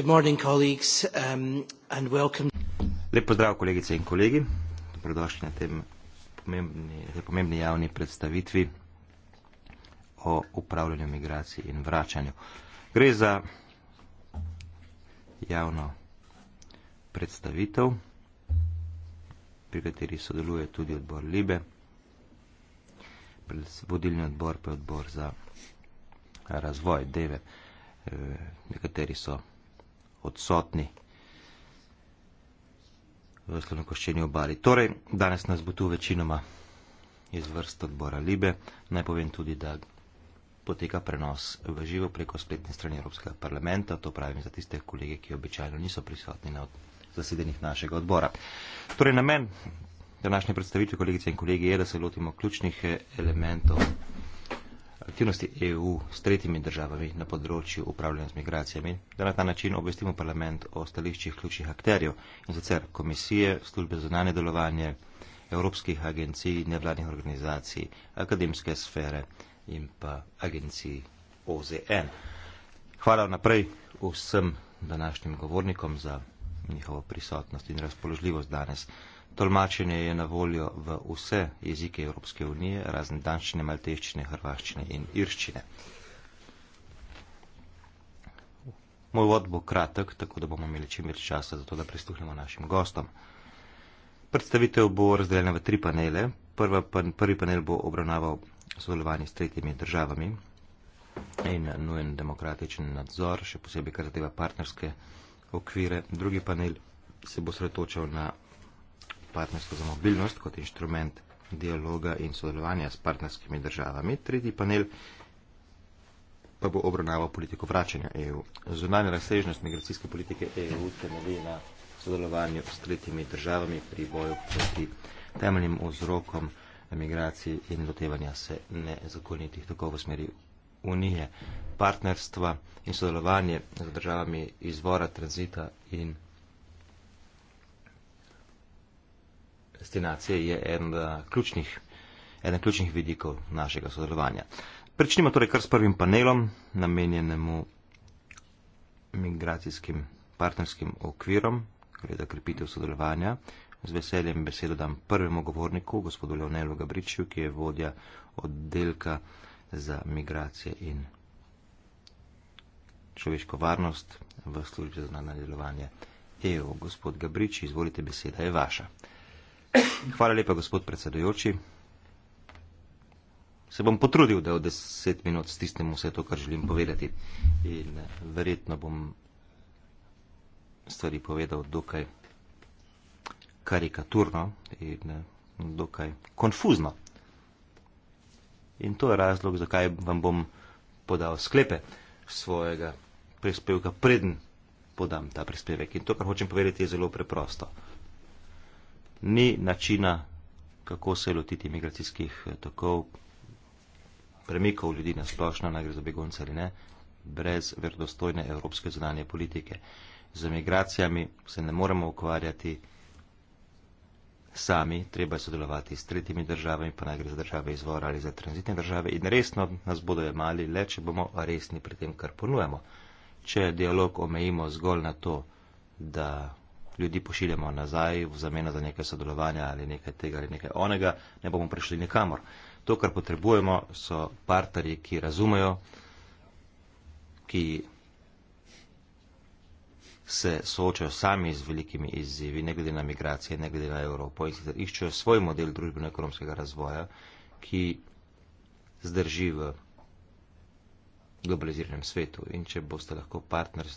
Um, Lep pozdrav, kolegice in kolegi. Dobrodošli na tem pomembni, pomembni javni predstavitvi o upravljanju migracij in vračanju. Gre za javno predstavitev, pri kateri sodeluje tudi odbor Libe, vodilni odbor pa je odbor za razvoj Deve. Eh, nekateri so odsotni v slovenkoščeni obali. Torej, danes nas bo tu večinoma iz vrst odbora Libe. Naj povem tudi, da poteka prenos v živo preko spletne strani Evropskega parlamenta. To pravim za tiste kolege, ki običajno niso prisotni na zasedenih našega odbora. Torej, namen današnje predstavitve, kolegice in kolegi, je, da se lotimo ključnih eh, elementov aktivnosti EU s tretjimi državami na področju upravljanja z migracijami, da na ta način obvestimo parlament o stališčih ključnih akterjev in sicer komisije, službe za zunanje delovanje, evropskih agencij, nevladnih organizacij, akademske sfere in pa agencij OZN. Hvala naprej vsem današnjim govornikom za njihovo prisotnost in razpoložljivost danes. Tolmačenje je na voljo v vse jezike Evropske unije, razen danščine, malteščine, hrvaščine in irščine. Moj vod bo kratek, tako da bomo imeli čim več časa, zato da pristuhnemo našim gostom. Predstavitev bo razdeljena v tri panele. Prva, prvi panel bo obravnaval sodelovanje s tretjimi državami in nujen demokratičen nadzor, še posebej kar zadeva partnerske okvire. Drugi panel se bo sretočal na partnersko za mobilnost kot inštrument dialoga in sodelovanja s partnerskimi državami. Tretji panel pa bo obravnaval politiko vračanja EU. Zunanja razsežnost migracijske politike EU temelji na sodelovanju s tretjimi državami pri boju proti temeljnim vzrokom migracij in lotevanja se nezakonitih tako v smeri Unije. Partnerstva in sodelovanje z državami izvora, tranzita in destinacije je ena eh, ključnih, ena ključnih vidikov našega sodelovanja. Pričnimo torej kar s prvim panelom, namenjenemu migracijskim partnerskim okvirom, gre za krepitev sodelovanja. Z veseljem besedo dam prvemu govorniku, gospodu Leonelu Gabričju, ki je vodja oddelka za migracije in človeško varnost v službi za znanje delovanje EU. Gospod Gabrič, izvolite, beseda je vaša. Hvala lepa, gospod predsedujoči. Se bom potrudil, da v deset minut stisnem vse to, kar želim povedati. In eh, verjetno bom stvari povedal dokaj karikaturno in eh, dokaj konfuzno. In to je razlog, zakaj vam bom podal sklepe svojega prispevka, preden podam ta prispevek. In to, kar hočem povedati, je zelo preprosto ni načina, kako se lotiti migracijskih eh, tokov, premikov ljudi na splošno, naj gre za begunce ali ne, brez verodostojne evropske zunanje politike. Z migracijami se ne moremo ukvarjati sami, treba je sodelovati s tretjimi državami, pa naj gre za države izvora ali za tranzitne države in resno nas bodo jemali, le če bomo resni pri tem, kar ponujemo. Če dialog omejimo zgolj na to, da ljudi pošiljamo nazaj v zameno za nekaj sodelovanja ali nekaj tega ali nekaj onega, ne bomo prišli nikamor. To, kar potrebujemo, so partnerji, ki razumejo, ki se soočajo sami z velikimi izzivi, ne glede na migracije, ne glede na Evropo in sicer iščejo svoj model družbeno-ekonomskega razvoja, ki zdrži v globaliziranem svetu. In če boste lahko partner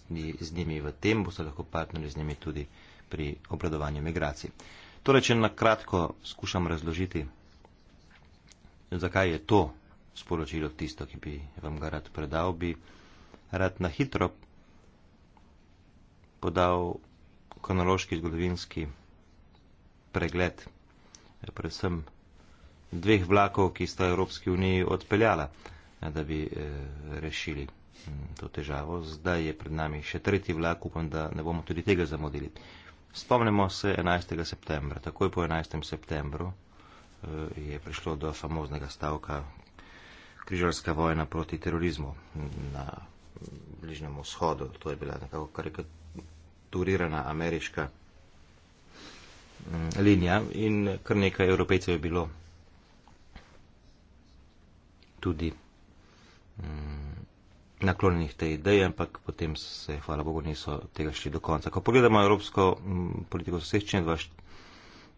z njimi v tem, boste lahko partner z njimi tudi pri obradovanju migracij. Torej, če na kratko skušam razložiti, zakaj je to sporočilo tisto, ki bi vam ga rad predal, bi rad na hitro podal kronološki zgodovinski pregled predvsem dveh vlakov, ki sta Evropski uniji odpeljala, da bi eh, rešili mm, to težavo. Zdaj je pred nami še tretji vlak, upam, da ne bomo tudi tega zamodili. Spomnimo se 11. septembra. Takoj po 11. septembru eh, je prišlo do famoznega stavka križarska vojna proti terorizmu na Bližnjem vzhodu. To je bila nekako karikaturirana ameriška mm, linija in kar nekaj evropejcev je bilo tudi mm, naklonjenih tej ideji, ampak potem se, hvala Bogu, niso tega šli do konca. Ko pogledamo evropsko politiko soseščine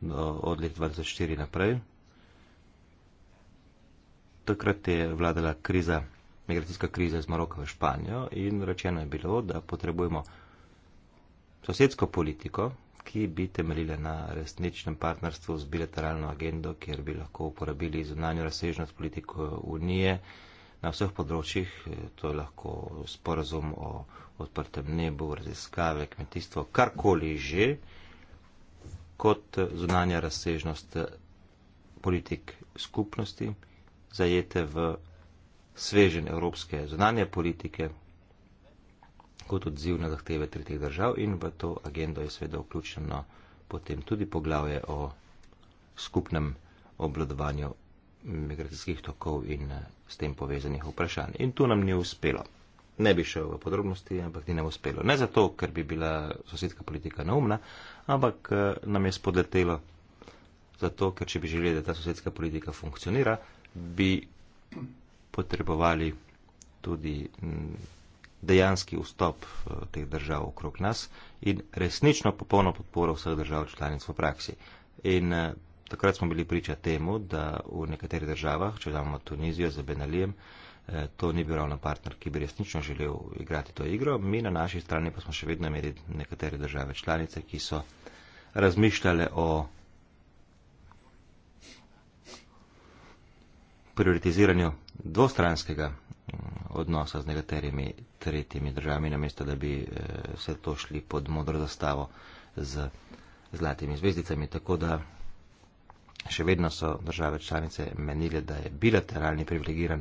od leta 2004 naprej, takrat je vladala kriza, migracijska kriza iz Maroka v Španijo in rečeno je bilo, da potrebujemo sosedsko politiko, ki bi temeljila na resničnem partnerstvu z bilateralno agendo, kjer bi lahko uporabili zunanjo razsežnost politiko unije na vseh področjih, eh, to je lahko sporazum o odprtem nebu, raziskave, kmetijstvo, karkoli že, kot eh, zunanja razsežnost eh, politik skupnosti, zajete v svežen evropske zunanje politike kot odziv na zahteve tretjih držav in v to agendo je seveda vključeno potem tudi poglavje o skupnem obladovanju migracijskih tokov in s tem povezanih vprašanj. In to nam ni uspelo. Ne bi šel v podrobnosti, ampak ni nam uspelo. Ne zato, ker bi bila sosedska politika neumna, ampak eh, nam je spodletelo. Zato, ker če bi želeli, da ta sosedska politika funkcionira, bi potrebovali tudi mm, dejanski vstop eh, teh držav okrog nas in resnično popolno podporo vseh držav članic v praksi. In eh, takrat smo bili priča temu, da v nekaterih državah, če damo Tunizijo za Benalijem, eh, to ni bil ravno partner, ki bi resnično želel igrati to igro. Mi na naši strani pa smo še vedno imeli nekatere države članice, ki so razmišljale o prioritiziranju dvostranskega mm, odnosa z nekaterimi tretjimi državami, namesto da bi eh, vse to šli pod modro zastavo z zlatimi zvezdicami. Tako da Še vedno so države članice menile, da je bilateralni privilegiran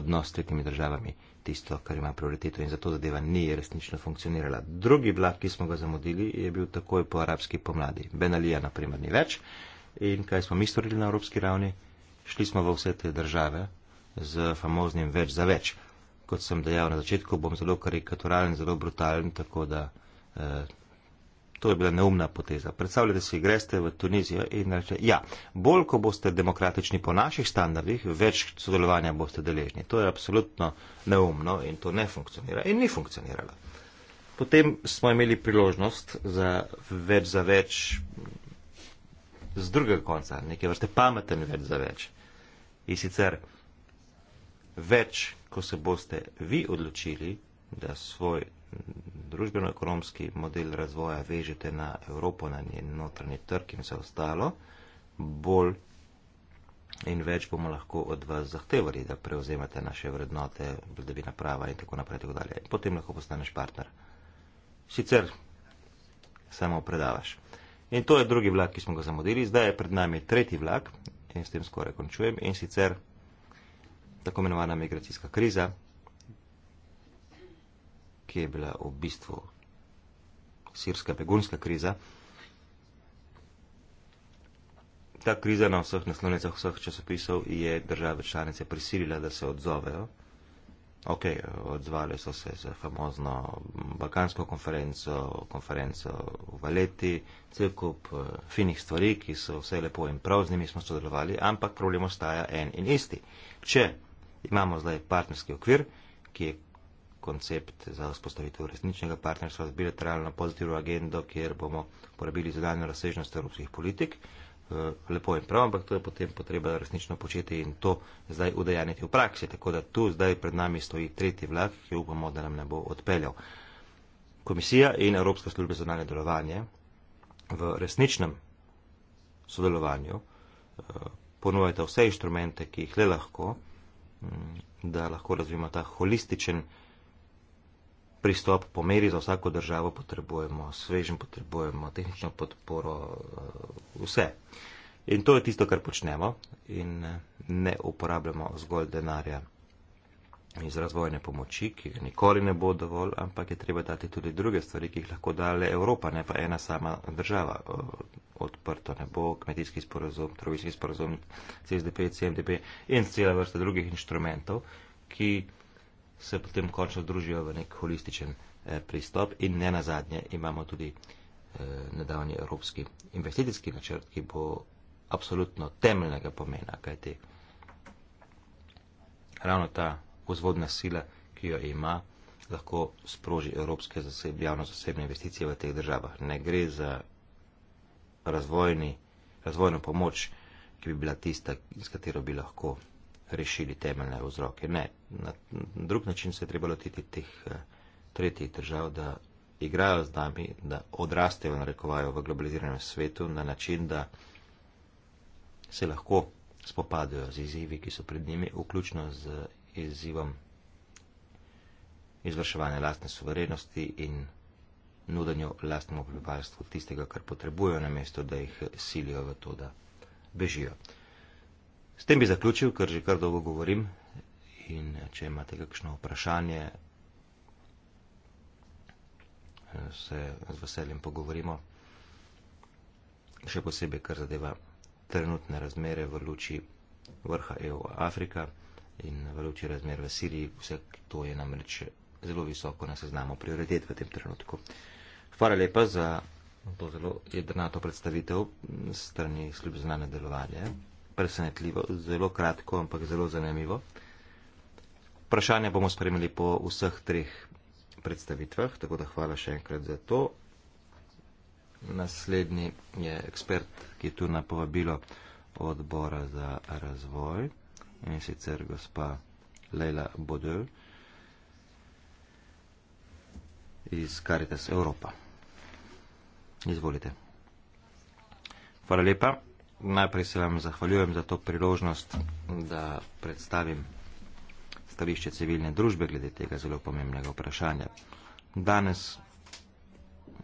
odnos s tretjimi državami tisto, kar ima prioriteto in zato zadeva ni resnično funkcionirala. Drugi vlak, ki smo ga zamudili, je bil takoj po arabski pomladi. Benalija, na primer, ni več. In kaj smo mi storili na evropski ravni? Šli smo v vse te države z famoznim več za več. Kot sem dejal na začetku, bom zelo karikaturalen, zelo brutalen, tako da. Eh, To je bila neumna poteza. Predstavljate si, greste v Tunizijo in reče, ja, bolj ko boste demokratični po naših standardih, več sodelovanja boste deležni. To je absolutno neumno in to ne funkcionira in ni funkcioniralo. Potem smo imeli priložnost za več za več z drugega konca, neke vrste pameten več za več. In sicer več, ko se boste vi odločili, da svoj družbeno-ekonomski model razvoja vežete na Evropo, na njen notranji trg in vse ostalo, bolj in več bomo lahko od vas zahtevali, da prevzemate naše vrednote, vladavina prava in tako naprej. Tako Potem lahko postaneš partner. Sicer samo predavaš. In to je drugi vlak, ki smo ga zamudili. Zdaj je pred nami tretji vlak in s tem skoraj končujem. In sicer tako imenovana migracijska kriza, ki je bila v bistvu sirska begunska kriza. Ta kriza na vseh naslovnicah vseh časopisov je države članice prisilila, da se odzovejo. Ok, odzvali so se z famozno Balkansko konferenco, konferenco v Valeti, cel kup eh, finih stvari, ki so vse lepo in prav, z njimi smo sodelovali, ampak problem ostaja en in isti. Če imamo zdaj partnerski okvir, ki je koncept za vzpostavitev resničnega partnerstva z bilateralno pozitivno agendo, kjer bomo porabili zadanjo razsežnost evropskih politik. Eh, lepo in prav, ampak to je potem potreba resnično početi in to zdaj udejaniti v praksi. Tako da tu zdaj pred nami stoji tretji vlak, ki upamo, da nam ne bo odpeljal. Komisija in Evropska služba za nalje delovanje v resničnem sodelovanju eh, ponujata vse inštrumente, ki jih le lahko, mm, da lahko razvijemo ta holističen pristop po meri za vsako državo potrebujemo, svežen potrebujemo, tehnično podporo, eh, vse. In to je tisto, kar počnemo in eh, ne uporabljamo zgolj denarja iz razvojne pomoči, ki ga nikoli ne bo dovolj, ampak je treba dati tudi druge stvari, ki jih lahko dale Evropa, ne pa ena sama država. Eh, odprto ne bo kmetijski sporozum, trovijski sporozum, CSDP, CMDP in cela vrsta drugih inštrumentov, ki se potem končno družijo v nek holističen eh, pristop in ne nazadnje imamo tudi eh, nedavni evropski investicijski načrt, ki bo absolutno temeljnega pomena, kajte ravno ta vzvodna sila, ki jo ima, lahko sproži evropske zaseb, javno-zasebne investicije v teh državah. Ne gre za razvojni, razvojno pomoč, ki bi bila tista, s katero bi lahko rešili temeljne vzroke. Ne, na drug način se je treba lotiti teh eh, tretjih držav, da igrajo z nami, da odrastejo narekovajo v globaliziranem svetu na način, da se lahko spopadajo z izzivi, ki so pred njimi, vključno z izzivom izvrševanja lastne suverenosti in nudanju lastnemu prebivalstvu tistega, kar potrebujejo, namesto da jih silijo v to, da bežijo. S tem bi zaključil, ker že kar dolgo govorim in če imate kakšno vprašanje, se z veseljem pogovorimo. Še posebej, kar zadeva trenutne razmere v luči vrha EU Afrika in v luči razmer v Siriji, vse to je namreč zelo visoko na seznamu prioritet v tem trenutku. Hvala lepa za to zelo jedrnato predstavitev strani služb znane delovanja. Mm presenetljivo, zelo kratko, ampak zelo zanimivo. Vprašanje bomo spremljali po vseh treh predstavitvah, tako da hvala še enkrat za to. Naslednji je ekspert, ki je tu na povabilo odbora za razvoj in sicer gospa Leila Bodel iz Caritas Evropa. Izvolite. Hvala lepa najprej se vam zahvaljujem za to priložnost, da predstavim stališče civilne družbe glede tega zelo pomembnega vprašanja. Danes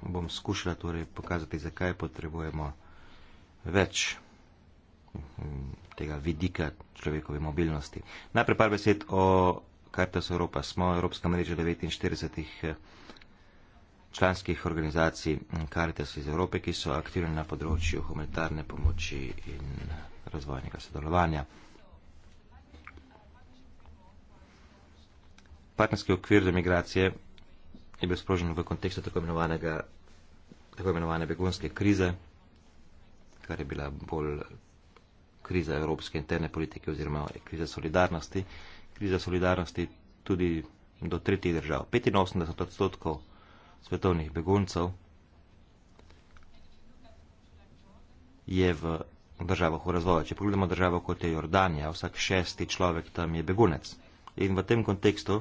bom skušala torej pokazati, zakaj potrebujemo več mm, tega vidika človekove mobilnosti. Najprej par besed o Kartas Evropa. Smo Evropska mreža 49 članskih organizacij Karitas iz Evrope, ki so aktivni na področju humanitarne pomoči in razvojnega sodelovanja. Partnerski okvir za migracije je bil sprožen v kontekstu tako, tako imenovane begunske krize, kar je bila bolj kriza evropske interne politike oziroma kriza solidarnosti. Kriza solidarnosti tudi do tretjih držav. 85 odstotkov svetovnih beguncev je v državah v razvoju. Če pogledamo državo kot je Jordanija, vsak šesti človek tam je begunec. In v tem kontekstu,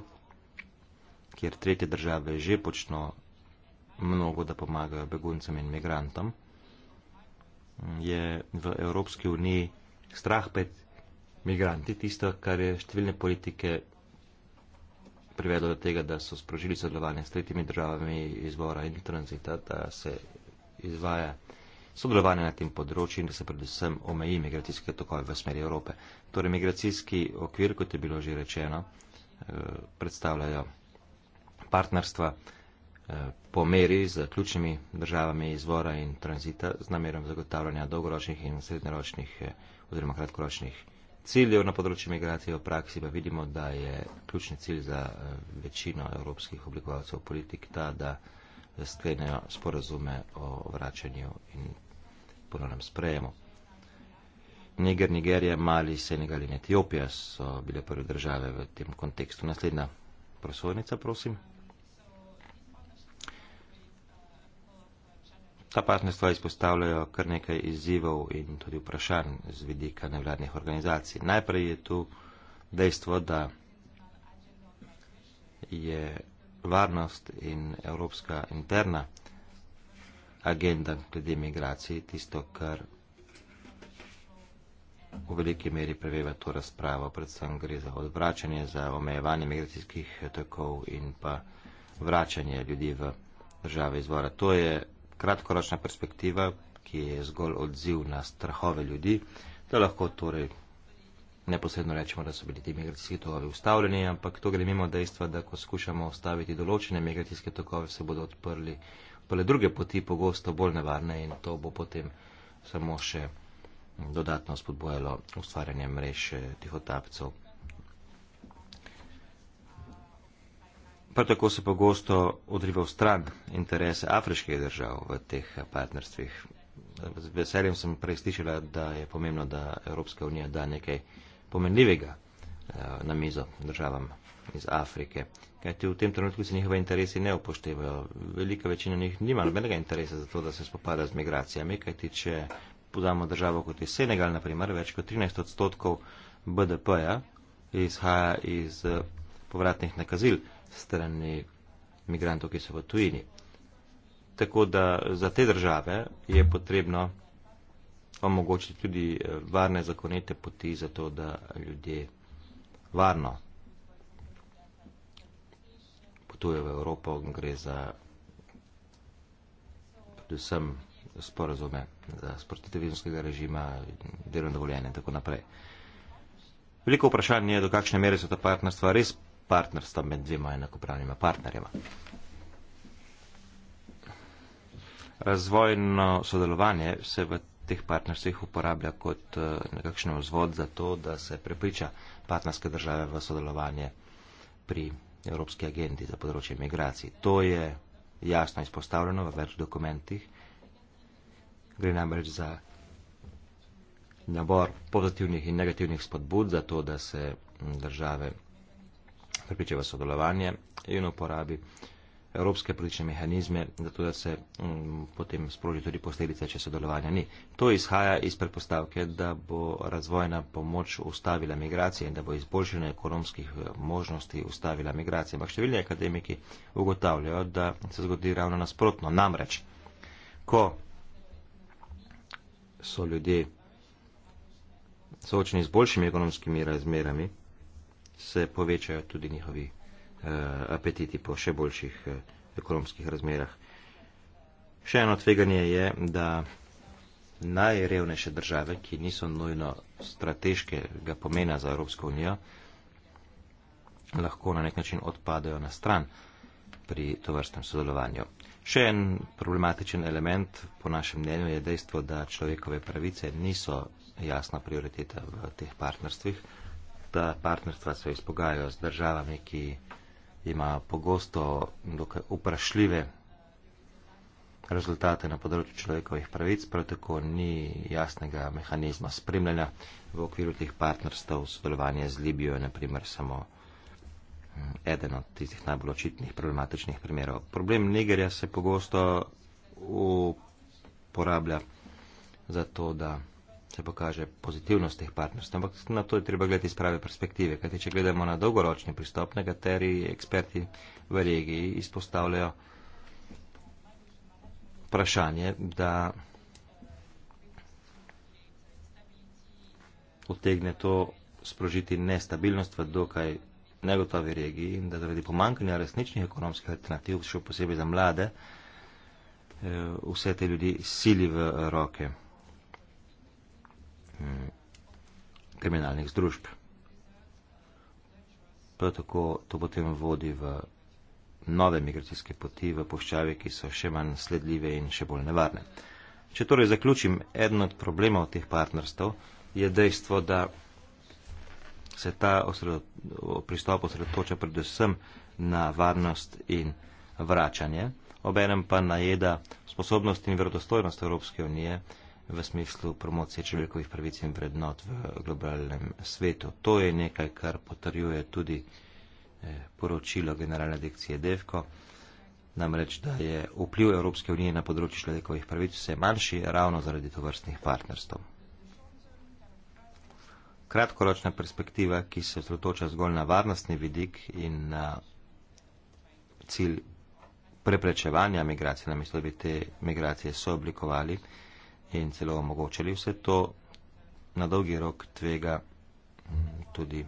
kjer tretje države že počno mnogo, da pomagajo beguncem in migrantom, je v Evropski uniji strah pred migranti tisto, kar je številne politike privedlo do tega, da so sprožili sodelovanje s tretjimi državami izvora in tranzita, da se izvaja sodelovanje na tem področju in da se predvsem omeji migracijske tokove v smeri Evrope. Torej, migracijski okvir, kot je bilo že rečeno, eh, predstavljajo partnerstva eh, po meri z ključnimi državami izvora in tranzita z namerom zagotavljanja dolgoročnih in srednjeročnih eh, oziroma kratkoročnih ciljev na področju migracije v praksi, pa vidimo, da je ključni cilj za eh, večino evropskih oblikovalcev politik ta, da sklenejo sporazume o vračanju in ponovnem sprejemu. Niger, Nigerija, Mali, Senegal in Etiopija so bile prve države v tem kontekstu. Naslednja prosovnica, prosim. ta pašne stvari izpostavljajo kar nekaj izzivov in tudi vprašanj z vidika nevladnih organizacij. Najprej je tu dejstvo, da je varnost in evropska interna agenda glede migracij tisto, kar v veliki meri preveva to razpravo. Predvsem gre za odvračanje, za omejevanje migracijskih tokov in pa vračanje ljudi v države izvora. To je kratkoročna perspektiva, ki je zgolj odziv na strahove ljudi, da lahko torej neposredno rečemo, da so bili ti migracijski tokovi ustavljeni, ampak to gre mimo dejstva, da ko skušamo ustaviti določene migracijske tokove, se bodo odprli pele druge poti, pogosto bolj nevarne in to bo potem samo še dodatno spodbojalo ustvarjanje mreže tihotapcev Prav tako se pogosto odriva v stran interese afriških držav v teh partnerstvih. Z veseljem sem prej slišala, da je pomembno, da Evropska unija da nekaj pomenljivega eh, na mizo državam iz Afrike. Kajti v tem trenutku se njihove interesi ne upoštevajo. Velika večina njih nima nobenega interesa za to, da se spopada z migracijami. Kajti če podamo državo kot je Senegal, naprimer, več kot 13 odstotkov BDP-ja izhaja iz povratnih nakazil strani migrantov, ki so v tujini. Tako da za te države je potrebno omogočiti tudi eh, varne zakonite poti za to, da ljudje varno potujejo v Evropo, gre za predvsem sporazume za sprostitev vizumskega režima, delovne dovoljenje in tako naprej. Veliko vprašanje je, do kakšne mere so ta partnerstva res partnerstva med dvema enakopravnima partnerjema. Razvojno sodelovanje se v teh partnerstvih uporablja kot eh, nekakšen vzvod za to, da se prepriča partnerske države v sodelovanje pri Evropski agendi za področje migracij. To je jasno izpostavljeno v več dokumentih. Gre namreč za nabor pozitivnih in negativnih spodbud za to, da se države pričeva sodelovanje in uporabi evropske politične mehanizme, zato da se m, mm, potem sproži tudi posledice, če sodelovanja ni. To izhaja iz predpostavke, da bo razvojna pomoč ustavila migracije in da bo izboljšanje ekonomskih eh, možnosti ustavila migracije. Ampak številni akademiki ugotavljajo, da se zgodi ravno nasprotno. Namreč, ko so ljudje soočeni z boljšimi ekonomskimi razmerami, se povečajo tudi njihovi eh, apetiti po še boljših eh, ekonomskih razmerah. Še eno tveganje je, da najrevnejše države, ki niso nujno strateškega pomena za Evropsko unijo, lahko na nek način odpadajo na stran pri tovrstnem sodelovanju. Še en problematičen element, po našem mnenju, je dejstvo, da človekove pravice niso jasna prioriteta v teh partnerstvih ta partnerstva se izpogajajo z državami, ki imajo pogosto dokaj uprašljive rezultate na področju človekovih pravic, prav tako ni jasnega mehanizma spremljanja v okviru teh partnerstv sodelovanje z Libijo, naprimer samo mm, eden od tistih najbolj očitnih problematičnih primerov. Problem Nigerja se pogosto uporablja za to, da se pokaže pozitivnost teh partnerstv. Ampak na to je treba gledati iz prave perspektive. Kajti, če gledamo na dolgoročni pristop, nekateri eksperti v regiji izpostavljajo vprašanje, da utegne to sprožiti nestabilnost v dokaj negotovi regiji in da zaradi pomankanja resničnih ekonomskih alternativ, še posebej za mlade, eh, vse te ljudi sili v roke. Eh, kriminalnih združb. Prav tako to potem vodi v nove migracijske poti v poščave, ki so še manj sledljive in še bolj nevarne. Če torej zaključim, eden od problemov teh partnerstv je dejstvo, da se ta osredo, pristop osredotoča predvsem na varnost in vračanje, obenem pa najeda sposobnost in verodostojnost Evropske unije v smislu promocije človekovih pravic in vrednot v globalnem svetu. To je nekaj, kar potrjuje tudi eh, poročilo generalne dekcije DEFCO, namreč, da je vpliv Evropske unije na področju človekovih pravic vse manjši ravno zaradi tovrstnih partnerstv. Kratkoročna perspektiva, ki se sretoča zgolj na varnostni vidik in na cilj preprečevanja migracije, namesto da bi te migracije sooblikovali, in celo omogočali vse to, na dolgi rok tvega mm, tudi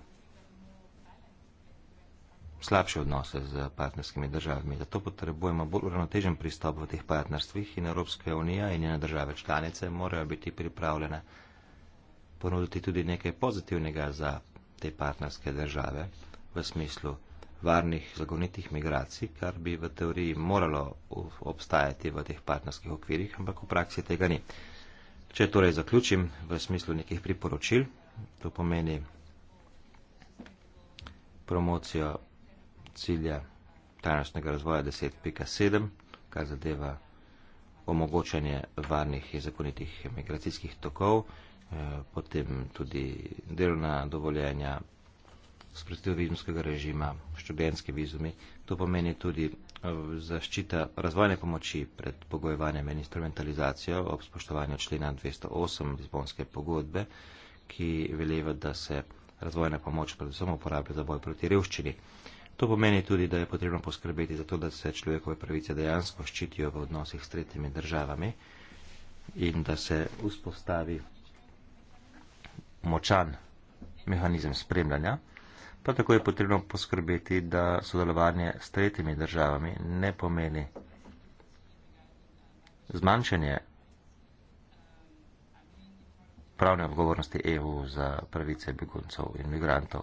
slabše odnose z partnerskimi državami. Zato potrebujemo bolj uravnotežen pristop v teh partnerstvih in Evropska unija in njene države članice morajo biti pripravljene ponuditi tudi nekaj pozitivnega za te partnerske države v smislu varnih, zagonitih migracij, kar bi v teoriji moralo obstajati v teh partnerskih okvirih, ampak v praksi tega ni. Če torej zaključim v smislu nekih priporočil, to pomeni promocijo cilja tajnostnega razvoja 10.7, kar zadeva omogočanje varnih in zakonitih migracijskih tokov, eh, potem tudi delovna dovoljenja sprostitev vizumskega režima, študentske vizumi, to pomeni tudi zaščita razvojne pomoči pred pogojevanjem in instrumentalizacijo ob spoštovanju člena 208 Lizbonske pogodbe, ki veleva, da se razvojna pomoč predvsem uporablja za boj proti revščini. To pomeni tudi, da je potrebno poskrbeti za to, da se človekove pravice dejansko ščitijo v odnosih s tretjimi državami in da se vzpostavi močan mehanizem spremljanja. Prav tako je potrebno poskrbeti, da sodelovanje s tretjimi državami ne pomeni zmanjšanje pravne odgovornosti EU za pravice beguncev in migrantov.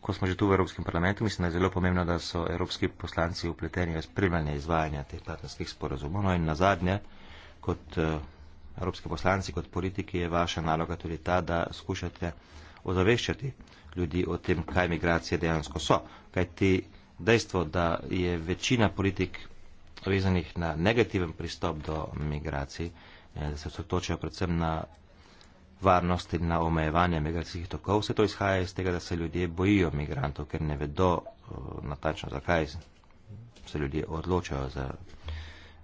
Ko smo že tu v Evropskem parlamentu, mislim, da je zelo pomembno, da so evropski poslanci upleteni v spremljanje izvajanja teh partnerskih sporozumov. No in na zadnje, kot eh, evropski poslanci, kot politiki, je vaša naloga tudi ta, da skušate ozaveščati ljudi o tem, kaj migracije dejansko so. Kaj ti dejstvo, da je večina politik vezanih na negativen pristop do migracij, eh, da se sotočajo predvsem na varnost in na omejevanje migracijskih tokov, vse to izhaja iz tega, da se ljudje bojijo migrantov, ker ne vedo eh, natačno, zakaj se ljudje odločajo za migracijo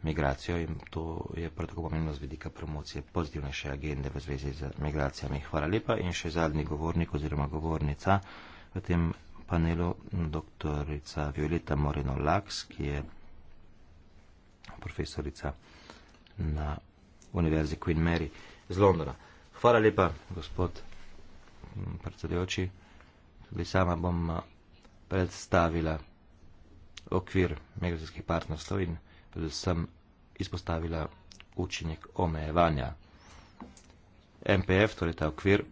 migracijo in to je prav tako pomembno z vedika promocije pozitivnejše agende v zvezi z migracijami. Hvala lepa in še zadnji govornik oziroma govornica v tem panelu, doktorica Violeta Moreno-Laks, ki je profesorica na Univerzi Queen Mary z Londona. Hvala lepa, gospod mm, predsedujoči. Tudi sama bom eh, predstavila okvir megazijskih partnerstv in predvsem izpostavila učinek omejevanja. MPF, torej ta okvir,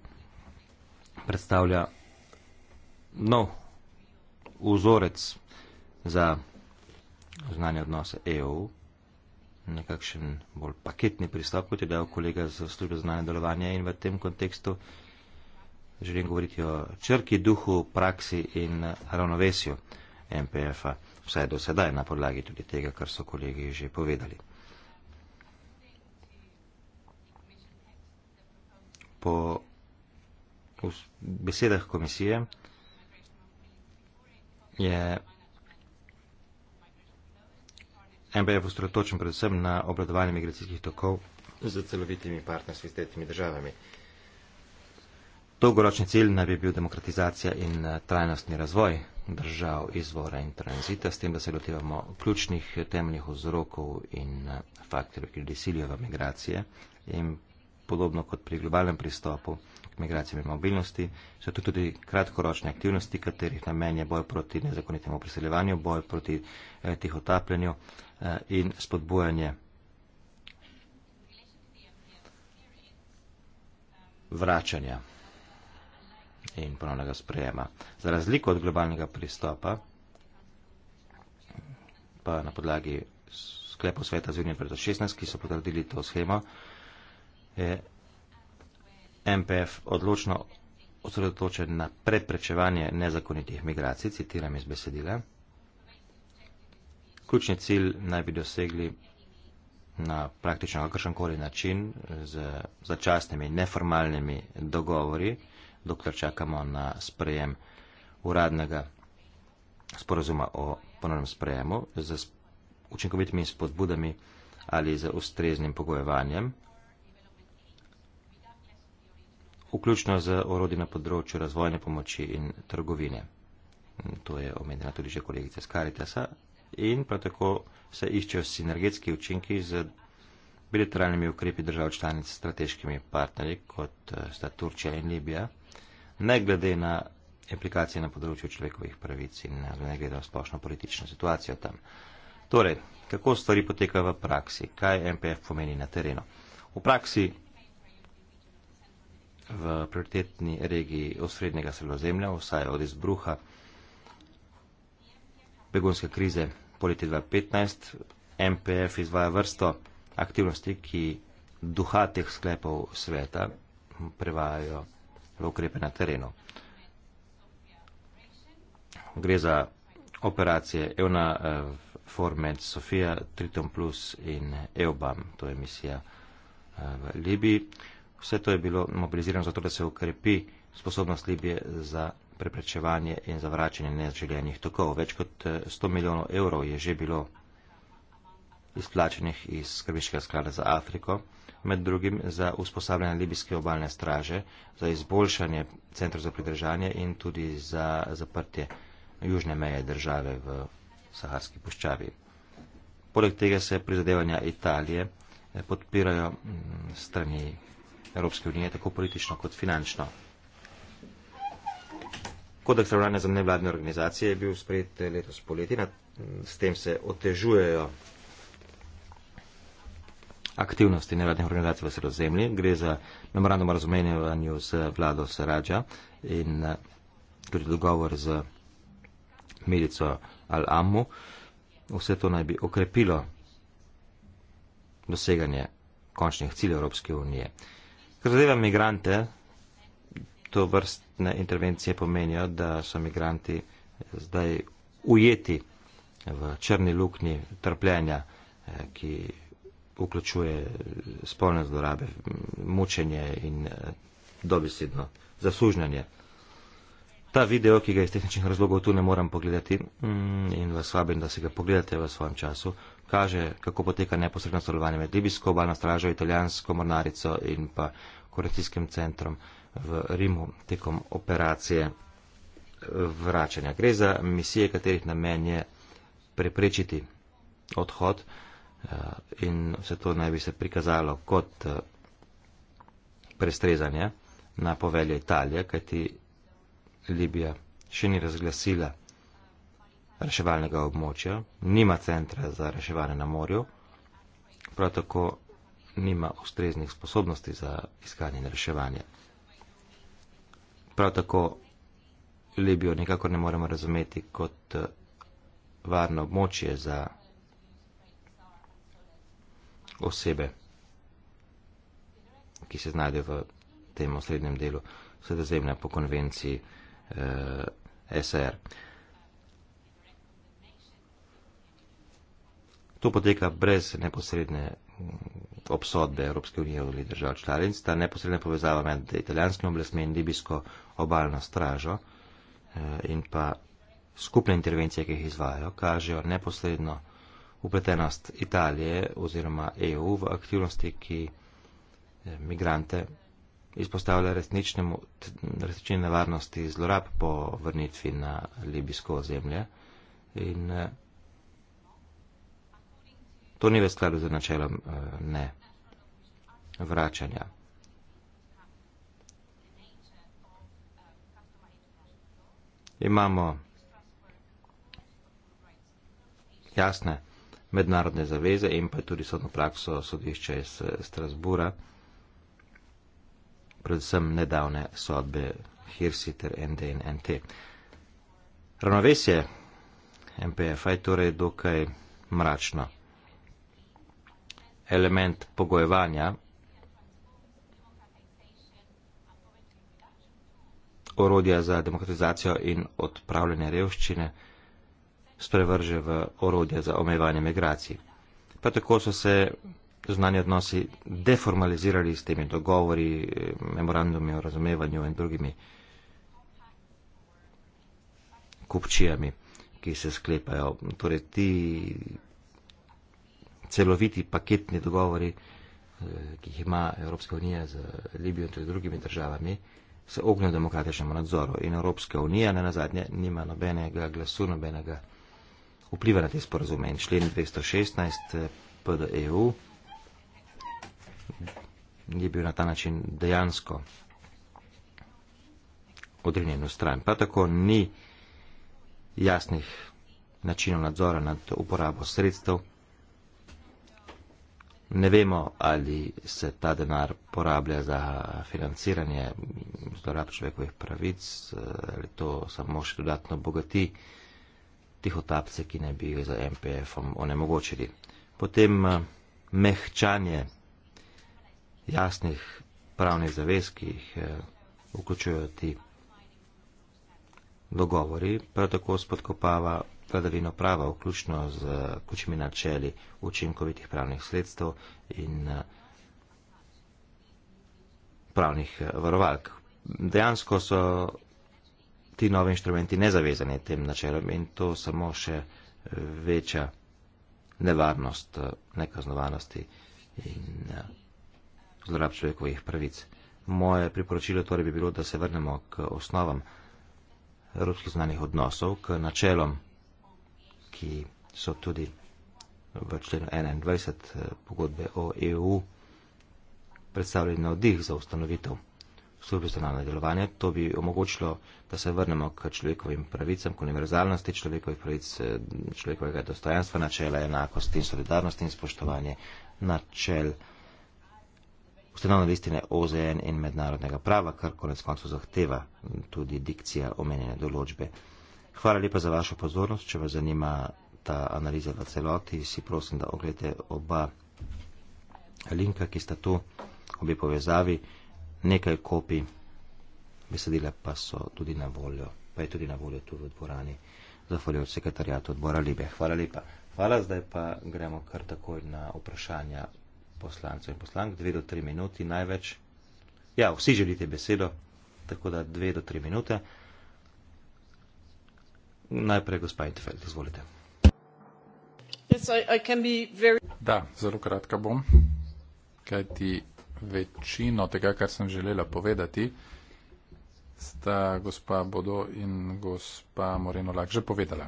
predstavlja nov vzorec za znanje odnose EU, nekakšen bolj paketni pristop, kot je dal kolega za službe znanje delovanja in v tem kontekstu želim govoriti o črki, duhu, praksi in ravnovesju MPF-a vsaj do sedaj na podlagi tudi tega, kar so kolegi že povedali. Po besedah komisije je MBF ustrotočen predvsem na obladovanje migracijskih tokov z celovitimi partnerstvi s tretjimi državami. Dolgoročni cilj naj bi bil demokratizacija in eh, trajnostni razvoj držav izvora in tranzita, s tem, da se lotevamo ključnih temeljih vzrokov in eh, faktorjev, ki ljudi silijo v migracije. In podobno kot pri globalnem pristopu k migracijam in mobilnosti, so tu tudi kratkoročne aktivnosti, katerih namen je boj proti nezakonitemu priseljevanju, boj proti eh, tih otapljanju eh, in spodbujanje vračanja in ponovnega sprejema. Za razliko od globalnega pristopa, pa na podlagi sklepov sveta zunije pred 16, ki so potrdili to schemo, je MPF odločno osredotočen na preprečevanje nezakonitih migracij, citiram iz besedila. Ključni cilj naj bi dosegli na praktično kakršen koli način z začasnimi neformalnimi dogovori, dokler čakamo na sprejem uradnega sporozuma o ponovnem sprejemu z učinkovitimi spodbudami ali z ustreznim pogojevanjem, vključno z orodi na področju razvojne pomoči in trgovine. To je omenjena tudi že kolegica Skaritasa. In prav tako se iščejo sinergetski učinki z bilateralnimi ukrepi držav članic s strateškimi partnerji, kot eh, sta Turčija in Libija ne glede na implikacije na področju človekovih pravic in ne glede na splošno politično situacijo tam. Torej, kako stvari potekajo v praksi, kaj MPF pomeni na terenu. V praksi v prioritetni regiji osrednjega sredozemlja, vsaj od izbruha begunske krize po leti 2015, MPF izvaja vrsto aktivnosti, ki duha teh sklepov sveta prevajajo v ukrepe na terenu. Gre za operacije EUNA, eh, Forment, Sofia, Triton Plus in EUBAM, to je misija eh, v Libiji. Vse to je bilo mobilizirano zato, da se ukrepi sposobnost Libije za preprečevanje in zavračanje neželjenih tokov. Več kot 100 eh, milijonov evrov je že bilo izplačenih iz skrbiškega sklada za Afriko med drugim za usposabljanje libijske obalne straže, za izboljšanje centrov za pridržanje in tudi za zaprtje južne meje države v Saharski puščavi. Poleg tega se prizadevanja Italije eh, podpirajo mm, strani Evropske unije, tako politično kot finančno. Kodeks ravnanja za nevladne organizacije je bil sprejet eh, letos poleti, mm, s tem se otežujejo aktivnosti nevladnih organizacij v sredozemlji. Gre za memorandum o razumevanju z vlado Sarađa in eh, tudi dogovor z milico Al-Ammu. Vse to naj bi okrepilo doseganje končnih ciljev Evropske unije. Kar zadeva migrante, to vrstne intervencije pomenijo, da so migranti zdaj ujeti v črni luknji trpljenja, eh, ki vključuje spolne zlorabe, mučenje in eh, dobesedno zaslužnjanje. Ta video, ki ga iz tehničnih razlogov tu ne moram pogledati mm, in vas vabim, da si ga pogledate v svojem času, kaže, kako poteka neposredno sodelovanje med Libijsko obalno stražo, italijansko mornarico in pa koordinacijskim centrom v Rimu tekom operacije eh, vračanja. Gre za misije, katerih namen je preprečiti odhod. Eh, in vse to naj bi se prikazalo kot eh, prestrezanje na povelje Italije, kajti Libija še ni razglasila reševalnega območja, nima centra za reševanje na morju, prav tako nima ustreznih sposobnosti za iskanje in reševanje. Prav tako Libijo nikakor ne moremo razumeti kot eh, varno območje za osebe, ki se znajde v tem osrednjem delu sredozemlja po konvenciji eh, SR. To poteka brez neposredne obsodbe Evropske unije ali držav članic. Ta neposredna povezava med italijanskim oblastmi in libijsko obalno stražo eh, in pa skupne intervencije, ki jih izvajo, kažejo neposredno upletenost Italije oziroma EU v aktivnosti, ki eh, migrante izpostavlja resničnemu, resnični nevarnosti zlorab po vrnitvi na libijsko ozemlje. In eh, to ni v skladu z načelom eh, ne vračanja. Imamo jasne mednarodne zaveze in pa tudi sodno prakso sodišča iz eh, Strasbura, predvsem nedavne sodbe Hirsi ter ND in NT. Ravnovesje MPF je torej dokaj mračno. Element pogojevanja orodja za demokratizacijo in odpravljanje revščine sprevrže v orodje za omejevanje migracij. Pa tako so se znani odnosi deformalizirali s temi dogovori, memorandumi o razumevanju in drugimi kupčijami, ki se sklepajo. Torej ti celoviti paketni dogovori, eh, ki jih ima Evropska unija z Libijo in tudi drugimi državami, se ognijo demokratičnemu nadzoru. In Evropska unija, ne nazadnje, nima nobenega glasu, nobenega vpliva na te sporazume. In člen 216 eh, PDEU je bil na ta način dejansko odrinjen v stran. Prav tako ni jasnih načinov nadzora nad uporabo sredstev. Ne vemo, ali se ta denar porablja za financiranje zlorab človekovih pravic, eh, ali to samo še dodatno bogati tihotapce, ki ne bi jih z MPF-om onemogočili. Potem eh, mehčanje jasnih pravnih zavez, ki jih eh, vključujejo ti dogovori, prav tako spodkopava vladavino prava, vključno z eh, kučimi načeli učinkovitih pravnih sredstev in pravnih varovalk. Dejansko so ti novi inštrumenti nezavezani tem načelom in to samo še eh, večja nevarnost eh, nekaznovanosti in eh, zlorab človekovih pravic. Moje priporočilo torej bi bilo, da se vrnemo k osnovam evropskih znanih odnosov, k načelom, ki so tudi v členu 21 pogodbe o EU predstavljeni na oddih za ustanovitev službi stanovnega delovanja. To bi omogočilo, da se vrnemo k človekovim pravicam, k univerzalnosti človekovih pravic, eh, človekovega dostojanstva, načela enakosti in solidarnosti in spoštovanje načel ustanovne listine OZN in mednarodnega prava, kar konec koncu zahteva tudi dikcija omenjene določbe. Hvala lepa za vašo pozornost. Če vas zanima ta analiza v celoti, si prosim, da oglede oba linka, ki sta tu, obe povezavi nekaj kopij, besedile pa so tudi na voljo, pa je tudi na voljo tudi v dvorani. Zahvaljujem se sekretarjatu odbora Libe. Hvala lepa. Hvala, zdaj pa gremo kar takoj na vprašanja poslancev in poslank. Dve do tri minuti največ. Ja, vsi želite besedo, tako da dve do tri minute. Najprej gospod Intfeld, izvolite. Yes, I, I very... Da, zelo kratka bom, kajti večino tega, kar sem želela povedati, sta gospa Bodo in gospa Moreno Lak že povedala.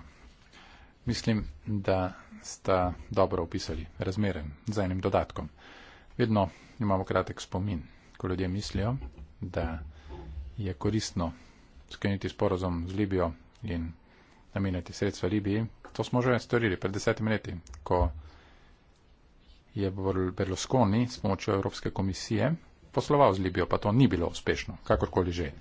Mislim, da sta dobro opisali razmere z enim dodatkom. Vedno imamo kratek spomin, ko ljudje mislijo, da je koristno skeniti sporozum z Libijo in namenjati sredstva Libiji. To smo že storili pred desetimi leti, ko je Berlusconi s pomočjo Evropske komisije posloval z Libijo, pa to ni bilo uspešno, kakorkoli že.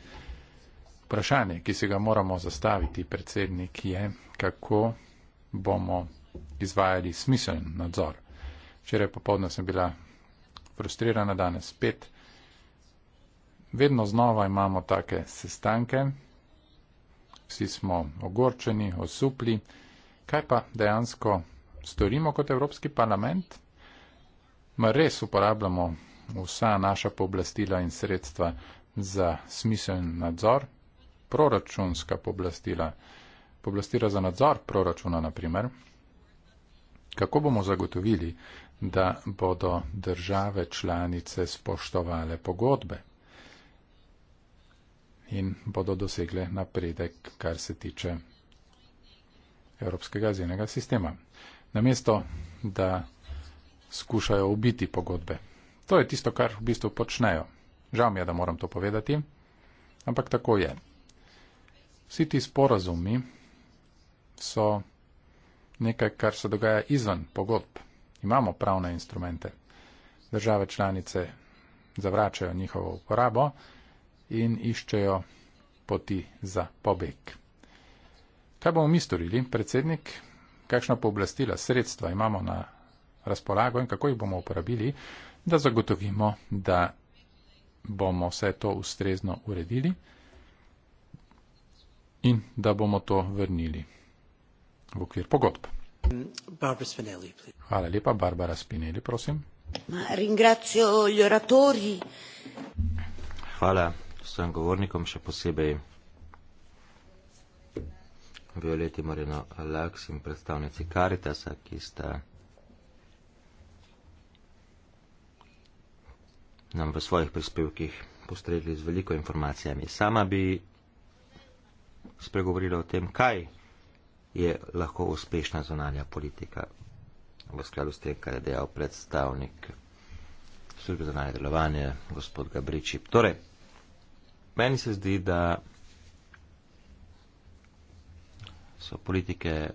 Vprašanje, ki se ga moramo zastaviti, predsednik, je, kako bomo izvajali smiseln nadzor. Včeraj popovdne sem bila frustrirana, danes spet. Vedno znova imamo take sestanke, vsi smo ogorčeni, osupli. Kaj pa dejansko storimo kot Evropski parlament? Mar res uporabljamo vsa naša pooblastila in sredstva za smiseln nadzor, proračunska pooblastila, pooblastila za nadzor proračuna, naprimer. Kako bomo zagotovili, da bodo države članice spoštovale pogodbe in bodo dosegle napredek, kar se tiče evropskega zelenega sistema? Namesto, da skušajo ubiti pogodbe. To je tisto, kar v bistvu počnejo. Žal mi je, da moram to povedati, ampak tako je. Vsi ti sporazumi so nekaj, kar se dogaja izven pogodb. Imamo pravne instrumente. Države članice zavračajo njihovo uporabo in iščejo poti za pobeg. Kaj bomo mi storili, predsednik? Kakšna pooblastila, sredstva imamo na razpolago in kako jih bomo uporabili, da zagotovimo, da bomo vse to ustrezno uredili in da bomo to vrnili v okvir pogodb. Hvala lepa, Barbara Spinelli, prosim. Hvala vsem govornikom, še posebej Violeti Moreno Laks in predstavnici Karitasa, ki sta nam v svojih prispevkih postregli z veliko informacijami. Sama bi spregovorila o tem, kaj je lahko uspešna zonanja politika v skladu s tem, kar je dejal predstavnik službe za zonanje delovanje, gospod Gabriči. Torej, meni se zdi, da so politike eh,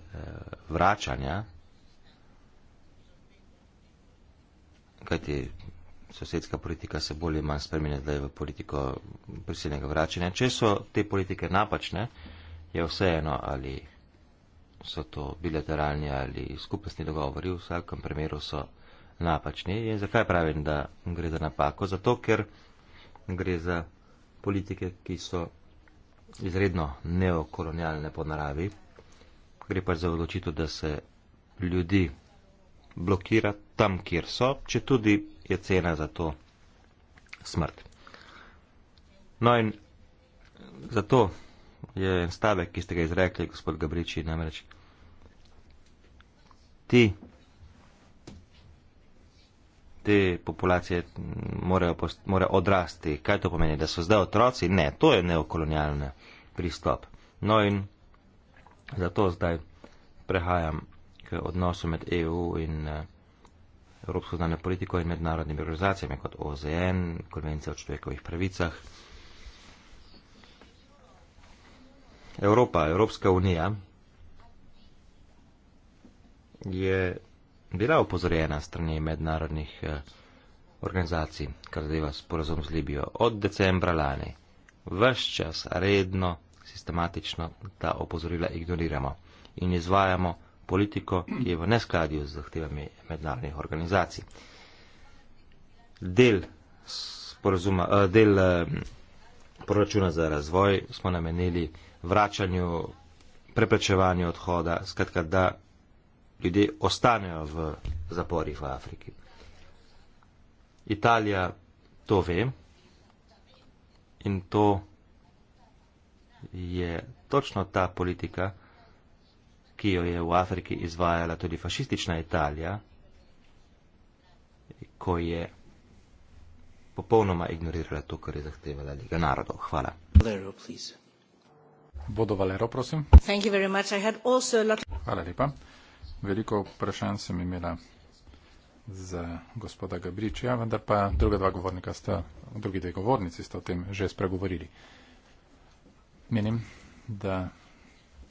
vračanja, kajti sosedska politika se bolj ali manj spremenja zdaj v politiko prisilnega vračanja. Če so te politike napačne, je vseeno, ali so to bilateralni ali skupnostni dogovori, v vsakem primeru so napačni. In zakaj pravim, da gre za napako? Zato, ker gre za politike, ki so izredno neokolonialne po naravi. Gre pa za odločitev, da se ljudi blokira tam, kjer so, če tudi je cena za to smrt. No in zato je en stavek, ki ste ga izrekli, gospod Gabriči, namreč ti, te populacije morajo, morajo odrasti. Kaj to pomeni? Da so zdaj otroci? Ne, to je neokolonialni pristop. No in zato zdaj prehajam k odnosu med EU in uh, evropsko znanje politiko in mednarodnimi organizacijami kot OZN, Konvencija o človekovih pravicah. Evropa, Evropska unija je bila upozorjena strani mednarodnih eh, organizacij, kar zadeva sporazum z Libijo od decembra lani. Ves čas redno, sistematično ta opozorila ignoriramo in izvajamo politiko, ki je v neskladju z zahtevami mednarodnih organizacij. Del, sporozuma, eh, del eh, proračuna za razvoj smo namenili vračanju, preprečevanju odhoda, skratka, da ljudje ostanejo v zaporih v Afriki. Italija to ve in to je točno ta politika, ki jo je v Afriki izvajala tudi fašistična Italija, ko je popolnoma ignorirala to, kar je zahtevala Liga narodov. Hvala. Valero, Bodo Valero, prosim. Hvala lepa. Veliko vprašanj sem imela za gospoda Gabričija, vendar pa druga dva govornika sta, drugi dve govornici sta o tem že spregovorili. Menim, da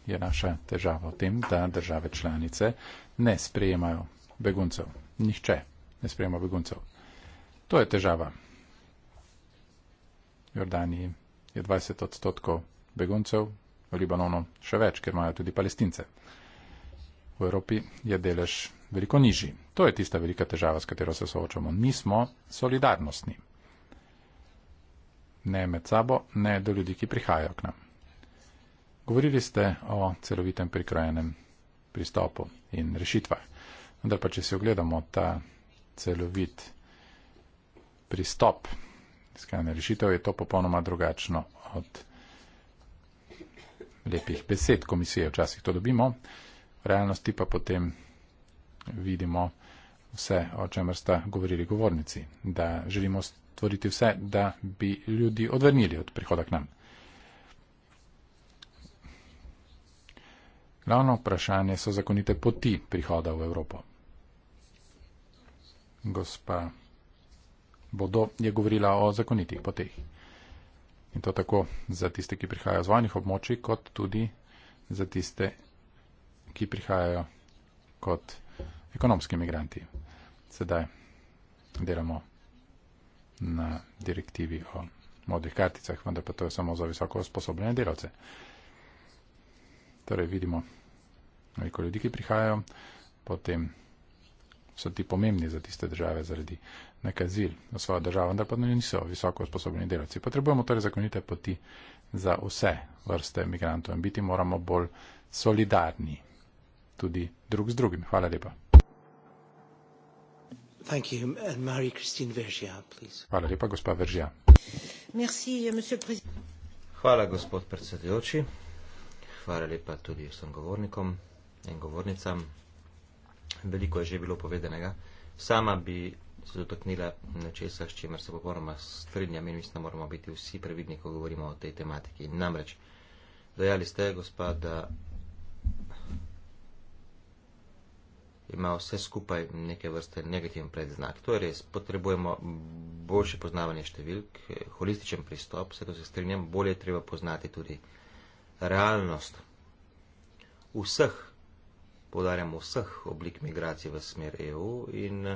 je naša težava v tem, da države članice ne sprejemajo beguncev. Nihče ne sprejema beguncev. To je težava. V Jordaniji je 20 odstotkov beguncev, v Libanonu še več, ker imajo tudi palestince. V Evropi je delež veliko nižji. To je tista velika težava, s katero se soočamo. Mi smo solidarnostni. Ne med sabo, ne do ljudi, ki prihajajo k nam. Govorili ste o celovitem prikrojenem pristopu in rešitvah. Vendar pa, če si ogledamo ta celovit pristop iskanja rešitev, je to popolnoma drugačno od lepih besed komisije. Včasih to dobimo, v realnosti pa potem vidimo vse, o čemer sta govorili govornici, da želimo stvoriti vse, da bi ljudi odvrnili od prihoda k nam. Glavno vprašanje so zakonite poti prihoda v Evropo. Gospa Bodo je govorila o zakonitih poteh. In to tako za tiste, ki prihajajo z vojnih območij, kot tudi za tiste, ki prihajajo kot ekonomski imigranti. Sedaj delamo na direktivi o modrih karticah, vendar pa to je samo za visoko usposobljene delavce. Torej vidimo veliko ljudi, ki prihajajo, potem so ti pomembni za tiste države zaradi nakazil v svojo državo, vendar pa niso visoko usposobljeni delavci. Potrebujemo torej zakonite poti za vse vrste migrantov in biti moramo bolj solidarni tudi drug z drugim. Hvala lepa. Thank you. And Marie-Christine Vergia, please. Hvala lepa, gospa Veržija. Hvala, gospod predsedujoči hvala lepa tudi vsem govornikom in govornicam. Veliko je že bilo povedanega. Sama bi se dotaknila nečesa, s čimer se popolnoma strinjam in mislim, da moramo biti vsi previdni, ko govorimo o tej tematiki. Namreč, dejali ste, gospa, da ima vse skupaj neke vrste negativen predznak. To je res. Potrebujemo boljše poznavanje številk, holističen pristop, se to se strinjam, bolje je treba poznati tudi realnost vseh, podarjam vseh oblik migracije v smer EU in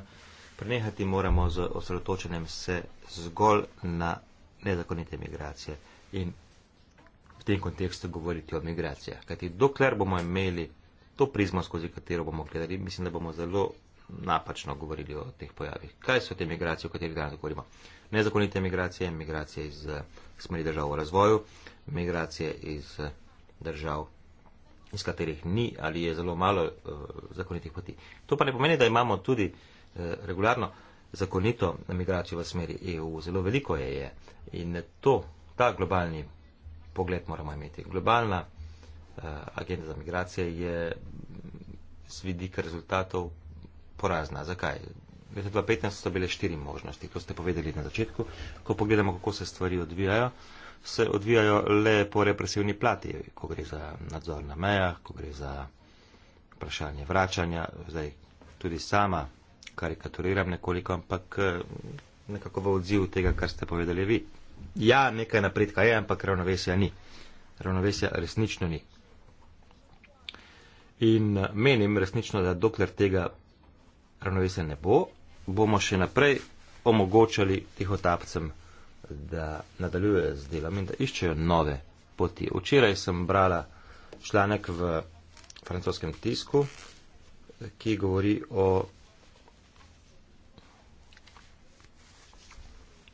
prenehati moramo z osredotočenjem se zgolj na nezakonite migracije in v tem kontekstu govoriti o migracijah. Kajti dokler bomo imeli to prizmo, skozi katero bomo gledali, mislim, da bomo zelo napačno govorili o teh pojavih. Kaj so te migracije, o katerih danes govorimo? Nezakonite migracije, migracije iz eh, smeri držav v razvoju, migracije iz eh, držav, iz katerih ni ali je zelo malo uh, zakonitih poti. To pa ne pomeni, da imamo tudi uh, regularno zakonito migracijo v smeri EU. Zelo veliko je je in to, ta globalni pogled moramo imeti. Globalna uh, agenda za migracije je z vidika rezultatov porazna. Zakaj? Leta 2015 so bile štiri možnosti, kot ste povedali na začetku. Ko pogledamo, kako se stvari odvijajo, se odvijajo le po represivni plati, ko gre za nadzor na mejah, ko gre za vprašanje vračanja. Zdaj tudi sama karikaturiram nekoliko, ampak eh, nekako v odziv tega, kar ste povedali vi. Ja, nekaj napredka je, ampak ravnovesja ni. Ravnovesja resnično ni. In eh, menim resnično, da dokler tega ravnovesja ne bo, bomo še naprej omogočali tihotapcem, da nadaljujejo z delom in da iščejo nove poti. Včeraj sem brala članek v francoskem tisku, ki govori o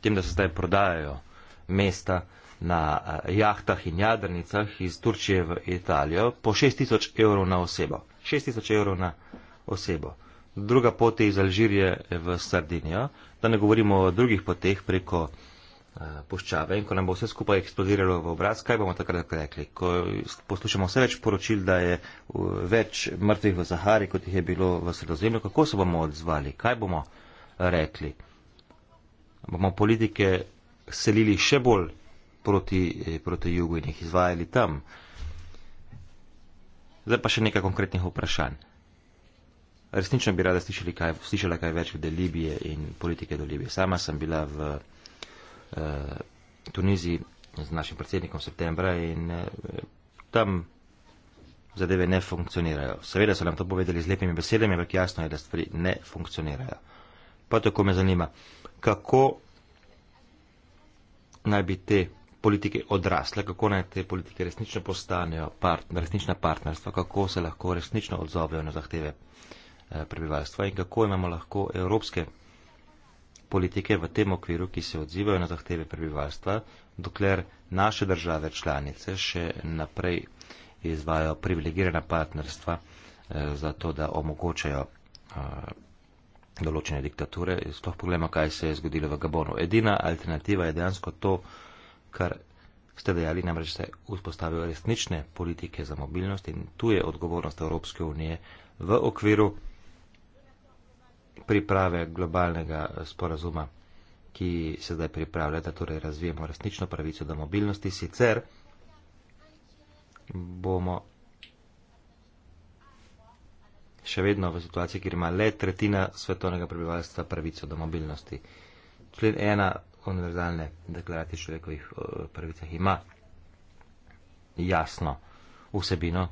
tem, da se zdaj prodajajo mesta na jahtah in jadrnicah iz Turčije v Italijo po 6000 evrov na osebo. 6000 evrov na osebo druga pot je iz Alžirije eh, v Sardinijo, da ne govorimo o drugih poteh preko eh, puščave in ko nam bo vse skupaj eksplodiralo v obraz, kaj bomo takrat rekli? Ko poslušamo vse več poročil, da je več mrtvih v Zahari, kot jih je bilo v sredozemlju, kako se bomo odzvali? Kaj bomo rekli? Bomo politike selili še bolj proti, eh, proti jugu in jih izvajali tam? Zdaj pa še nekaj konkretnih vprašanj. Resnično bi rada slišali kaj, slišala kaj več glede Libije in politike do Libije. Sama sem bila v uh, Tuniziji z našim predsednikom septembra in uh, tam zadeve ne funkcionirajo. Seveda so nam to povedali z lepimi besedami, ampak jasno je, da stvari ne funkcionirajo. Pa tako me zanima, kako naj bi te politike odrasle, kako naj te politike resnično postanejo part, resnična partnerstva, kako se lahko resnično odzovejo na zahteve. Eh, prebivalstva in kako imamo lahko evropske politike v tem okviru, ki se odzivajo na zahteve prebivalstva, dokler naše države članice še naprej izvajo privilegirana partnerstva eh, za to, da omogočajo eh, določene diktature. Sploh pogledamo, kaj se je zgodilo v Gabonu. Edina alternativa je dejansko to, kar ste dejali, namreč se vzpostavijo resnične politike za mobilnost in tu je odgovornost Evropske unije v okviru priprave globalnega eh, sporazuma, ki se zdaj pripravlja, da torej razvijemo resnično pravico do mobilnosti, sicer bomo še vedno v situaciji, kjer ima le tretjina svetovnega prebivalstva pravico do mobilnosti. Člen ena univerzalne deklaracije človekovih eh, pravicah ima jasno vsebino.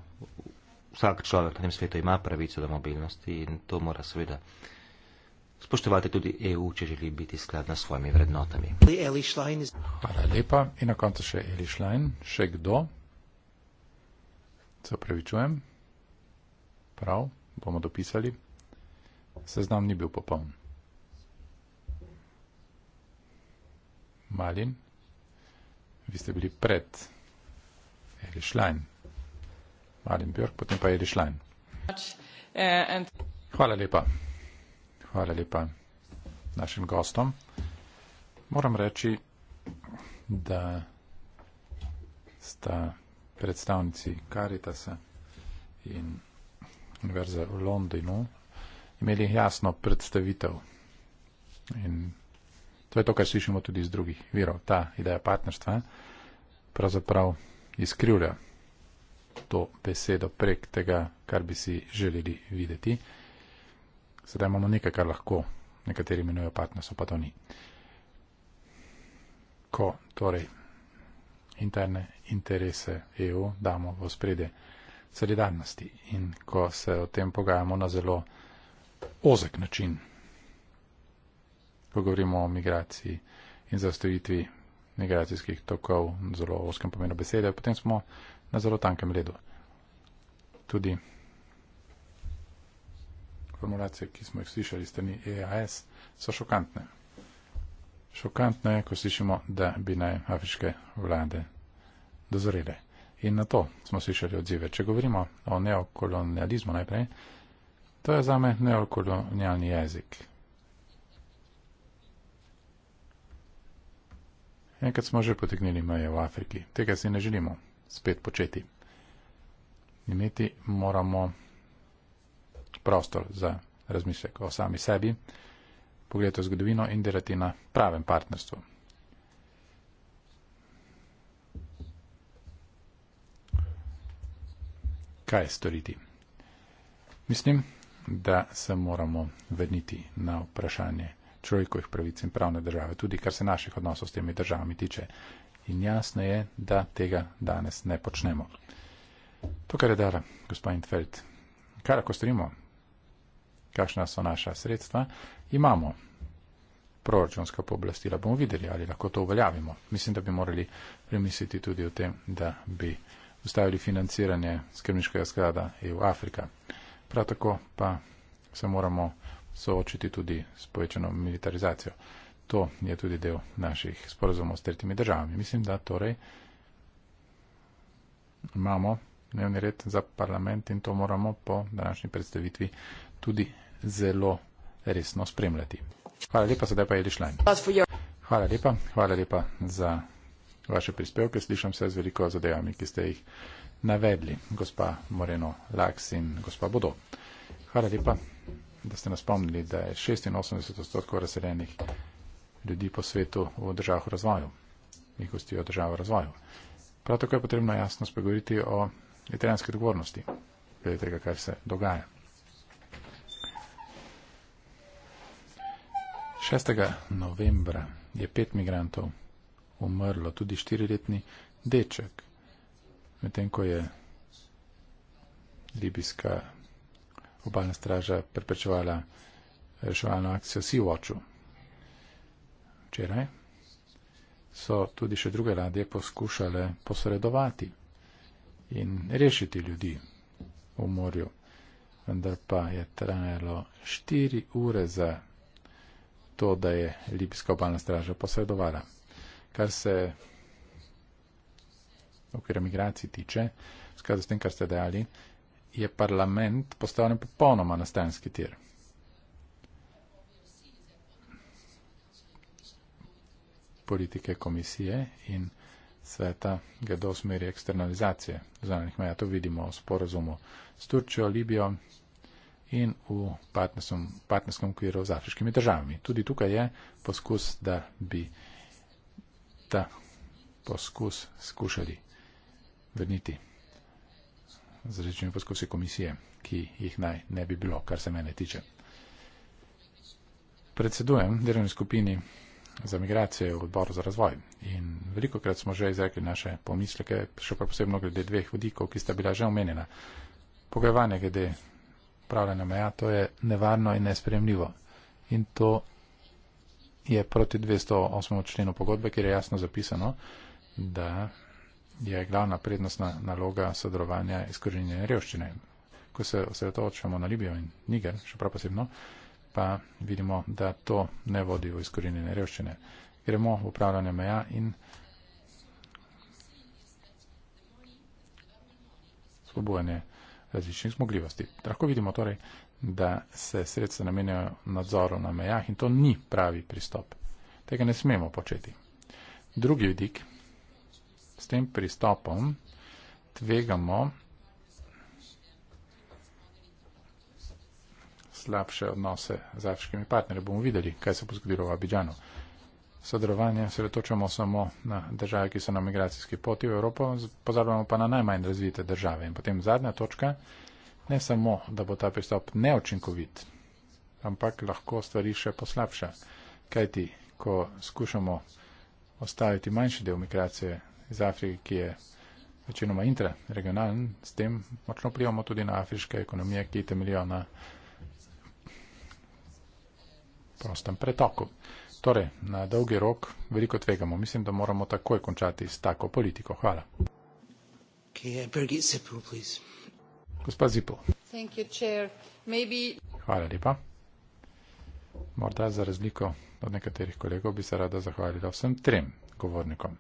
Vsak človek na tem svetu ima pravico do mobilnosti in to mora seveda spoštovati tudi EU, če želi biti skladna s svojimi vrednotami. Hvala lepa. In na koncu še Eli Schlein. Še kdo? Se opravičujem. Prav, bomo dopisali. Seznam ni bil popoln. Malin, vi ste bili pred Eli Schlein. Malin Björk, potem pa Eli Schlein. Eh, Hvala lepa. Hvala lepa našim gostom. Moram reči, da sta predstavnici Karitasa in Univerze v Londonu imeli jasno predstavitev. In to je to, kar slišimo tudi iz drugih virov. Ta ideja partnerstva pravzaprav izkrivlja to besedo prek tega, kar bi si želeli videti. Sedaj imamo nekaj, kar lahko nekateri imenujejo partnerstvo, pa to ni. Ko torej interne interese EU damo v spredje solidarnosti in ko se o tem pogajamo na zelo ozek način, ko govorimo o migraciji in zastojitvi migracijskih tokov v zelo oskem pomenu besede, potem smo na zelo tankem ledu. Tudi formulacije, ki smo jih slišali strani EAS, so šokantne. Šokantno je, ko slišimo, da bi naj afriške vlade dozorele. In na to smo slišali odzive. Če govorimo o neokolonializmu najprej, to je zame neokolonialni jezik. Enkrat smo že potegnili meje v Afriki. Tega si ne želimo spet početi. Imeti moramo prostor za razmišljek o sami sebi, pogled v zgodovino in delati na pravem partnerstvu. Kaj storiti? Mislim, da se moramo vrniti na vprašanje človekovih pravic in pravne države, tudi kar se naših odnosov s temi državami tiče. In jasno je, da tega danes ne počnemo. To, kar je dala gospod Intfeld, kaj lahko storimo, kakšna so naša sredstva, imamo proračunska pooblastila. Bomo videli, ali lahko to uveljavimo. Mislim, da bi morali premisliti tudi o tem, da bi ustavili financiranje skrbniškega sklada EU Afrika. Prav tako pa se moramo soočiti tudi s povečano militarizacijo. To je tudi del naših sporozumov s tretjimi državami. Mislim, da torej imamo dnevni red za parlament in to moramo po današnji predstavitvi tudi zelo resno spremljati. Hvala lepa, sedaj pa je rešljanje. Hvala lepa, hvala lepa za vaše prispevke. Slišam se z veliko zadevami, ki ste jih navedli, gospa Moreno Laks in gospa Bodo. Hvala lepa, da ste nas spomnili, da je 86 odstotkov razseljenih ljudi po svetu v državah razvoju. Mi gostijo državo razvoju. Prav tako je potrebno jasno spregovoriti o italijanski odgovornosti, glede tega, kar se dogaja. 6. novembra je pet migrantov umrlo, tudi štiriletni deček, medtem ko je libijska obalna straža preprečevala eh, reševalno akcijo Sea-Watchu. Včeraj so tudi še druge ladje poskušale posredovati in rešiti ljudi v morju, vendar pa je trajalo štiri ure za to, da je Libijska obalna straža posredovala. Kar se okvira migracij tiče, v skladu s tem, kar ste dejali, je parlament postavljen popolnoma na stranski tir. politike komisije in sveta gredo v smeri eksternalizacije zunanjih meja. To vidimo v sporazumu s Turčjo, Libijo, in v partnerskem, partnerskem okviru z afriškimi državami. Tudi tukaj je poskus, da bi ta poskus skušali vrniti z različnimi poskusi komisije, ki jih naj ne bi bilo, kar se mene tiče. Predsedujem delovni skupini za migracije v odboru za razvoj in veliko krat smo že izrekli naše pomisleke, še pa posebno glede dveh vodikov, ki sta bila že omenjena. Pogajanje glede odpravljanja meja, to je nevarno in nespremljivo. In to je proti 208. členu pogodbe, kjer je jasno zapisano, da je glavna prednostna naloga sodelovanja izkoreninjenja revščine. Ko se osredotočamo na Libijo in Niger, še prav posebno, pa vidimo, da to ne vodi v izkoreninjenje revščine. Gremo v upravljanje meja in spobujanje revščine različnih zmogljivosti. Lahko vidimo torej, da se sredstva namenjajo nadzoru na mejah in to ni pravi pristop. Tega ne smemo početi. Drugi vidik. S tem pristopom tvegamo slabše odnose z afriškimi partnerji. Bomo videli, kaj se bo zgodilo v Abidžanu sodelovanja osredotočamo samo na države, ki so na migracijski poti v Evropo, pozabljamo pa na najmanj razvite države. In potem zadnja točka, ne samo, da bo ta pristop neočinkovit, ampak lahko stvari še poslabša. Kajti, ko skušamo ostaviti manjši del migracije iz Afrike, ki je večinoma intraregionalen, s tem močno plivamo tudi na afriške ekonomije, ki temeljijo na prostem pretoku. Torej, na dolgi rok veliko tvegamo. Mislim, da moramo takoj končati s tako politiko. Hvala. Gospa Zipo. Hvala lepa. Morda za razliko od nekaterih kolegov bi se rada zahvalila vsem trem govornikom.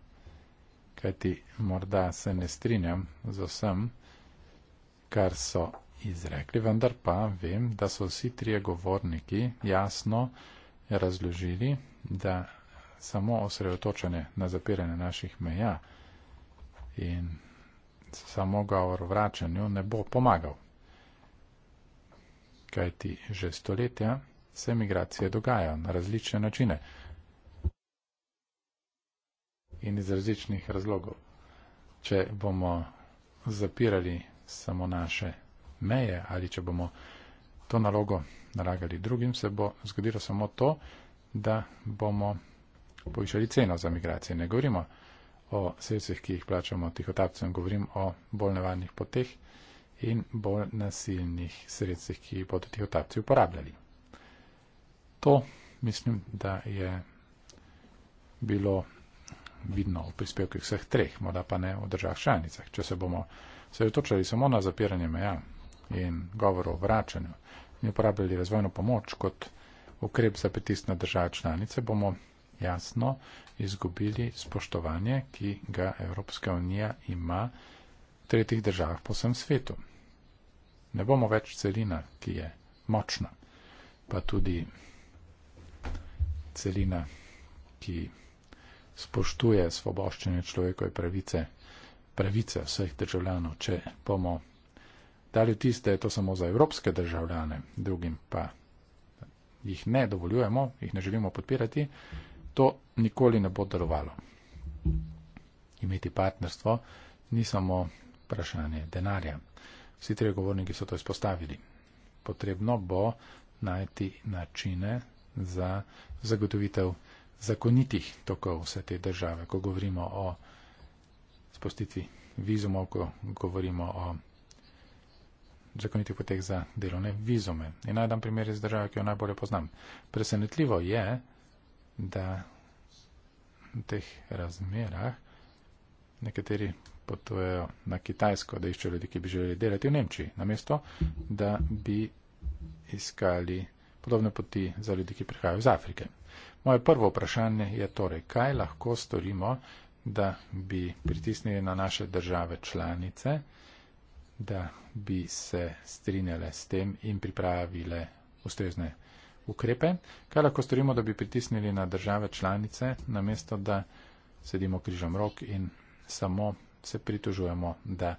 Kajti morda se ne strinjam z vsem, kar so izrekli, vendar pa vem, da so vsi trije govorniki jasno razložili, da samo osredotočanje na zapiranje naših meja in samo govor o vračanju ne bo pomagal. Kajti že stoletja se migracije dogajajo na različne načine in iz različnih razlogov. Če bomo zapirali samo naše meje ali če bomo to nalogo nalagali drugim, se bo zgodilo samo to, da bomo povišali ceno za migracije. Ne govorimo o sredstvih, ki jih plačamo tihotapcem, govorim o bolj nevarnih poteh in bolj nasilnih sredstvih, ki jih bodo tihotapci uporabljali. To mislim, da je bilo vidno v prispevkih vseh treh, morda pa ne v državah članicah. Če se bomo sredotočali samo na zapiranje meja in govor o vračanju, mi uporabljali razvojno pomoč kot ukrep za pritisk na države članice, bomo jasno izgubili spoštovanje, ki ga Evropska unija ima v tretjih državah po vsem svetu. Ne bomo več celina, ki je močna, pa tudi celina, ki spoštuje svoboščenje človekove pravice, pravice vseh državljanov, če bomo dali tiste, to samo za evropske državljane, drugim pa jih ne dovoljujemo, jih ne želimo podpirati, to nikoli ne bo delovalo. Imeti partnerstvo ni samo vprašanje denarja. Vsi tri govorniki so to izpostavili. Potrebno bo najti načine za zagotovitev zakonitih tokov vse te države, ko govorimo o spostitvi vizumov, ko govorimo o zakonitih poteh za delovne vizume. In najdam primer iz države, ki jo najbolje poznam. Presenetljivo je, da v teh razmerah nekateri potujejo na Kitajsko, da iščejo ljudi, ki bi želeli delati v Nemčiji, namesto da bi iskali podobne poti za ljudi, ki prihajajo iz Afrike. Moje prvo vprašanje je torej, kaj lahko storimo, da bi pritisnili na naše države članice, da bi se strinjale s tem in pripravile ustrezne ukrepe. Kaj lahko storimo, da bi pritisnili na države članice, namesto da sedimo križom rok in samo se pritožujemo, da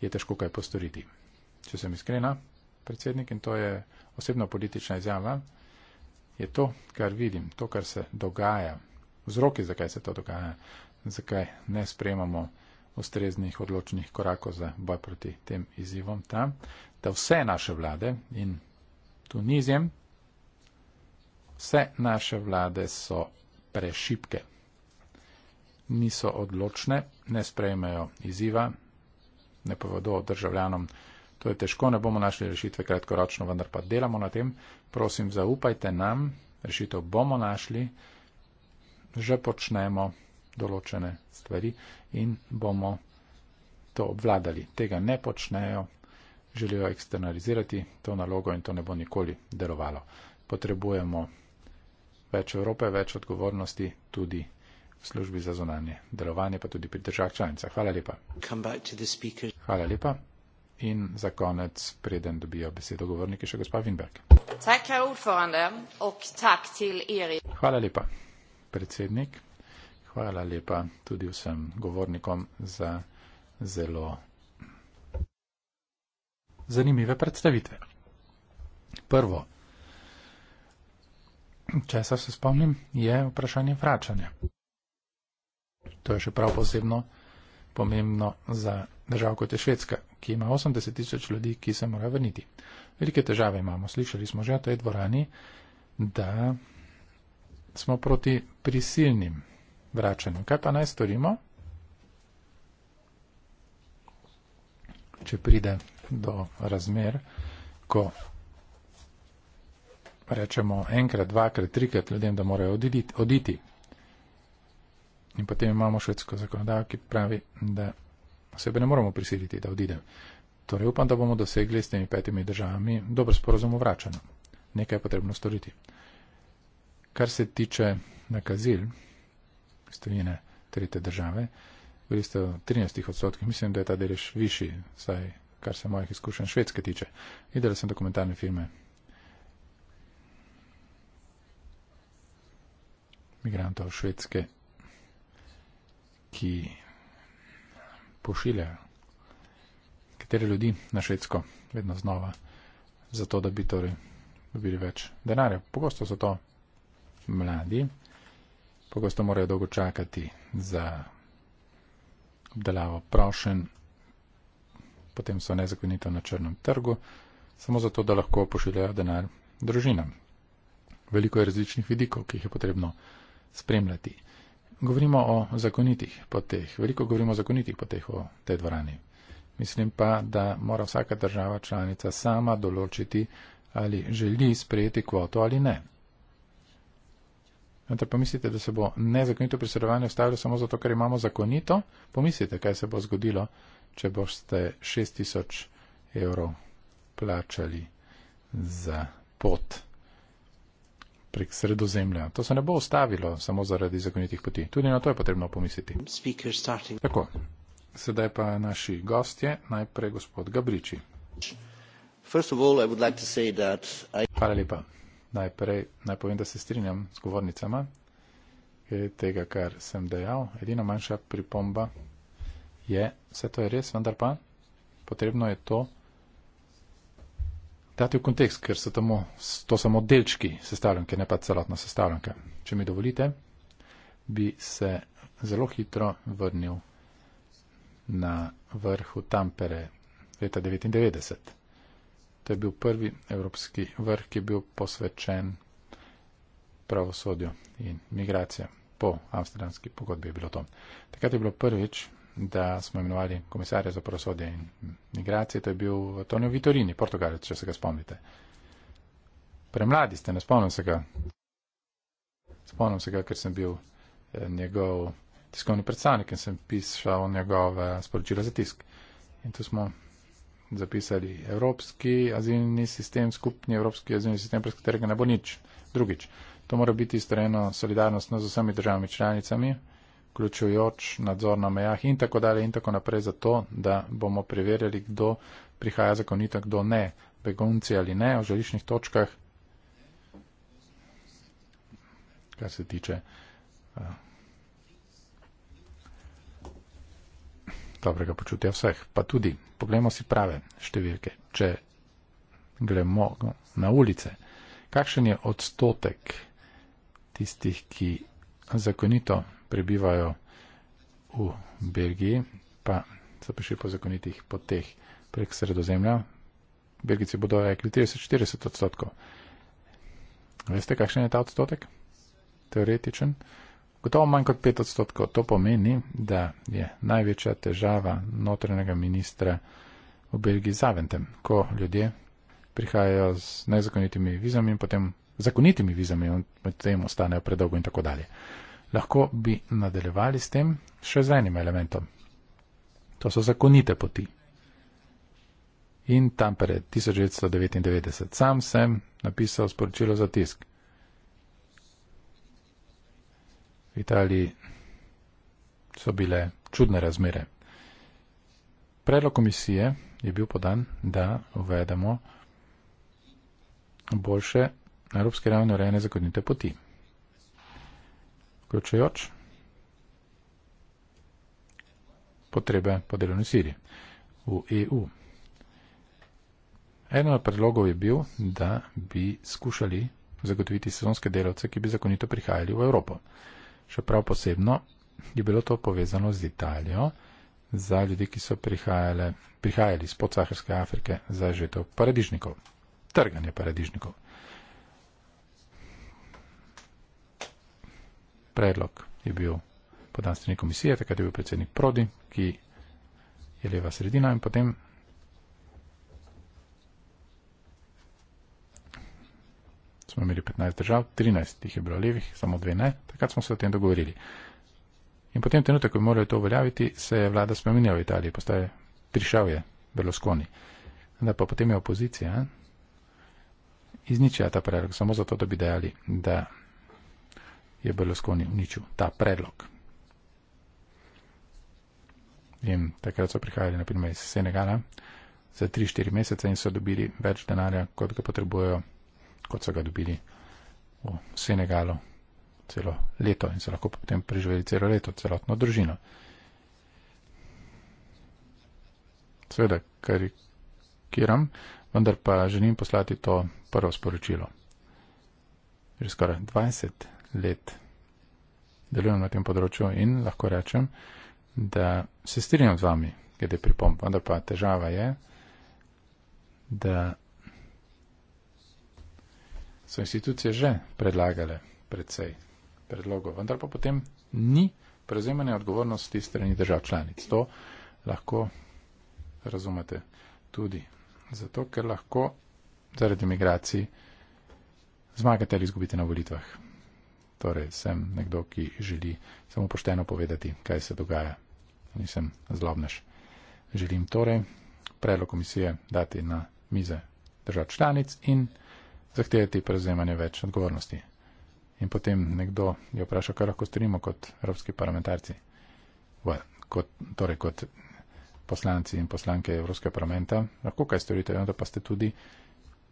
je težko kaj postoriti. Če sem iskrena, predsednik, in to je osebno politična izjava, je to, kar vidim, to, kar se dogaja, vzroki, zakaj se to dogaja, zakaj ne sprejemamo ustreznih odločnih korakov za boj proti tem izzivom tam, da vse naše vlade in tu nizjem, vse naše vlade so prešipke, niso odločne, ne sprejmejo izziva, ne povedo državljanom, to je težko, ne bomo našli rešitve kratkoročno, vendar pa delamo na tem, prosim, zaupajte nam, rešitev bomo našli, že počnemo določene stvari in bomo to obvladali. Tega ne počnejo, želijo eksternalizirati to nalogo in to ne bo nikoli delovalo. Potrebujemo več Evrope, več odgovornosti tudi v službi za zonanje delovanje, pa tudi pri državah članicah. Hvala lepa. Hvala lepa. In za konec, preden dobijo besedo govorniki, še gospa Winberg. Er. Hvala lepa, predsednik. Hvala lepa tudi vsem govornikom za zelo zanimive predstavitve. Prvo, česa se spomnim, je vprašanje vračanja. To je še prav posebno pomembno za državo kot je Švedska, ki ima 80 tisoč ljudi, ki se mora vrniti. Velike težave imamo. Slišali smo že v tej dvorani, da smo proti prisilnim vračanju. Kaj pa naj storimo, če pride do razmer, ko rečemo enkrat, dvakrat, trikrat ljudem, da morajo oditi. In potem imamo švedsko zakonodajo, ki pravi, da osebe ne moramo prisiliti, da odide. Torej upam, da bomo dosegli s temi petimi državami dober sporozum o vračanju. Nekaj je potrebno storiti. Kar se tiče nakazil, strinjene trete države. Bili ste v 13 odstotkih, mislim, da je ta delež višji, saj kar se mojih izkušenj švedske tiče. Videla sem dokumentarne filme. Migrantov švedske, ki pošiljajo katere ljudi na švedsko vedno znova, zato da bi torej dobili več denarja. Pogosto so to mladi pogosto morajo dolgo čakati za obdelavo prošen, potem so nezakonito na črnem trgu, samo zato, da lahko pošiljajo denar družinam. Veliko je različnih vidikov, ki jih je potrebno spremljati. Govorimo o zakonitih poteh, veliko govorimo o zakonitih poteh v tej dvorani. Mislim pa, da mora vsaka država članica sama določiti, ali želi sprejeti kvoto ali ne. Vendar pa mislite, da se bo nezakonito predsedovanje ustavilo samo zato, ker imamo zakonito? Pomislite, kaj se bo zgodilo, če boste 6000 evrov plačali za pot prek sredozemlja. To se ne bo ustavilo samo zaradi zakonitih poti. Tudi na to je potrebno pomisliti. Tako, sedaj pa naši gostje, najprej gospod Gabriči. All, like I... Hvala lepa najprej naj povem, da se strinjam s govornicama tega, kar sem dejal. Edina manjša pripomba je, vse to je res, vendar pa potrebno je to dati v kontekst, ker so tamo, to samo delčki sestavljanke, ne pa celotna sestavljanka. Če mi dovolite, bi se zelo hitro vrnil na vrhu Tampere leta 1999. To je bil prvi evropski vrh, ki je bil posvečen pravosodju in migracijam. Po amsterdamski pogodbi je bilo to. Takrat je bilo prvič, da smo imenovali komisarja za pravosodje in migracije. To je bil Tonio Vitorini, portugalec, če se ga spomnite. Premladi ste, ne spomnim se ga. Spomnim se ga, ker sem bil eh, njegov tiskovni predstavnik in sem pisal njegove sporočila za tisk. In tu smo zapisali evropski azilni sistem, skupni evropski azilni sistem, prez katerega ne bo nič. Drugič, to mora biti strojeno solidarnostno z vsemi državami članicami, vključujoč nadzor na mejah in tako dalje in tako naprej, zato da bomo preverjali, kdo prihaja zakonito, kdo ne, begunci ali ne, v želišnih točkah, kar se tiče. Uh, dobrega počutja vseh. Pa tudi, poglejmo si prave številke. Če gremo na ulice, kakšen je odstotek tistih, ki zakonito prebivajo v Belgiji, pa so prišli po zakonitih poteh prek sredozemlja, Belgici bodo rekli 30-40 odstotkov. Veste, kakšen je ta odstotek? Teoretičen gotovo manj kot 5 odstotkov. To pomeni, da je največja težava notranjega ministra v Belgiji zaventem, ko ljudje prihajajo z nezakonitimi vizami in potem zakonitimi vizami in potem ostanejo predolgo in tako dalje. Lahko bi nadaljevali s tem še z enim elementom. To so zakonite poti. In tam pred 1999 sam sem napisal sporočilo za tisk. v Italiji so bile čudne razmere. Predlog komisije je bil podan, da uvedemo boljše na evropske ravni urejene zakonite poti. Vključujoč potrebe po delovni siri v EU. Eno od predlogov je bil, da bi skušali zagotoviti sezonske delavce, ki bi zakonito prihajali v Evropo še prav posebno je bilo to povezano z Italijo, za ljudi, ki so prihajali iz podsaharske Afrike za žetev paradižnikov, trganje paradižnikov. Predlog je bil podanstveni komisije, takrat je bil predsednik Prodi, ki je leva sredina in potem smo imeli 15 držav, 13 jih je bilo levih, samo dve ne, takrat smo se o tem dogovorili. In potem trenutek, ko morajo to uveljaviti, se je vlada spremenila v Italiji, postaje prišel je Berlusconi. Da pa potem je opozicija izničila ta predlog, samo zato, da bi dejali, da je Berlusconi uničil ta predlog. In takrat so prihajali, naprimer, iz Senegala za 3-4 mesece in so dobili več denarja, kot ga potrebujejo kot so ga dobili v Senegalu celo leto in so lahko potem preživeli celo leto, celotno družino. Seveda karikiram, vendar pa želim poslati to prvo sporočilo. Že skoraj 20 let delujem na tem področju in lahko rečem, da se strinjam z vami, glede pripomb, vendar pa težava je, da so institucije že predlagale predsej predlogov, vendar pa potem ni prevzemanja odgovornosti strani držav članic. To lahko razumete tudi zato, ker lahko zaradi migracij zmagate ali izgubite na volitvah. Torej, sem nekdo, ki želi samo pošteno povedati, kaj se dogaja. Nisem zlobnež. Želim torej predlog komisije dati na mize držav članic in zahtevati prevzemanje več odgovornosti. In potem nekdo je vprašal, kaj lahko storimo kot evropski parlamentarci, well, kot, torej kot poslanci in poslanke Evropskega parlamenta, lahko kaj storite, vem, da pa ste tudi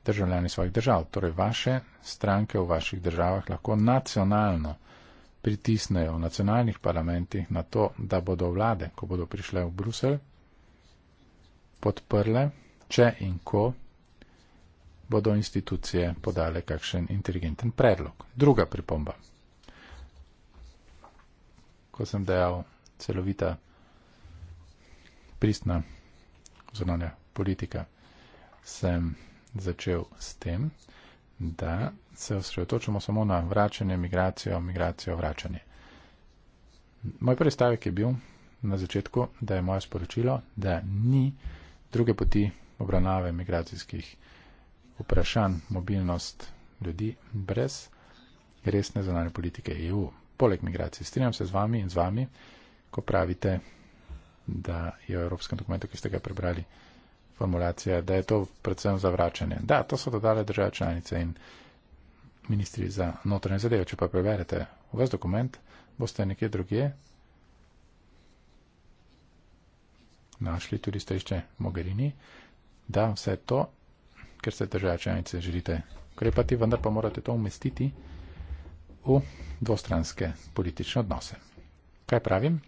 državljani svojih držav. Torej vaše stranke v vaših državah lahko nacionalno pritisnejo v nacionalnih parlamentih na to, da bodo vlade, ko bodo prišle v Bruselj, podprle, če in ko bodo institucije podale kakšen inteligenten predlog. Druga pripomba. Ko sem dejal celovita pristna zunanja politika, sem začel s tem, da se osredotočamo samo na vračanje, migracijo, migracijo, vračanje. Moj prvi stavek je bil na začetku, da je moje sporočilo, da ni druge poti obravnave migracijskih vprašanj mobilnost ljudi brez resne zonalne politike EU. Poleg migracij strinjam se z vami in z vami, ko pravite, da je v evropskem dokumentu, ki ste ga prebrali, formulacija, da je to predvsem zavračanje. Da, to so dodale države članice in ministri za notranje zadeve. Če pa preberete vas dokument, boste nekje druge našli tudi stojišče Mogherini, da vse to ker se države članice želite ukrepati, vendar pa morate to umestiti v dvostranske politične odnose. Kaj pravim?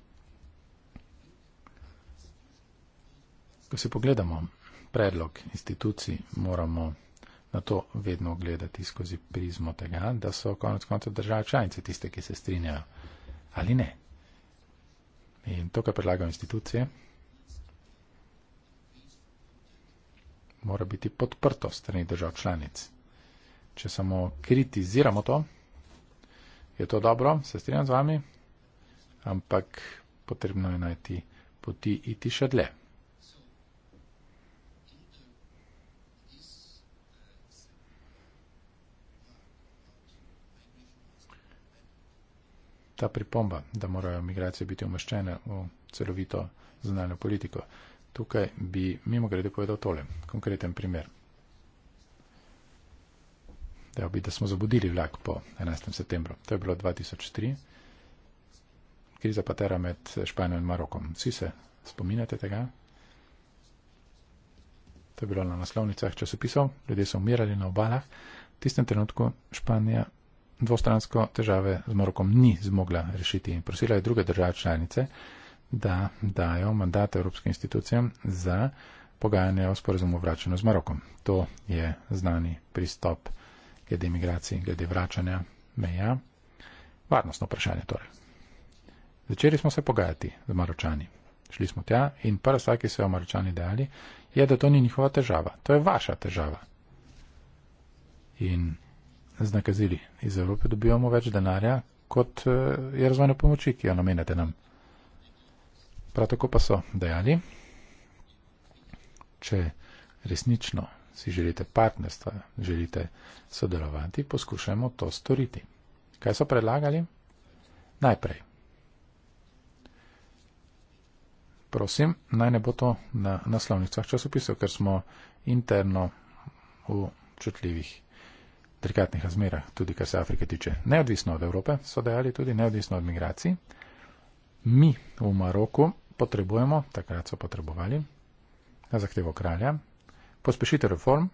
Ko si pogledamo predlog institucij, moramo na to vedno gledati skozi prizmo tega, da so konec koncev države članice tiste, ki se strinjajo ali ne. In to, kar predlagajo institucije, mora biti podprto strani držav članic. Če samo kritiziramo to, je to dobro, se strinjam z vami, ampak potrebno je najti poti iti še dlje. Ta pripomba, da morajo migracije biti umeščene v celovito zunanjo politiko, Tukaj bi mimo grede povedal tole, konkreten primer. Dejal bi, da smo zabudili vlak po 11. septembru. To je bilo 2003. Kriza patera med Španijo in Marokom. Vsi se spominjate tega? To je bilo na naslovnicah časopisov, ljudje so umirali na obalah. V tistem trenutku Španija dvostransko težave z Marokom ni zmogla rešiti in prosila je druge države članice, da dajo mandat evropskim institucijam za pogajanje o sporozumu o vračanju z Marokom. To je znani pristop glede imigracij, glede vračanja meja. Varnostno vprašanje torej. Začeli smo se pogajati z Maročani. Šli smo tja in prva stvar, ki so jo Maročani dejali, je, da to ni njihova težava. To je vaša težava. In z nakazili iz Evrope dobivamo več denarja, kot eh, je razvojna pomoč, ki jo namenjate nam. Prav tako pa so dejali, če resnično si želite partnerstva, želite sodelovati, poskušajmo to storiti. Kaj so predlagali? Najprej. Prosim, naj ne bo to na naslovnicah časopisov, ker smo interno v čutljivih, delikatnih razmerah, tudi kar se Afrike tiče. Neodvisno od Evrope so dejali tudi, neodvisno od migracij. Mi v Maroku potrebujemo, takrat so potrebovali, na zahtevo kralja, pospešite reform,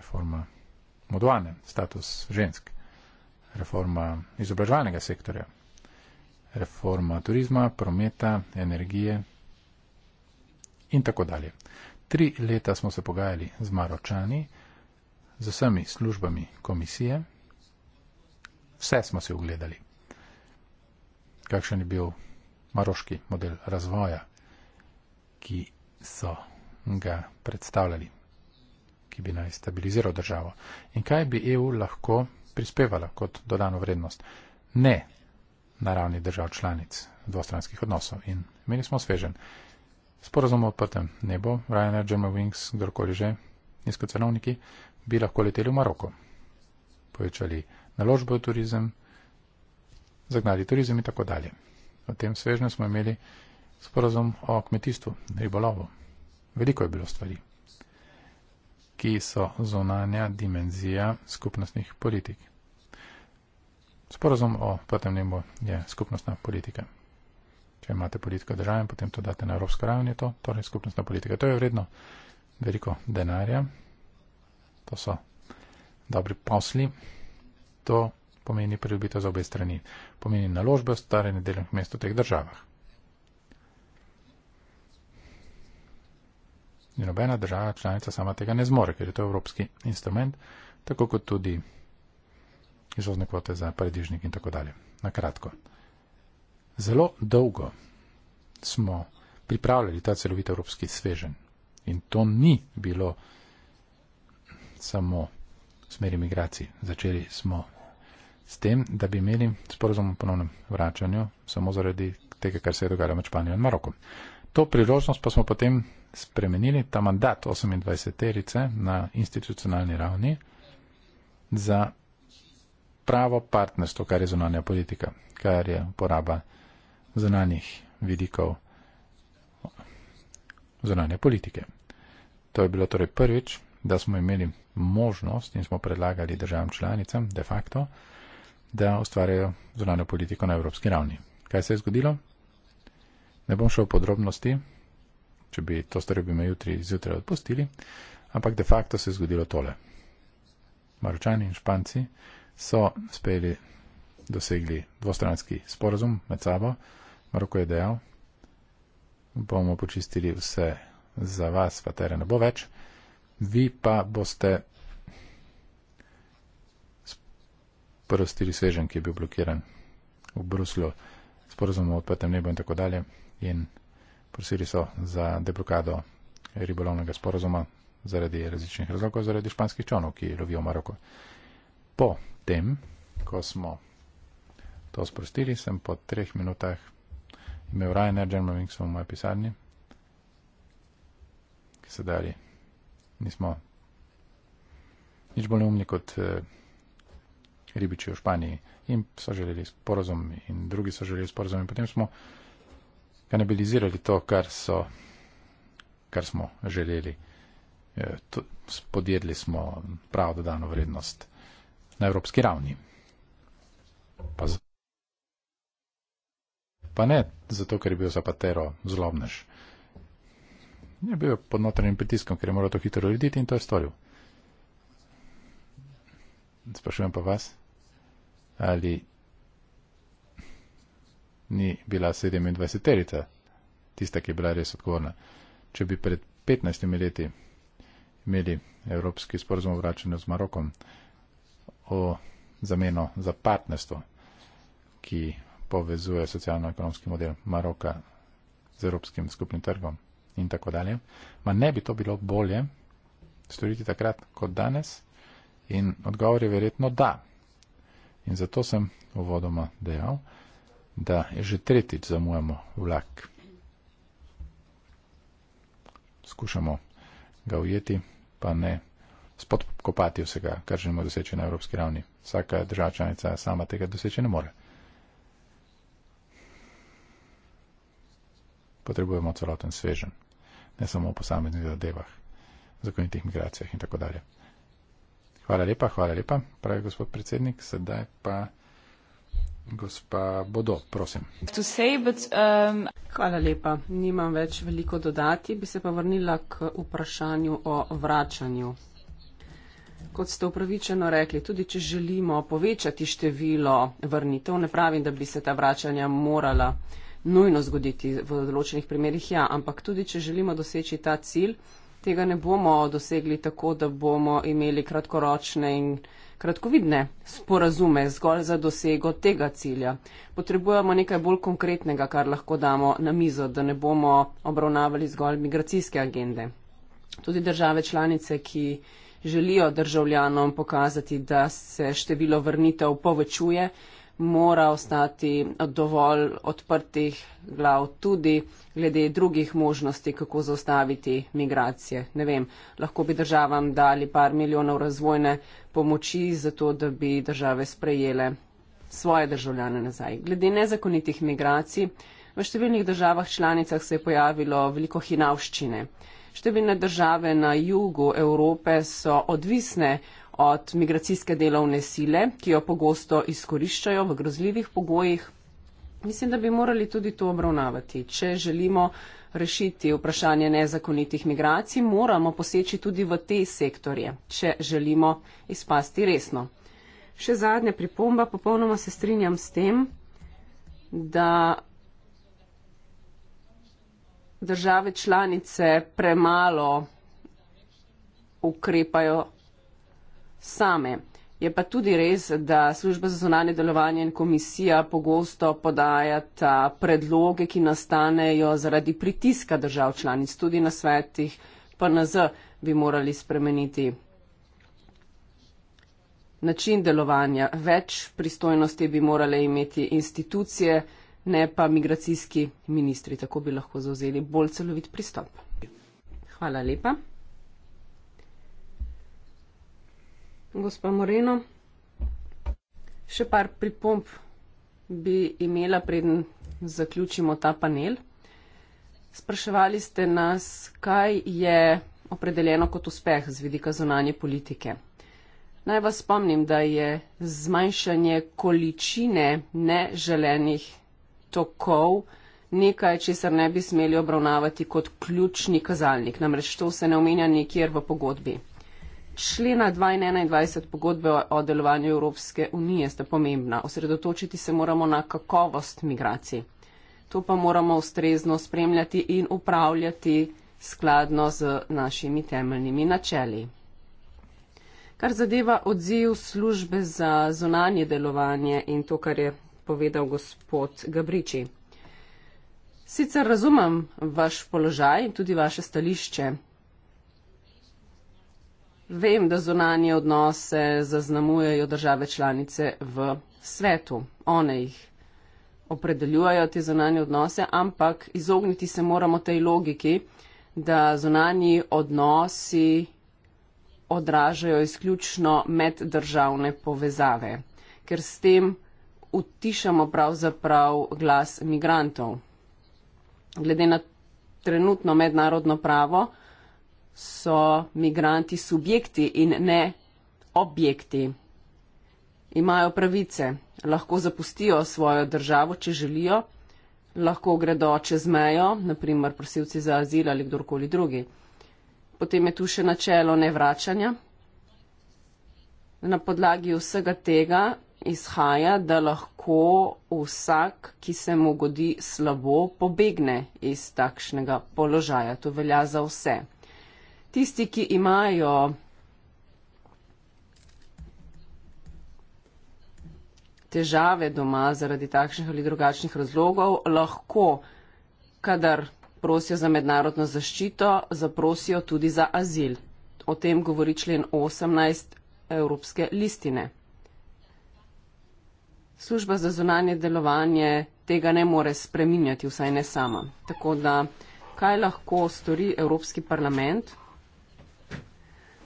reforma modovane, status žensk, reforma izobraževalnega sektorja, reforma turizma, prometa, energije in tako dalje. Tri leta smo se pogajali z Maročani, z vsemi službami komisije, vse smo si ogledali. Kakšen je bil maroški model razvoja, ki so ga predstavljali, ki bi naj stabiliziral državo. In kaj bi EU lahko prispevala kot dodano vrednost? Ne na ravni držav članic dvostranskih odnosov. In meni smo svežen. Sporazum o prtem nebo, Ryanair, German Wings, kdorkoli že, nizkocenovniki, bi lahko leteli v Maroko. Povečali naložbo v turizem, zagnali turizem in tako dalje. V tem svežnju smo imeli sporozum o kmetijstvu, ribolovu. Veliko je bilo stvari, ki so zonanja dimenzija skupnostnih politik. Sporozum o potem nebu je skupnostna politika. Če imate politiko države, potem to date na evropsko raven, je to torej skupnostna politika. To je vredno veliko denarja, to so dobri posli, to pomeni pridobitev za obe strani, pomeni naložbe v starem delovnem mestu v teh državah. In nobena država članica sama tega ne zmore, ker je to evropski instrument, tako kot tudi izvozne kvote za paradižnik in tako dalje. Na kratko. Zelo dolgo smo pripravljali ta celovit evropski svežen in to ni bilo samo smeri migracij. Začeli smo s tem, da bi imeli sporozum o ponovnem vračanju samo zaradi tega, kar se je dogajalo med Španijo in Marokom. To priložnost pa smo potem spremenili, ta mandat 28-terice na institucionalni ravni za pravo partnerstvo, kar je zunanja politika, kar je poraba zunanjih vidikov zunanje politike. To je bilo torej prvič, da smo imeli možnost in smo predlagali državam članicam de facto, da ustvarjajo zunanjo politiko na evropski ravni. Kaj se je zgodilo? Ne bom šel v podrobnosti, če bi to storil, bi me jutri zjutraj odpustili, ampak de facto se je zgodilo tole. Maročani in Španci so speli dosegli dvostranski sporozum med sabo. Maroko je dejal, bomo počistili vse za vas, pa tere ne bo več. Vi pa boste odprl stili svežen, ki je bil blokiran v Bruslju, sporozum o odprtem nebu in tako dalje. In prosili so za deblokado ribolovnega sporozuma zaradi različnih razlogov, zaradi španskih čonov, ki lovijo v Maroko. Po tem, ko smo to sprostili, sem po treh minutah imel Ryanair German Wings v moji pisarni, ki se dali. Nismo nič bolj neumni kot eh, ribiči v Španiji in so želeli sporozum in drugi so želeli sporozum in potem smo kanibilizirali to, kar, so, kar smo želeli. E, podjedli smo pravo dodano vrednost na evropski ravni. Pa, z... pa ne zato, ker je bil zapatero zlobnež. Je bil pod notranjim pritiskom, ker je moral to hitro urediti in to je storil. Sprašujem pa vas ali ni bila 27-terica tista, ki je bila res odgovorna. Če bi pred 15 leti imeli Evropski sporozum o vračanju z Marokom o zameno za partnerstvo, ki povezuje socialno-ekonomski model Maroka z Evropskim skupnim trgom in tako dalje, ma ne bi to bilo bolje storiti takrat kot danes in odgovor je verjetno da. In zato sem uvodoma dejal, da je že tretjič zamujamo vlak. Skušamo ga ujeti, pa ne spodkopati vsega, kar želimo doseči na evropski ravni. Vsaka država članica sama tega doseči ne more. Potrebujemo celoten svežen, ne samo o posameznih zadevah, zakonitih migracijah in tako dalje. Hvala lepa, hvala lepa, pravi gospod predsednik. Sedaj pa gospa Bodo, prosim. Say, but, um... Hvala lepa, nimam več veliko dodati, bi se pa vrnila k vprašanju o vračanju. Kot ste upravičeno rekli, tudi če želimo povečati število vrnitev, ne pravim, da bi se ta vračanja morala nujno zgoditi v določenih primerjih, ja, ampak tudi če želimo doseči ta cilj, tega ne bomo dosegli tako, da bomo imeli kratkoročne in kratkovidne sporazume zgolj za dosego tega cilja. Potrebujemo nekaj bolj konkretnega, kar lahko damo na mizo, da ne bomo obravnavali zgolj migracijske agende. Tudi države članice, ki želijo državljanom pokazati, da se število vrnitev povečuje, mora ostati dovolj odprtih glav tudi glede drugih možnosti, kako zaustaviti migracije. Ne vem, lahko bi državam dali par milijonov razvojne pomoči, zato da bi države sprejele svoje državljane nazaj. Glede nezakonitih migracij, v številnih državah članicah se je pojavilo veliko hinavščine. Številne države na jugu Evrope so odvisne od migracijske delovne sile, ki jo pogosto izkoriščajo v grozljivih pogojih. Mislim, da bi morali tudi to obravnavati. Če želimo rešiti vprašanje nezakonitih migracij, moramo poseči tudi v te sektorje, če želimo izpasti resno. Še zadnja pripomba, popolnoma se strinjam s tem, da države članice premalo ukrepajo same. Je pa tudi res, da služba za zonanje delovanje in komisija pogosto podajata predloge, ki nastanejo zaradi pritiska držav članic, tudi na svetih PNZ bi morali spremeniti način delovanja. Več pristojnosti bi morale imeti institucije, ne pa migracijski ministri. Tako bi lahko zauzeli bolj celovit pristop. Hvala lepa. Gospa Moreno, še par pripomp bi imela, preden zaključimo ta panel. Spraševali ste nas, kaj je opredeljeno kot uspeh z vidika zunanje politike. Naj vas spomnim, da je zmanjšanje količine neželenih tokov nekaj, česar ne bi smeli obravnavati kot ključni kazalnik. Namreč to se ne omenja nikjer v pogodbi člena 2 in 21 pogodbe o delovanju Evropske unije sta pomembna. Osredotočiti se moramo na kakovost migracij. To pa moramo ustrezno spremljati in upravljati skladno z našimi temeljnimi načeli. Kar zadeva odziv službe za zonanje delovanje in to, kar je povedal gospod Gabriči. Sicer razumem vaš položaj in tudi vaše stališče, Vem, da zunanje odnose zaznamujejo države članice v svetu. One jih opredeljujejo te zunanje odnose, ampak izogniti se moramo tej logiki, da zunanji odnosi odražajo izključno meddržavne povezave, ker s tem utišamo pravzaprav glas migrantov. Glede na trenutno mednarodno pravo, so migranti subjekti in ne objekti. Imajo pravice, lahko zapustijo svojo državo, če želijo, lahko gredo čez mejo, naprimer prosilci za azil ali kdorkoli drugi. Potem je tu še načelo nevračanja. Na podlagi vsega tega izhaja, da lahko vsak, ki se mu godi slabo, pobegne iz takšnega položaja. To velja za vse tisti, ki imajo težave doma zaradi takšnih ali drugačnih razlogov, lahko, kadar prosijo za mednarodno zaščito, zaprosijo tudi za azil. O tem govori člen 18 Evropske listine. Služba za zunanje delovanje tega ne more spreminjati, vsaj ne sama. Tako da, kaj lahko stori Evropski parlament?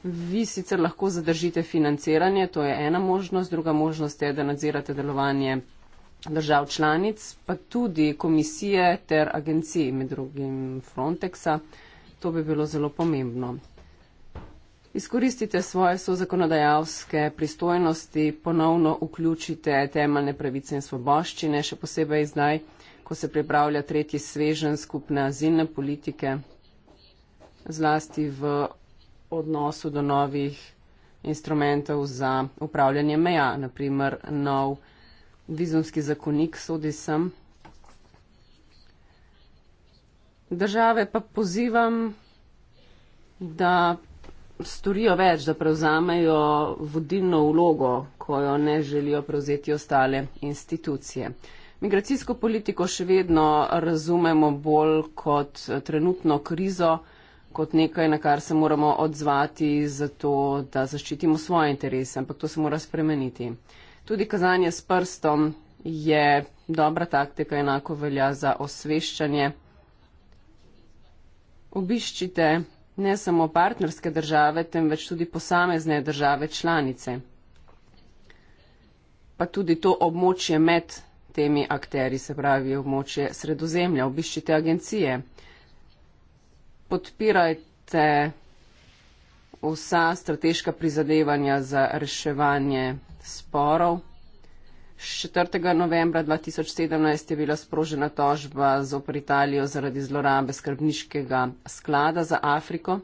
Vi sicer lahko zadržite financiranje, to je ena možnost, druga možnost je, da nadzirate delovanje držav članic, pa tudi komisije ter agencij, med drugim Frontexa. To bi bilo zelo pomembno. Izkoristite svoje sozakonodajalske pristojnosti, ponovno vključite temeljne pravice in svoboščine, še posebej zdaj, ko se pripravlja tretji svežen skupne azilne politike, zlasti v odnosu do novih instrumentov za upravljanje meja, naprimer nov vizumski zakonik, sodi sem. Države pa pozivam, da storijo več, da prevzamejo vodilno vlogo, ko jo ne želijo prevzeti ostale institucije. Migracijsko politiko še vedno razumemo bolj kot trenutno krizo, kot nekaj, na kar se moramo odzvati, zato da zaščitimo svoje interese, ampak to se mora spremeniti. Tudi kazanje s prstom je dobra taktika, enako velja za osveščanje. Obiščite ne samo partnerske države, temveč tudi posamezne države članice, pa tudi to območje med temi akteri, se pravi območje sredozemlja. Obiščite agencije podpirajte vsa strateška prizadevanja za reševanje sporov. 4. novembra 2017 je bila sprožena tožba z Opritalijo zaradi zlorabe skrbniškega sklada za Afriko.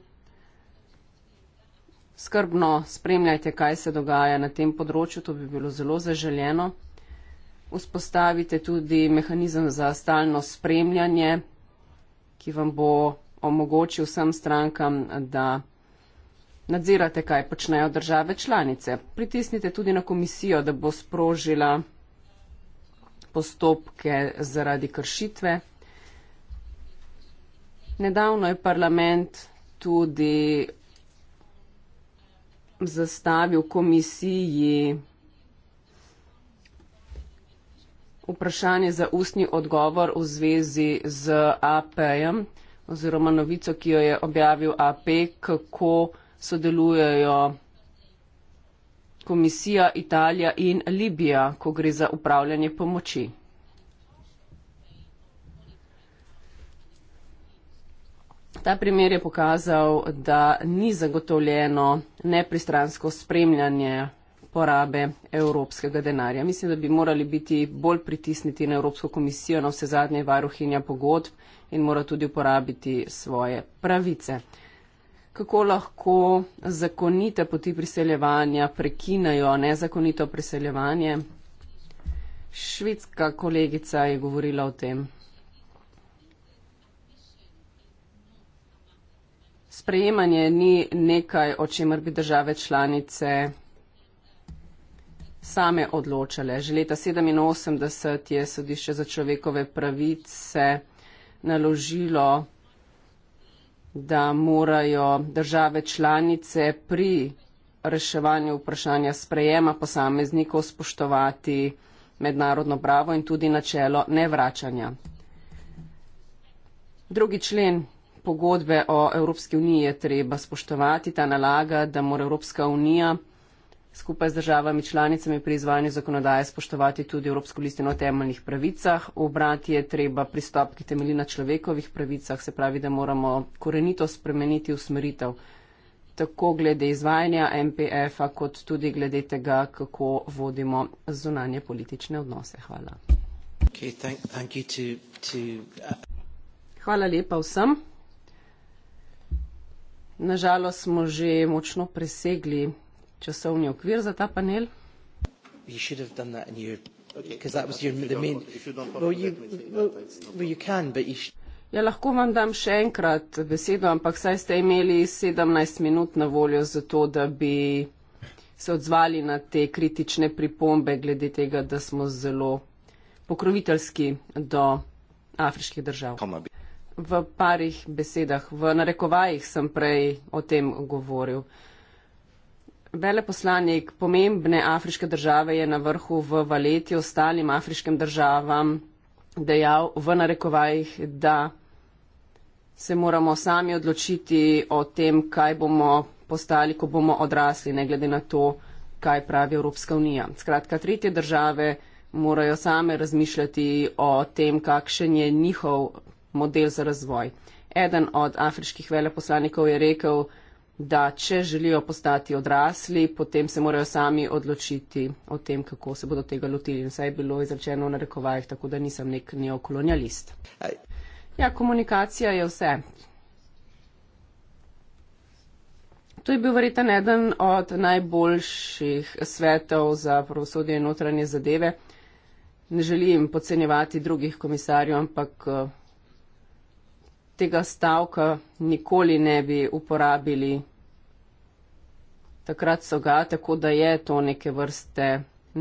Skrbno spremljajte, kaj se dogaja na tem področju, to bi bilo zelo zaželjeno. Vzpostavite tudi mehanizem za stalno spremljanje, ki vam bo omogoči vsem strankam, da nadzirate, kaj počnejo države članice. Pritisnite tudi na komisijo, da bo sprožila postopke zaradi kršitve. Nedavno je parlament tudi zastavil komisiji vprašanje za ustni odgovor v zvezi z APM oziroma novico, ki jo je objavil AP, kako sodelujejo komisija Italija in Libija, ko gre za upravljanje pomoči. Ta primer je pokazal, da ni zagotovljeno nepristransko spremljanje porabe evropskega denarja. Mislim, da bi morali biti bolj pritisniti na Evropsko komisijo, na vse zadnje varuhinja pogodb in mora tudi uporabiti svoje pravice. Kako lahko zakonite poti priseljevanja prekinajo nezakonito priseljevanje? Švedska kolegica je govorila o tem. Sprejemanje ni nekaj, o čemer bi države članice same odločale. Že leta 1987 je sodišče za človekove pravice naložilo, da morajo države članice pri reševanju vprašanja sprejema posameznikov spoštovati mednarodno pravo in tudi načelo nevračanja. Drugi člen pogodbe o Evropski uniji je treba spoštovati. Ta nalaga, da mora Evropska unija skupaj z državami članicami pri izvajanju zakonodaje spoštovati tudi Evropsko listino o temeljnih pravicah. Obrati je treba pristop, ki temelji na človekovih pravicah, se pravi, da moramo korenito spremeniti usmeritev tako glede izvajanja MPF-a, kot tudi glede tega, kako vodimo zunanje politične odnose. Hvala. Okay, thank, thank to, to, uh... Hvala lepa vsem. Nažalost smo že močno presegli časovni okvir za ta panel? Ja, lahko vam dam še enkrat besedo, ampak saj ste imeli 17 minut na voljo za to, da bi se odzvali na te kritične pripombe glede tega, da smo zelo pokroviteljski do afriških držav. V parih besedah, v narekovajih sem prej o tem govoril. Veleposlanik pomembne afriške države je na vrhu v Valeti ostalim afriškim državam dejal v narekovajih, da se moramo sami odločiti o tem, kaj bomo postali, ko bomo odrasli, ne glede na to, kaj pravi Evropska unija. Skratka, tretje države morajo same razmišljati o tem, kakšen je njihov model za razvoj. Eden od afriških veleposlanikov je rekel, da če želijo postati odrasli, potem se morajo sami odločiti o tem, kako se bodo tega lotili. Vse je bilo izrečeno v narekovajih, tako da nisem nek neokolonialist. Ja, komunikacija je vse. To je bil verjeten eden od najboljših svetov za pravosodje in notranje zadeve. Ne želim podcenjevati drugih komisarjev, ampak eh, tega stavka nikoli ne bi uporabili. Takrat so ga, tako da je to neke vrste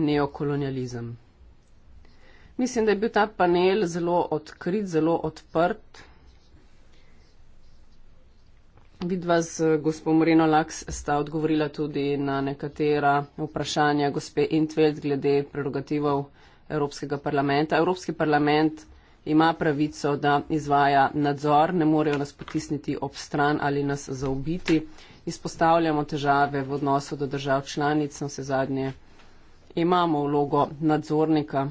neokolonializem. Mislim, da je bil ta panel zelo odkrit, zelo odprt. Vidva z gospod Moreno Laks sta odgovorila tudi na nekatera vprašanja gospe Intveld glede prerogativov Evropskega parlamenta. Evropski parlament ima pravico, da izvaja nadzor, ne morejo nas potisniti ob stran ali nas zaubiti. Izpostavljamo težave v odnosu do držav članic, na vse zadnje imamo vlogo nadzornika.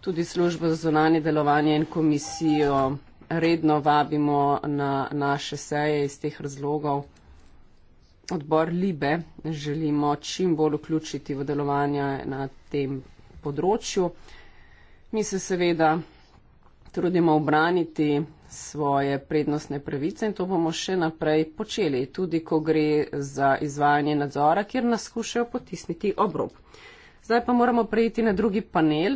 Tudi službo za zonanje delovanje in komisijo redno vabimo na naše seje iz teh razlogov. Odbor Libe želimo čim bolj vključiti v delovanje na tem področju. Mi se seveda trudimo obraniti svoje prednostne pravice in to bomo še naprej počeli, tudi ko gre za izvajanje nadzora, kjer nas skušajo potisniti obrob. Zdaj pa moramo prejiti na drugi panel.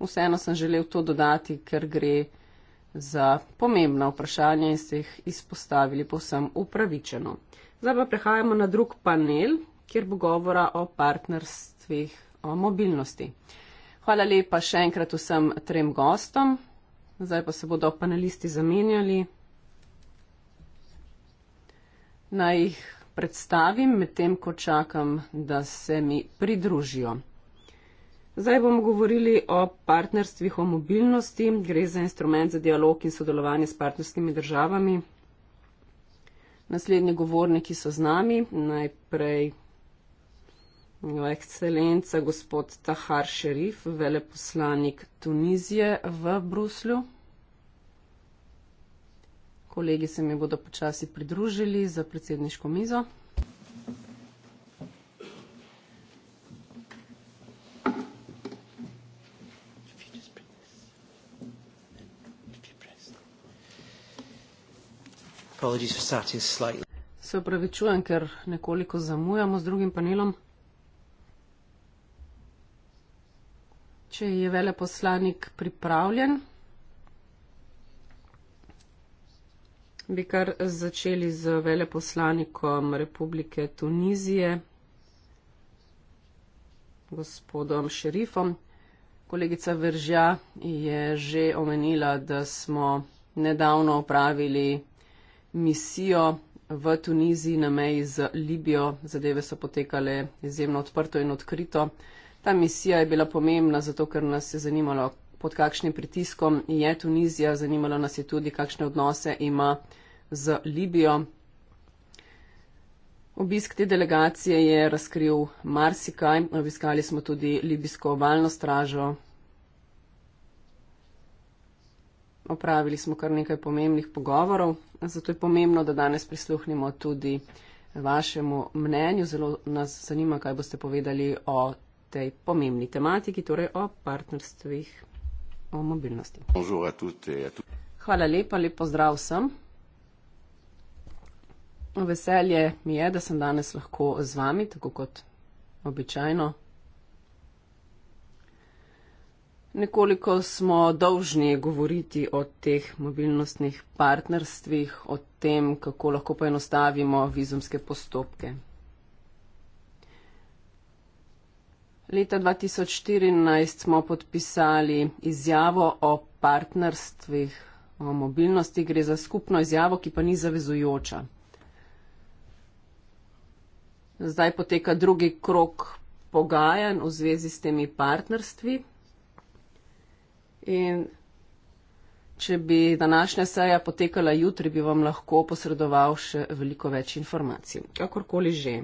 Vseeno sem želel to dodati, ker gre za pomembna vprašanja in ste jih izpostavili povsem upravičeno. Zdaj pa prehajamo na drug panel, kjer bo govora o partnerstvih, o mobilnosti. Uh, Hvala lepa še enkrat vsem trem gostom. Zdaj pa se bodo panelisti zamenjali. Naj jih predstavim med tem, ko čakam, da se mi pridružijo. Zdaj bomo govorili o partnerstvih o mobilnosti. Gre za instrument za dialog in sodelovanje s partnerskimi državami. Naslednji govorniki so z nami. Najprej Ekscelenca gospod Tahar Šerif, veleposlanik Tunizije v Bruslju. Kolegi se mi bodo počasi pridružili za predsedniško mizo. Se opravičujem, ker nekoliko zamujamo z drugim panelom. če je veleposlanik pripravljen, bi kar začeli z veleposlanikom Republike Tunizije, gospodom Šerifom. Kolegica Veržja je že omenila, da smo nedavno opravili misijo v Tuniziji na meji z Libijo. Zadeve so potekale izjemno odprto in odkrito. Ta misija je bila pomembna, zato ker nas je zanimalo, pod kakšnim pritiskom je Tunizija, zanimalo nas je tudi, kakšne odnose ima z Libijo. Obisk te delegacije je razkril marsikaj, obiskali smo tudi libijsko obalno stražo. Opravili smo kar nekaj pomembnih pogovorov, zato je pomembno, da danes prisluhnimo tudi vašemu mnenju. Zelo nas zanima, kaj boste povedali o tej pomembni tematiki, torej o partnerstvih, o mobilnosti. Hvala lepa, lep pozdrav vsem. Veselje mi je, da sem danes lahko z vami, tako kot običajno. Nekoliko smo dolžni govoriti o teh mobilnostnih partnerstvih, o tem, kako lahko poenostavimo vizumske postopke. Leta 2014 smo podpisali izjavo o partnerstvih, o mobilnosti. Gre za skupno izjavo, ki pa ni zavezujoča. Zdaj poteka drugi krok pogajanj v zvezi s temi partnerstvi. In če bi današnja seja potekala jutri, bi vam lahko posredoval še veliko več informacij. Kakorkoli že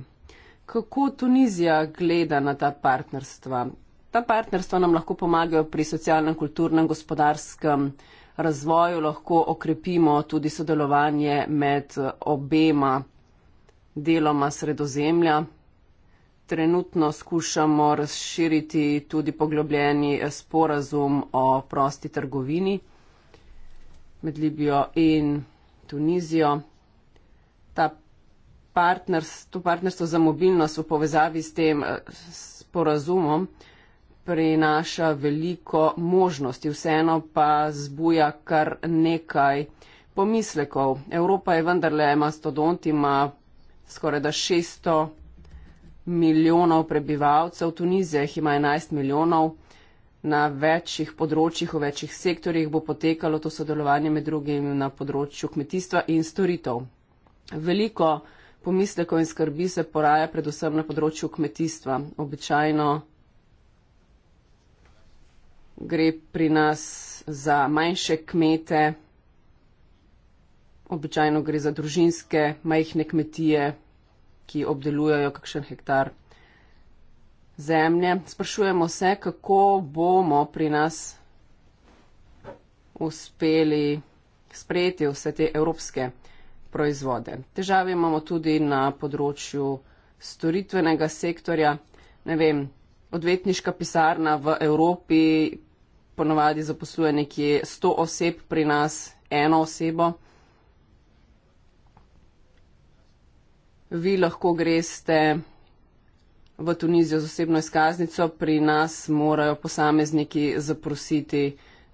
kako Tunizija gleda na ta partnerstva. Ta partnerstva nam lahko pomagajo pri socialnem, kulturnem, gospodarskem razvoju, lahko okrepimo tudi sodelovanje med eh, obema deloma sredozemlja. Trenutno skušamo razširiti tudi poglobljeni eh, sporazum o prosti trgovini med Libijo in Tunizijo. Ta partners, to partnerstvo za mobilnost v povezavi s tem eh, sporazumom prinaša veliko možnosti, vseeno pa zbuja kar nekaj pomislekov. Evropa je vendarle mastodont, ima skoraj da 600 milijonov prebivalcev, Tunizija jih ima 11 milijonov. Na večjih področjih, v večjih sektorjih bo potekalo to sodelovanje med drugim na področju kmetijstva in storitev. Veliko pomislekov in skrbi se poraja predvsem na področju kmetijstva. Običajno gre pri nas za manjše kmete, običajno gre za družinske majhne kmetije, ki obdelujejo kakšen hektar zemlje. Sprašujemo se, kako bomo pri nas uspeli sprejeti vse te evropske kmetije proizvode. Težave imamo tudi na področju storitvenega sektorja. Ne vem, odvetniška pisarna v Evropi ponovadi zaposluje nekje 100 oseb, pri nas eno osebo. Vi lahko greste v Tunizijo z osebno izkaznico, pri nas morajo posamezniki zaprositi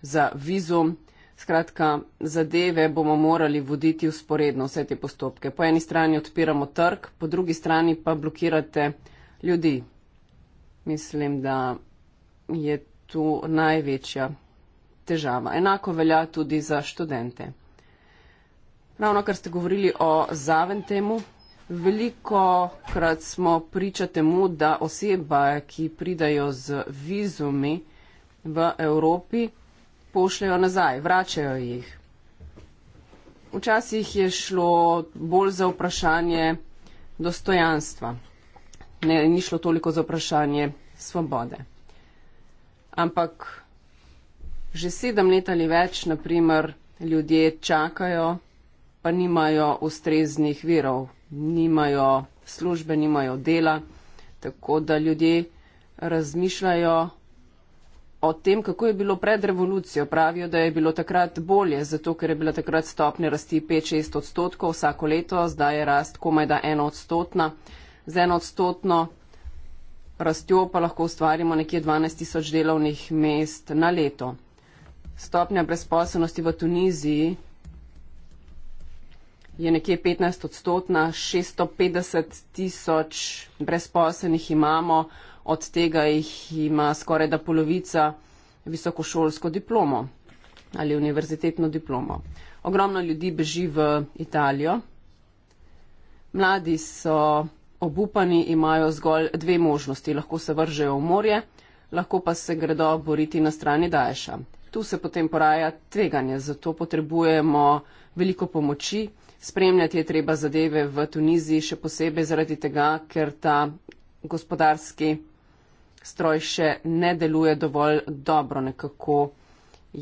za vizum. Skratka, zadeve bomo morali voditi usporedno vse te postopke. Po eni strani odpiramo trg, po drugi strani pa blokirate ljudi. Mislim, da je tu največja težava. Enako velja tudi za študente. Ravno kar ste govorili o zaventemu, veliko krat smo priča temu, da osebe, ki pridajo z vizumi v Evropi, pošljajo nazaj, vračajo jih. Včasih je šlo bolj za vprašanje dostojanstva, ne, ni šlo toliko za vprašanje svobode. Ampak že sedem let ali več, naprimer, ljudje čakajo, pa nimajo ustreznih virov, nimajo službe, nimajo dela, tako da ljudje razmišljajo o tem, kako je bilo pred revolucijo. Pravijo, da je bilo takrat bolje, zato ker je bila takrat stopnja rasti 5-6 odstotkov vsako leto, zdaj je rast komaj da eno odstotna. Z eno odstotno rastjo pa lahko ustvarimo nekje 12 tisoč delovnih mest na leto. Stopnja brezposobnosti v Tuniziji je nekje 15 odstotna, 650 tisoč brezposobnih imamo od tega jih ima skoraj da polovica visokošolsko diplomo ali univerzitetno diplomo. Ogromno ljudi beži v Italijo. Mladi so obupani, imajo zgolj dve možnosti. Lahko se vržejo v morje, lahko pa se gredo boriti na strani Daesha. Tu se potem poraja tveganje, zato potrebujemo veliko pomoči. Spremljati je treba zadeve v Tuniziji, še posebej zaradi tega, ker ta gospodarski stroj še ne deluje dovolj dobro, nekako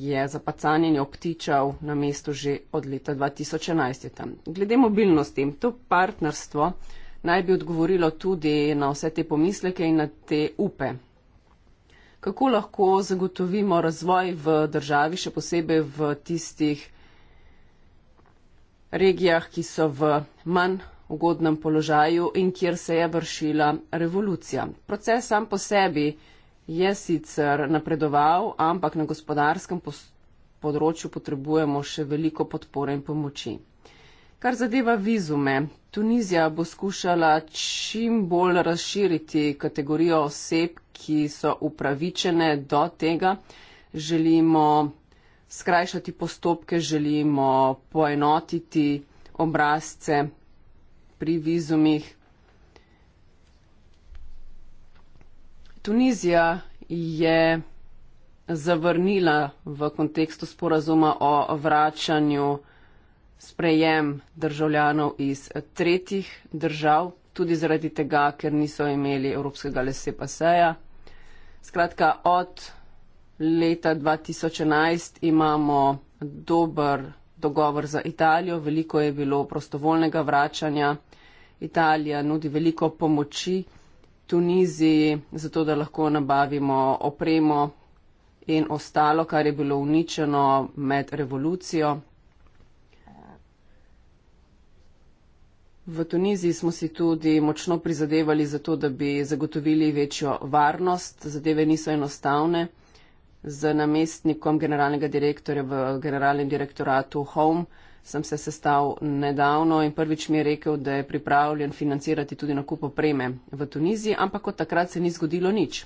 je zapacanjenje obtičal na mestu že od leta 2011. Glede mobilnosti, to partnerstvo naj bi odgovorilo tudi na vse te pomisleke in na te upe. Kako lahko zagotovimo razvoj v državi, še posebej v tistih regijah, ki so v manj ugodnem položaju in kjer se je vršila revolucija. Proces sam po sebi je sicer napredoval, ampak na gospodarskem področju potrebujemo še veliko podpore in pomoči. Kar zadeva vizume, Tunizija bo skušala čim bolj razširiti kategorijo oseb, ki so upravičene do tega. Želimo skrajšati postopke, želimo poenotiti obrazce pri vizumih. Tunizija je zavrnila v kontekstu sporazuma o vračanju sprejem državljanov iz tretjih držav, tudi zaradi tega, ker niso imeli evropskega lese paseja. Skratka, od leta 2011 imamo dober dogovor za Italijo, veliko je bilo prostovoljnega vračanja. Italija nudi veliko pomoči Tuniziji, zato da lahko nabavimo opremo in ostalo, kar je bilo uničeno med revolucijo. V Tuniziji smo si tudi močno prizadevali za to, da bi zagotovili večjo varnost. Zadeve niso enostavne z namestnikom generalnega direktorja v generalnem direktoratu Home. Sem se sestal nedavno in prvič mi je rekel, da je pripravljen financirati tudi nakup opreme v Tuniziji, ampak od takrat se ni zgodilo nič.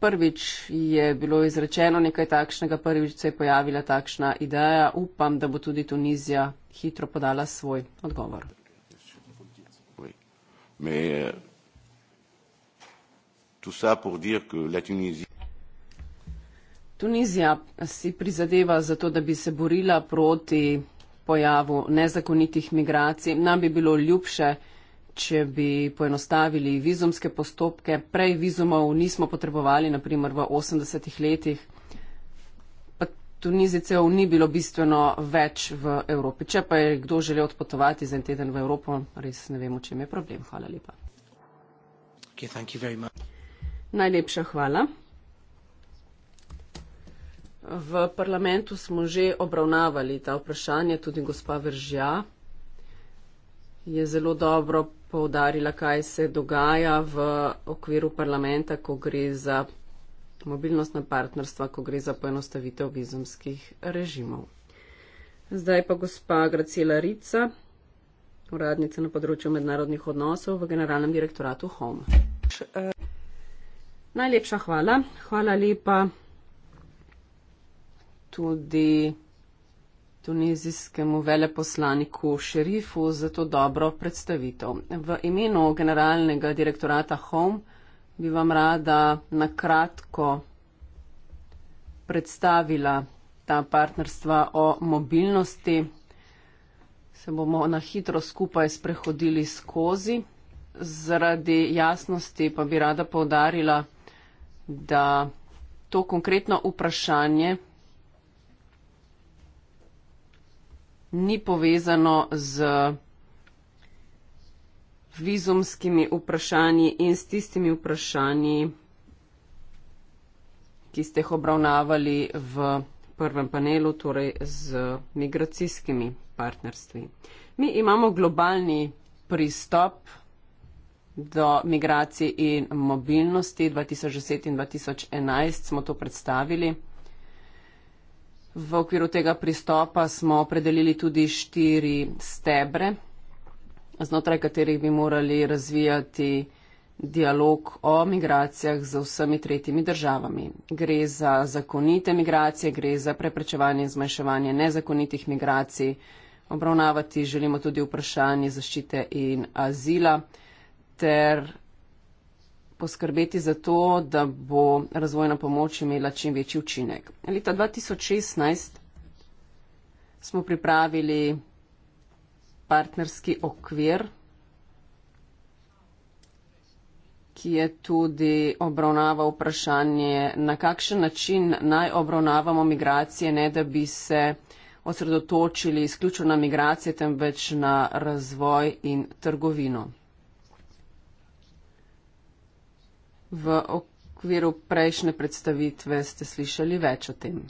Prvič je bilo izrečeno nekaj takšnega, prvič se je pojavila takšna ideja. Upam, da bo tudi Tunizija hitro podala svoj odgovor. Tudi to je, da je Tunizija. Tunizija si prizadeva za to, da bi se borila proti pojavu nezakonitih migracij. Nam bi bilo ljubše, če bi poenostavili vizumske postopke. Prej vizumov nismo potrebovali, naprimer v 80-ih letih. Pa Tunizicev ni bilo bistveno več v Evropi. Če pa je kdo želel odpotovati za en teden v Evropo, res ne vemo, če je problem. Hvala lepa. Okay, Najlepša hvala. V parlamentu smo že obravnavali ta vprašanja, tudi gospa Veržja je zelo dobro poudarila, kaj se dogaja v okviru parlamenta, ko gre za mobilnostna partnerstva, ko gre za poenostavitev vizumskih režimov. Zdaj pa gospa Gracela Rica, uradnica na področju mednarodnih odnosov v generalnem direktoratu HOM. Eh. Najlepša hvala. Hvala lepa tudi tunizijskemu veleposlaniku Šerifu za to dobro predstavitev. V imenu generalnega direktorata HOME bi vam rada na kratko predstavila ta partnerstva o mobilnosti. Se bomo na hitro skupaj sprehodili skozi. Zaradi jasnosti pa bi rada povdarila, da to konkretno vprašanje ni povezano z vizumskimi vprašanji in s tistimi vprašanji, ki ste jih obravnavali v prvem panelu, torej z migracijskimi partnerstvi. Mi imamo globalni pristop do migracij in mobilnosti 2010 in 2011 smo to predstavili. V okviru tega pristopa smo opredelili tudi štiri stebre, znotraj katerih bi morali razvijati dialog o migracijah z vsemi tretjimi državami. Gre za zakonite migracije, gre za preprečevanje in zmanjševanje nezakonitih migracij. Obravnavati želimo tudi vprašanje zaščite in azila ter poskrbeti za to, da bo razvojna pomoč imela čim večji učinek. Leta 2016 smo pripravili partnerski okvir, ki je tudi obravnaval vprašanje, na kakšen način naj obravnavamo migracije, ne da bi se osredotočili izključno na migracije, temveč na razvoj in trgovino. V okviru prejšnje predstavitve ste slišali več o tem.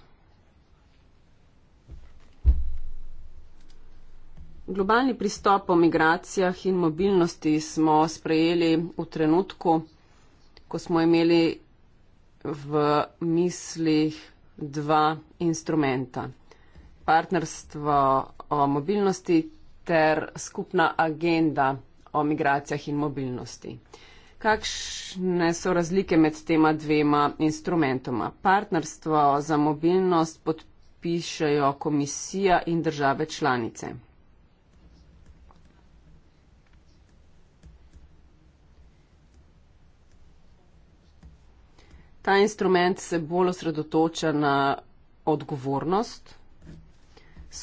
Globalni pristop o migracijah in mobilnosti smo sprejeli v trenutku, ko smo imeli v mislih dva instrumenta. Partnerstvo o mobilnosti ter skupna agenda o migracijah in mobilnosti. Kakšne so razlike med tema dvema instrumentoma? Partnerstvo za mobilnost podpišajo komisija in države članice. Ta instrument se bolj osredotoča na odgovornost,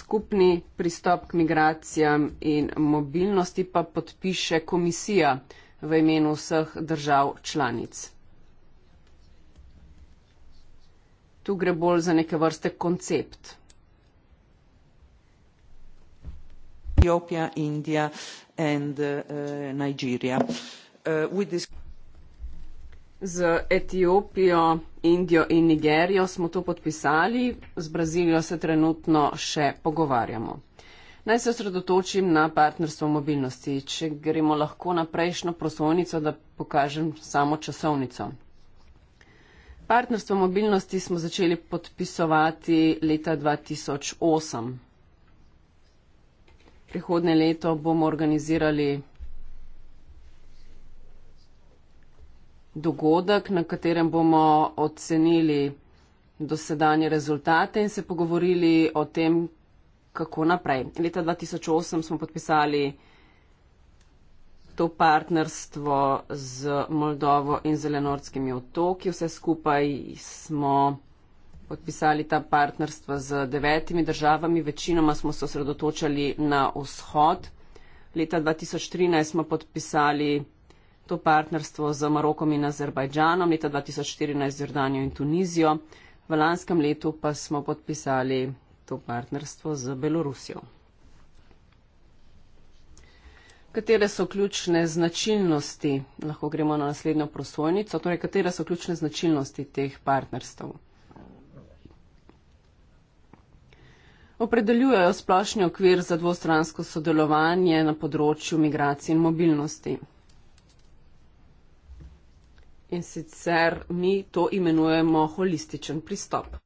skupni pristop k migracijam in mobilnosti pa podpiše komisija v imenu vseh držav članic. Tu gre bolj za neke vrste koncept. Etiopija, Indija in uh, Nigerija. Uh, z Etiopijo, Indijo in Nigerijo smo to podpisali, z Brazilijo se trenutno še pogovarjamo. Naj se osredotočim na partnerstvo mobilnosti. Če gremo lahko na prejšnjo prosovnico, da pokažem samo časovnico. Partnerstvo mobilnosti smo začeli podpisovati leta 2008. Prihodne leto bomo organizirali dogodek, na katerem bomo ocenili dosedanje rezultate in se pogovorili o tem, kako naprej. Leta 2008 smo podpisali to partnerstvo z Moldovo in Zelenorskimi otoki. Vse skupaj smo podpisali ta partnerstva z devetimi državami, večinoma smo se osredotočali na vzhod. Leta 2013 smo podpisali to partnerstvo z Marokom in Azerbajdžanom, leta 2014 z Jordanijo in Tunizijo, v lanskem letu pa smo podpisali to partnerstvo z Belorusijo. Katere so ključne značilnosti, lahko gremo na naslednjo prosvojnico, torej katere so ključne značilnosti teh partnerstv? Opredeljujejo splošni okvir za dvostransko sodelovanje na področju migracij in mobilnosti. In sicer mi to imenujemo holističen pristop.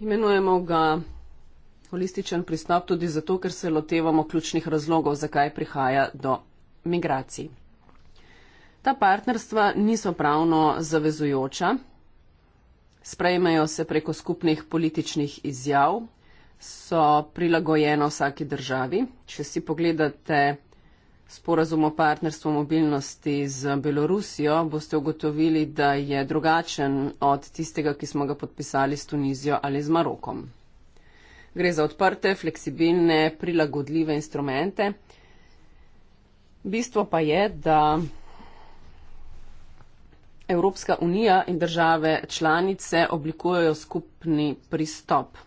Imenujemo ga holističen pristop tudi zato, ker se lotevamo ključnih razlogov, zakaj prihaja do migracij. Ta partnerstva niso pravno zavezujoča, sprejmejo se preko skupnih političnih izjav, so prilagojeno vsaki državi. Če si pogledate sporazum o partnerstvu mobilnosti z Belorusijo, boste ugotovili, da je drugačen od tistega, ki smo ga podpisali s Tunizijo ali z Marokom. Gre za odprte, fleksibilne, prilagodljive instrumente. Bistvo pa je, da Evropska unija in države članice oblikujejo skupni pristop.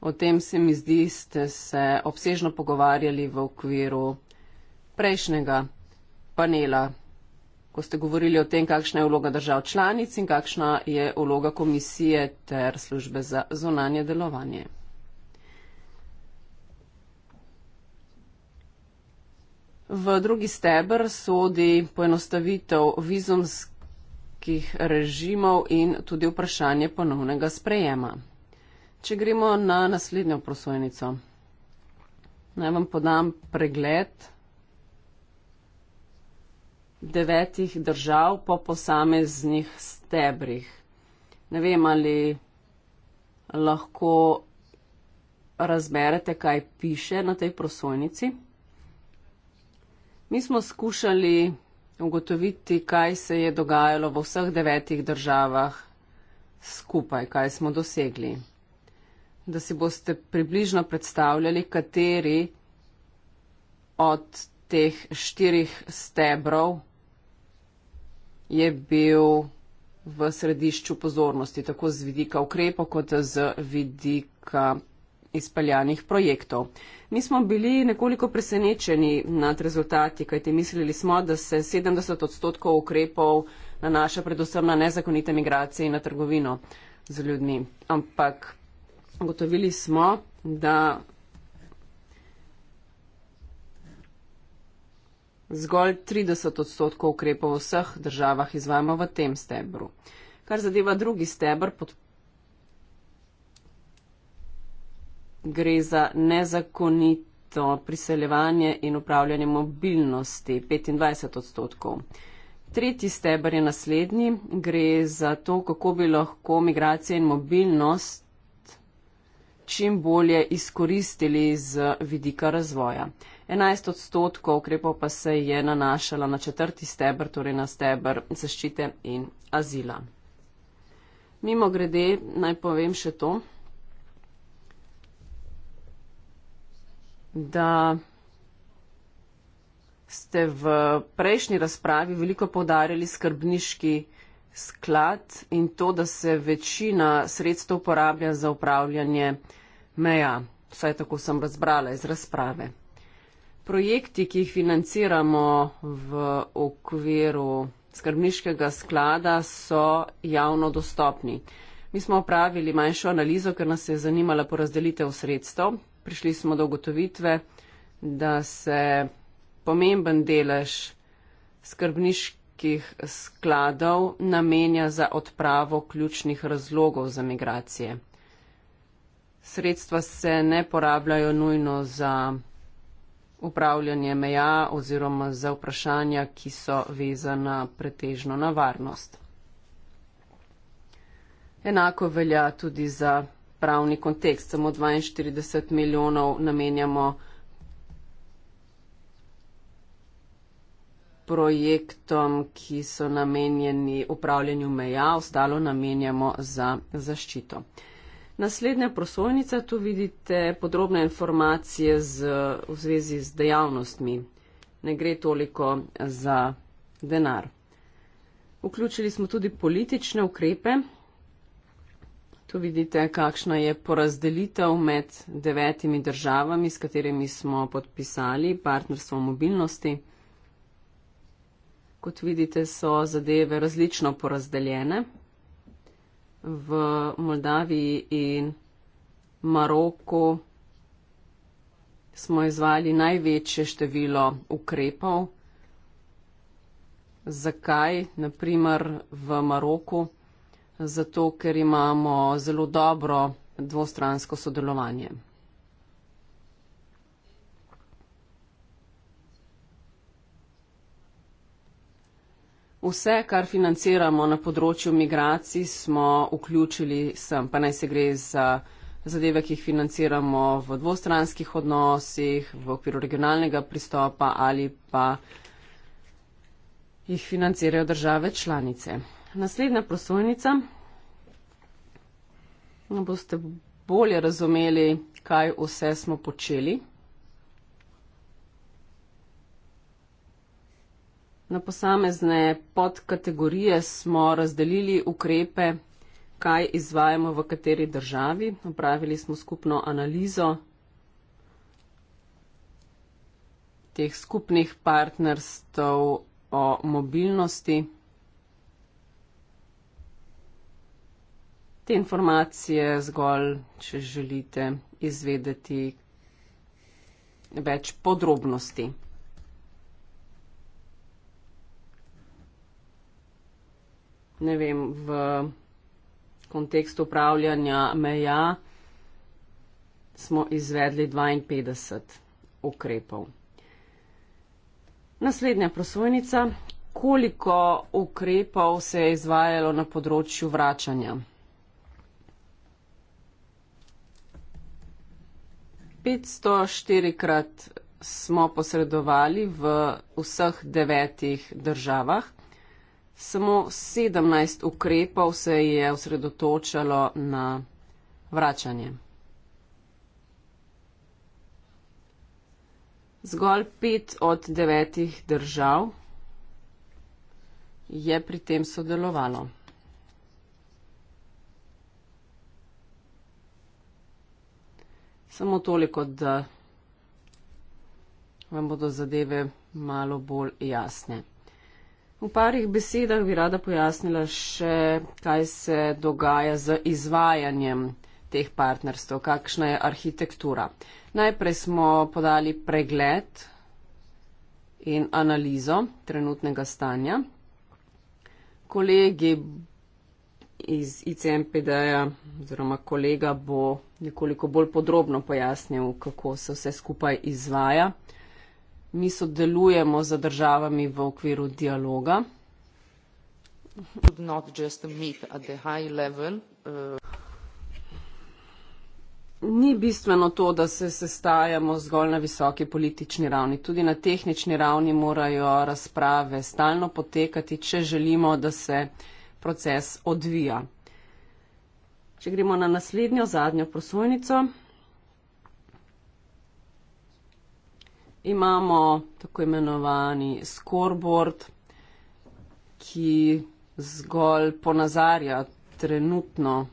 O tem se mi zdi, ste se obsežno pogovarjali v okviru prejšnjega panela, ko ste govorili o tem, kakšna je vloga držav članic in kakšna je vloga komisije ter službe za zunanje delovanje. V drugi steber sodi poenostavitev vizumskih režimov in tudi vprašanje ponovnega sprejema. Če gremo na naslednjo prosojnico, naj vam podam pregled devetih držav po posameznih stebrih. Ne vem, ali lahko razberete, kaj piše na tej prosojnici. Mi smo skušali ugotoviti, kaj se je dogajalo v vseh devetih državah skupaj, kaj smo dosegli. Da si boste približno predstavljali, kateri od teh štirih stebrov je bil v središču pozornosti, tako z vidika ukrepa, kot z vidika izpeljanih projektov. Mi smo bili nekoliko presenečeni nad rezultati, kajti mislili smo, da se 70 odstotkov ukrepov nanaša predvsem na nezakonite migracije in na trgovino z ljudmi. Ampak gotovili smo, da Zgolj 30 odstotkov ukrepov v vseh državah izvajamo v tem stebru. Kar zadeva drugi stebr, pod... gre za nezakonito priseljevanje in upravljanje mobilnosti 25 odstotkov. Tretji stebr je naslednji, gre za to, kako bi lahko migracije in mobilnost čim bolje izkoristili z vidika razvoja. 11 odstotkov ukrepov pa se je nanašala na četrti stebr, torej na stebr zaščite in azila. Mimo grede naj povem še to, da ste v prejšnji razpravi veliko podarili skrbniški sklad in to, da se večina sredstev uporablja za upravljanje meja. Vsaj tako sem razbrala iz razprave projekti, ki jih financiramo v okviru skrbniškega sklada, so javno dostopni. Mi smo opravili manjšo analizo, ker nas je zanimala porazdelitev sredstev. Prišli smo do ugotovitve, da se pomemben delež skrbniških skladov namenja za odpravo ključnih razlogov za migracije. Sredstva se ne porabljajo nujno za upravljanje meja oziroma za vprašanja, ki so vezana pretežno na varnost. Enako velja tudi za pravni kontekst. Samo 42 milijonov namenjamo projektom, ki so namenjeni upravljanju meja, ostalo namenjamo za zaščito. Naslednja prosojnica, tu vidite podrobne informacije z, v zvezi z dejavnostmi. Ne gre toliko za denar. Vključili smo tudi politične ukrepe. Tu vidite, kakšna je porazdelitev med devetimi državami, s katerimi smo podpisali partnerstvo mobilnosti. Kot vidite, so zadeve različno porazdeljene v Moldaviji in Maroku smo izvali največje število ukrepov. Zakaj? Naprimer v Maroku. Zato, ker imamo zelo dobro dvostransko sodelovanje. Vse, kar financiramo na področju migracij, smo vključili sem, pa naj se gre za zadeve, ki jih financiramo v dvostranskih odnosih, v okviru regionalnega pristopa ali pa jih financirajo države članice. Naslednja prosojnica. Boste bolje razumeli, kaj vse smo počeli. Na posamezne podkategorije smo razdelili ukrepe, kaj izvajamo v kateri državi. Opravili smo skupno analizo teh skupnih partnerstv o mobilnosti. Te informacije zgolj, če želite izvedeti več podrobnosti. ne vem, v kontekstu upravljanja meja smo izvedli 52 ukrepov. Naslednja prosojnica. Koliko ukrepov se je izvajalo na področju vračanja? 504 krat smo posredovali v vseh devetih državah samo 17 ukrepov se je osredotočalo na vračanje. Zgolj pet od devetih držav je pri tem sodelovalo. Samo toliko, da vam bodo zadeve malo bolj jasne. V parih besedah bi rada pojasnila še, kaj se dogaja z izvajanjem teh partnerstv, kakšna je arhitektura. Najprej smo podali pregled in analizo trenutnega stanja. Kolegi iz ICMPD-ja oziroma kolega bo nekoliko bolj podrobno pojasnil, kako se vse skupaj izvaja mi sodelujemo z državami v okviru dialoga. Uh, Ni bistveno to, da se sestajamo zgolj na visoki politični ravni. Tudi na tehnični ravni morajo razprave stalno potekati, če želimo, da se proces odvija. Če gremo na naslednjo, zadnjo prosojnico. imamo tako imenovani scoreboard, ki zgolj ponazarja trenutno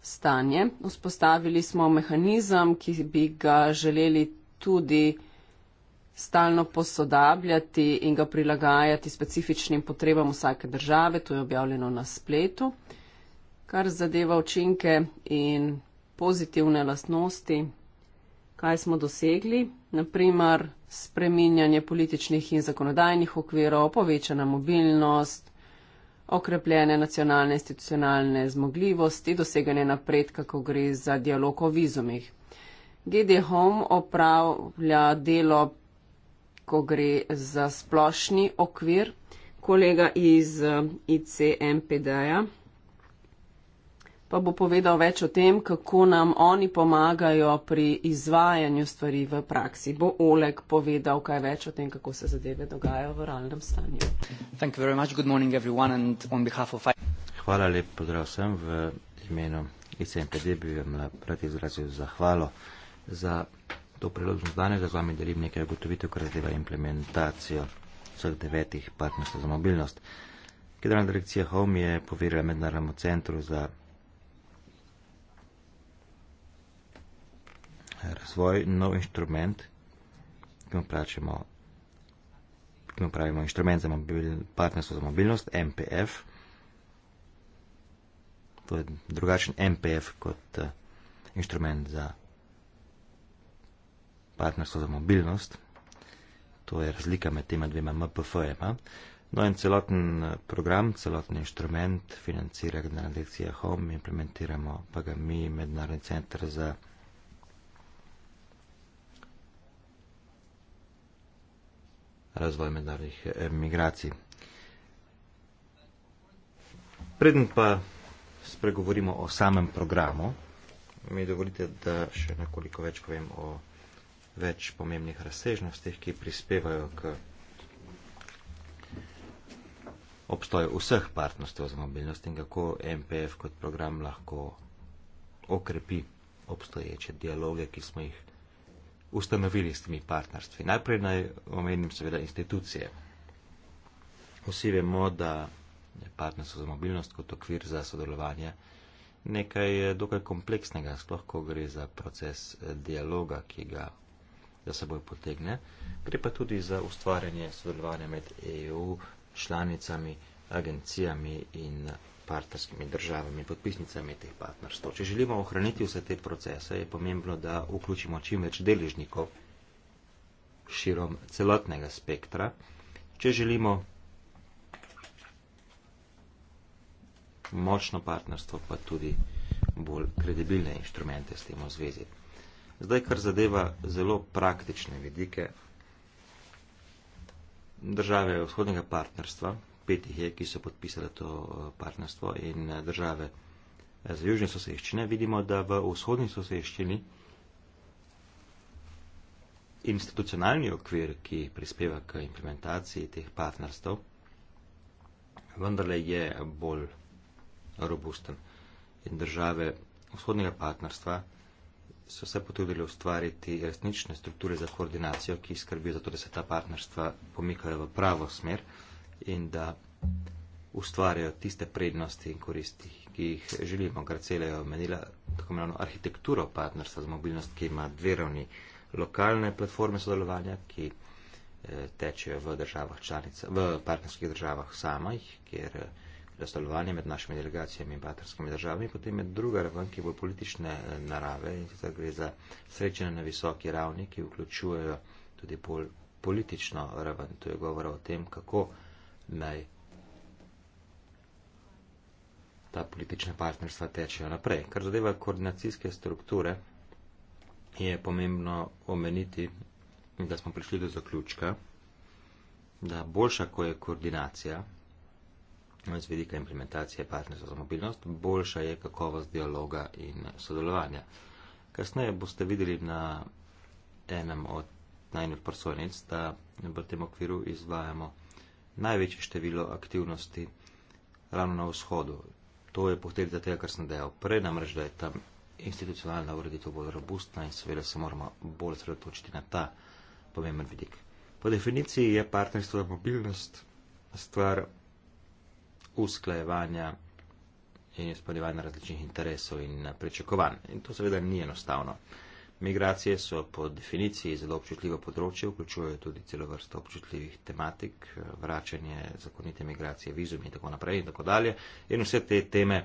stanje. Vzpostavili smo mehanizem, ki bi ga želeli tudi stalno posodabljati in ga prilagajati specifičnim potrebam vsake države. To je objavljeno na spletu. Kar zadeva učinke in pozitivne lastnosti, kaj smo dosegli, naprimer spreminjanje političnih in zakonodajnih okvirov, povečana mobilnost, okrepljene nacionalne institucionalne zmogljivosti, doseganje napredka, ko gre za dialog o vizumih. GD Home opravlja delo, ko gre za splošni okvir, kolega iz eh, ICMPD-ja pa bo povedal več o tem, kako nam oni pomagajo pri izvajanju stvari v praksi. Bo Oleg povedal kaj več o tem, kako se zadeve dogajajo v realnem stanju. Morning, everyone, I... Hvala lepo, pozdrav vsem v imenu ICMPD, bi vam rad izrazil zahvalo za to priložnost danes, da z vami delim nekaj ugotovitev, kar zadeva implementacijo vseh devetih partnerstv za mobilnost. Generalna direkcija HOME je poverila Mednarodnemu centru za razvoj nov inštrument, ki mu pravimo, ki mu pravimo inštrument za mobilnost, partnerstvo za mobilnost, MPF. To je drugačen MPF kot uh, inštrument za partnerstvo za mobilnost. To je razlika med tema dvema MPF-ema. No in celoten eh, program, celoten inštrument financira generalizacija HOME, implementiramo pa ga mi, Mednarodni center za razvoj mednarodnih eh, migracij. Preden pa spregovorimo o samem programu, mi dovolite, da še nekoliko več povem o več pomembnih razsežnostih, ki prispevajo k obstoju vseh partnerstv za mobilnost in kako MPF kot program lahko okrepi obstoječe dialoge, ki smo jih ustanovili s temi partnerstvi. Najprej naj omenim seveda institucije. Vsi vemo, da je partnerstvo za mobilnost kot okvir za sodelovanje nekaj eh, dokaj kompleksnega, sploh ko gre za proces eh, dialoga, ki ga za seboj potegne. Gre pa tudi za ustvarjanje sodelovanja med EU, članicami, agencijami in partnerskimi državami, podpisnicami teh partnerstv. Če želimo ohraniti vse te procese, je pomembno, da vključimo čim več deležnikov širom celotnega spektra. Če želimo močno partnerstvo, pa tudi bolj kredibilne inštrumente s tem v zvezi. Zdaj, kar zadeva zelo praktične vidike, države vzhodnega partnerstva, pet jih je, ki so podpisali to eh, partnerstvo in eh, države eh, za južne soseščine, vidimo, da v vzhodni soseščini institucionalni okvir, ki prispeva k implementaciji teh partnerstv, vendarle je bolj robusten. In države vzhodnega partnerstva so se potrudili ustvariti resnične strukture za koordinacijo, ki skrbijo za to, da se ta partnerstva pomikajo v pravo smer in da ustvarjajo tiste prednosti in koristi, ki jih želimo. Gracela je omenila tako imenovano arhitekturo partnerstva za mobilnost, ki ima dve ravni lokalne platforme sodelovanja, ki eh, tečejo v, članica, v partnerskih državah samih, kjer je eh, sodelovanje med našimi delegacijami in partnerskimi državami, potem je druga raven, ki bo politične eh, narave in sicer gre za srečanje na visoki ravni, ki vključujejo tudi pol, politično raven. To je govora o tem, kako naj ta politična partnerstva tečejo naprej. Kar zadeva koordinacijske strukture, je pomembno omeniti, da smo prišli do zaključka, da boljša, ko je koordinacija, z vedika implementacije partnerstva za mobilnost, boljša je kakovost dialoga in sodelovanja. Kasneje boste videli na enem od najnovejših prsonic, da v tem okviru izvajamo največje število aktivnosti ravno na vzhodu. To je posledica tega, kar sem dejal prej, namreč da je tam institucionalna ureditev bolj robustna in seveda se moramo bolj sredotočiti na ta pomemben vidik. Po definiciji je partnerstvo in mobilnost stvar usklajevanja in izpolnjevanja različnih interesov in pričakovanj. In to seveda ni enostavno. Migracije so po definiciji zelo občutljivo področje, vključujejo tudi celo vrsto občutljivih tematik, eh, vračanje zakonite migracije, vizumi in tako naprej in tako dalje. In vse te teme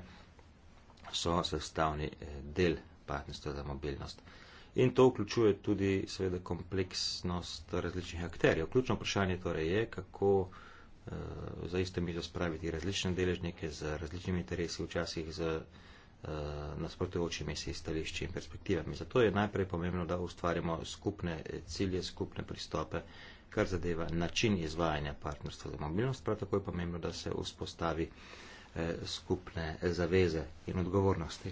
so sestavni eh, del partnerstva za mobilnost. In to vključuje tudi seveda kompleksnost različnih akterjev. Ključno vprašanje torej je, kako eh, za isto mizo spraviti različne deležnike z različnimi interesi, včasih z. Eh, nasprotujočimi si stališči in perspektivami. Zato je najprej pomembno, da ustvarimo skupne cilje, skupne pristope, kar zadeva način izvajanja partnerstva za mobilnost. Prav tako je pomembno, da se vzpostavi eh, skupne zaveze in odgovornosti.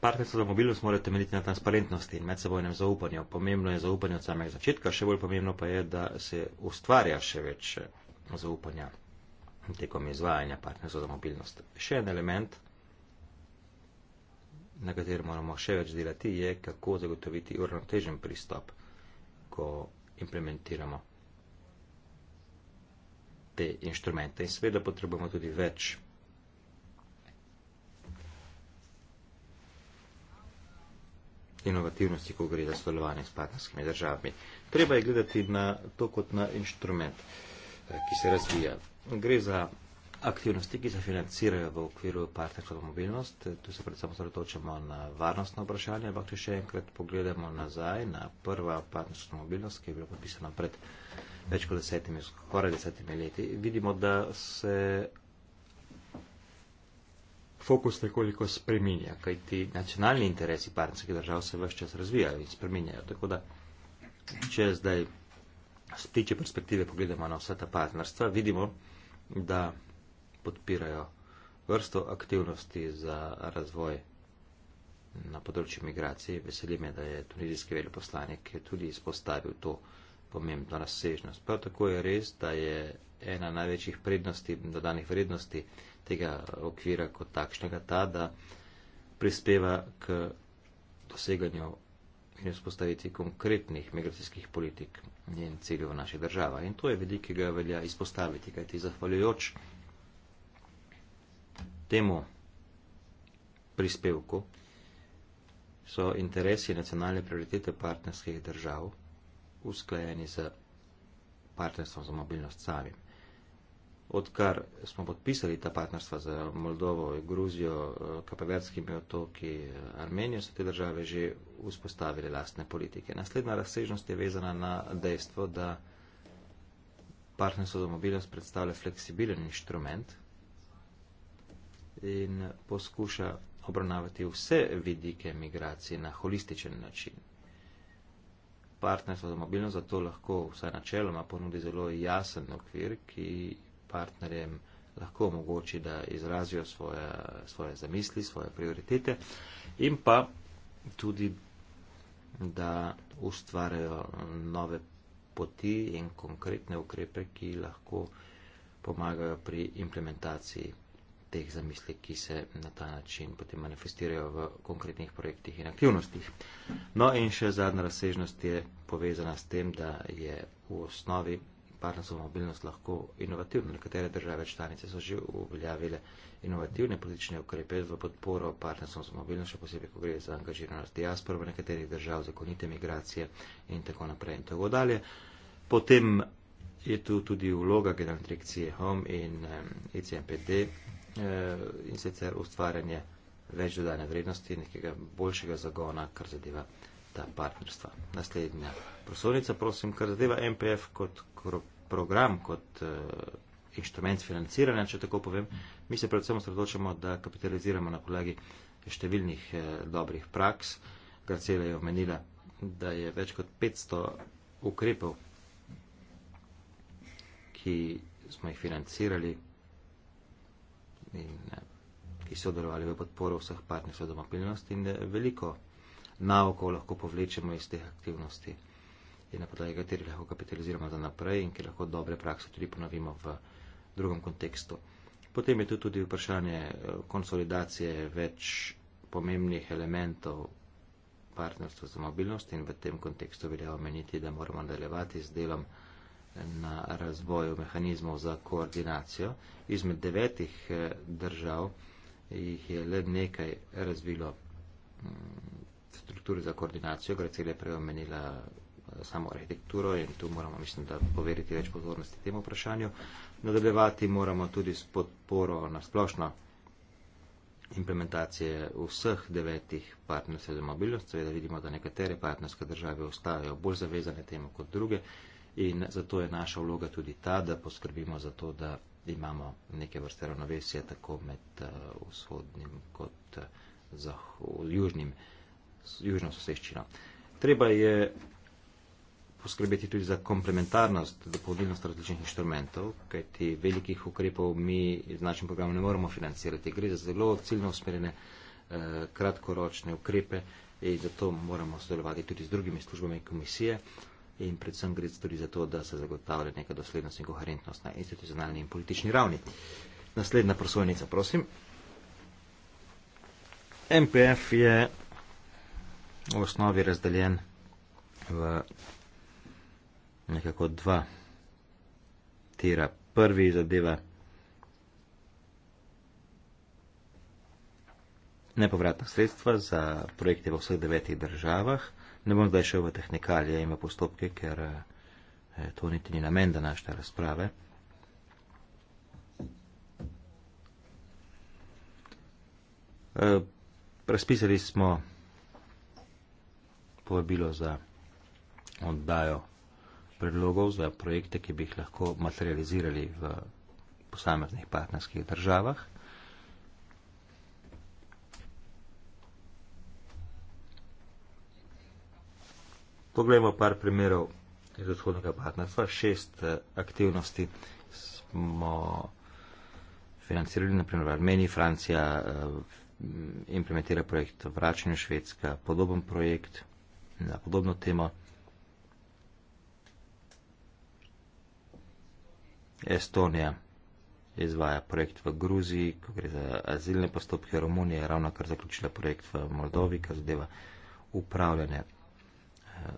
Partnerstvo za mobilnost mora temeljiti na transparentnosti in medsebojnem zaupanju. Pomembno je zaupanje od samega začetka, še bolj pomembno pa je, da se ustvarja še več eh, zaupanja tekom izvajanja partnerstva za mobilnost. Še en element, na katerem moramo še več delati, je kako zagotoviti uravnotežen pristop, ko implementiramo te inštrumente. In seveda potrebujemo tudi več inovativnosti, ko gre za sodelovanje s partnerskimi državami. Treba je gledati na to kot na inštrument, eh, ki se razvija. Gre za aktivnosti, ki se financirajo v okviru partnerstva za mobilnost. Tu se predvsem osredotočamo na varnostno vprašanje, ampak če še enkrat pogledamo nazaj na prva partnerstva za mobilnost, ki je bila podpisana pred več kot desetimi, skoraj desetimi leti, vidimo, da se fokus nekoliko spreminja, kajti nacionalni interesi partnerskih držav se vse čas razvijajo in spreminjajo. Tako da, če zdaj z ptiče perspektive pogledamo na vsa ta partnerstva, vidimo, da podpirajo vrsto aktivnosti za razvoj na področju migracije. Veseli me, da je tunizijski veljoposlanik tudi izpostavil to pomembno razsežnost. Prav tako je res, da je ena največjih prednosti, dodanih vrednosti tega okvira kot takšnega ta, da prispeva k doseganju in vzpostaviti konkretnih migracijskih politik in ciljev naše države. In to je vidik, ki ga velja izpostaviti, kajti zahvaljujoč temu prispevku so interesi nacionalne prioritete partnerskih držav usklajeni z partnerstvom za mobilnost samim odkar smo podpisali ta partnerstva za Moldovo, Gruzijo, Kapeverskimi otoki, Armenijo, so te države že vzpostavile lastne politike. Naslednja razsežnost je vezana na dejstvo, da partnerstvo za mobilnost predstavlja fleksibilen inštrument in poskuša obravnavati vse vidike migracije na holističen način. Partnerstvo za mobilnost zato lahko vsaj načeloma ponudi zelo jasen okvir, ki partnerjem lahko omogoči, da izrazijo svoje, svoje zamisli, svoje prioritete in pa tudi, da ustvarjajo nove poti in konkretne ukrepe, ki lahko pomagajo pri implementaciji teh zamisli, ki se na ta način potem manifestirajo v konkretnih projektih in aktivnostih. No in še zadnja razsežnost je povezana s tem, da je v osnovi partnerstvo za mobilnost lahko inovativno. Nekatere države članice so že uveljavile inovativne politične ukrepe v podporo partnerstvom za mobilnost, še posebej, ko gre za angažiranost diaspor v nekaterih držav, zakonite migracije in tako naprej in tako dalje. Potem je tu tudi vloga generalne direkcije HOME in ICMPD eh, e eh, in sicer ustvarjanje več dodane vrednosti, nekega boljšega zagona, kar zadeva ta partnerstva. Naslednja prosovnica, prosim, kar zadeva MPF kot program, kot uh, inštrument financiranja, če tako povem. Mi se predvsem osredotočamo, da kapitaliziramo na podlagi številnih uh, dobrih praks. Garcela je omenila, da je več kot 500 ukrepov, ki smo jih financirali in uh, ki so delovali v podporo vseh partnerstv za mobilnost in uh, veliko navko lahko povlečemo iz teh aktivnosti in na podlagi kateri lahko kapitaliziramo za naprej in ki lahko dobre prakse tudi ponovimo v drugem kontekstu. Potem je tu tudi vprašanje eh, konsolidacije več pomembnih elementov partnerstva za mobilnost in v tem kontekstu velja omeniti, da moramo nadaljevati z delom na razvoju mehanizmov za koordinacijo. Izmed devetih eh, držav jih je le nekaj razvilo mm, strukturi za koordinacijo, gre cele prej omenila eh, samo arhitekturo in tu moramo, mislim, da poveriti več pozornosti temu vprašanju. Nadaljevati moramo tudi s podporo na splošno implementacije vseh devetih partnerstv za mobilnost. Seveda vidimo, da nekatere partnerske države ostajajo bolj zavezane temu kot druge in zato je naša vloga tudi ta, da poskrbimo za to, da imamo neke vrste ravnovesje tako med uh, vzhodnim kot uh, eh, zahod, južnim. Uh, južna soseščina. Treba je poskrbeti tudi za komplementarnost, dopolnilnost različnih inštrumentov, kajti velikih ukrepov mi iz našem programu ne moremo financirati. Gre za zelo ciljno usmerjene eh, kratkoročne ukrepe in zato moramo sodelovati tudi z drugimi službami komisije in predvsem gre tudi za to, da se zagotavlja neka doslednost in koherentnost na institucionalni in politični ravni. Naslednja prosojnica, prosim. MPF je v osnovi razdeljen v nekako dva tira. Prvi zadeva nepovratna sredstva za projekte v vseh devetih državah. Ne bom zdaj šel v tehnikalije in v postopke, ker eh, to niti ni namen današnje razprave. Eh, razpisali smo povabilo za oddajo predlogov za projekte, ki bi jih lahko materializirali v posameznih partnerskih državah. Poglejmo par primerov iz vzhodnega partnerstva. Šest eh, aktivnosti smo financirali, naprimer v Armeniji, Francija eh, implementira projekt vračanje Švedska, podoben projekt na podobno temo. Estonija izvaja projekt v Gruziji, ko gre za azilne postopke. Romunija je ravno kar zaključila projekt v Moldovi, kar zadeva upravljanje eh,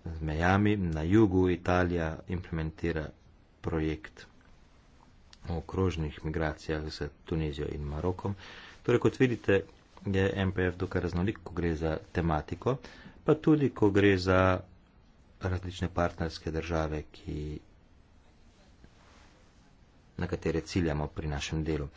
z mejami. Na jugu Italija implementira projekt o okrožnih migracijah z Tunizijo in Marokom. Torej, kot vidite, je MPF dokaj raznolik, ko gre za tematiko. Uh, pa tudi, ko gre za različne partnerske države, ki, na katere ciljamo pri našem delu.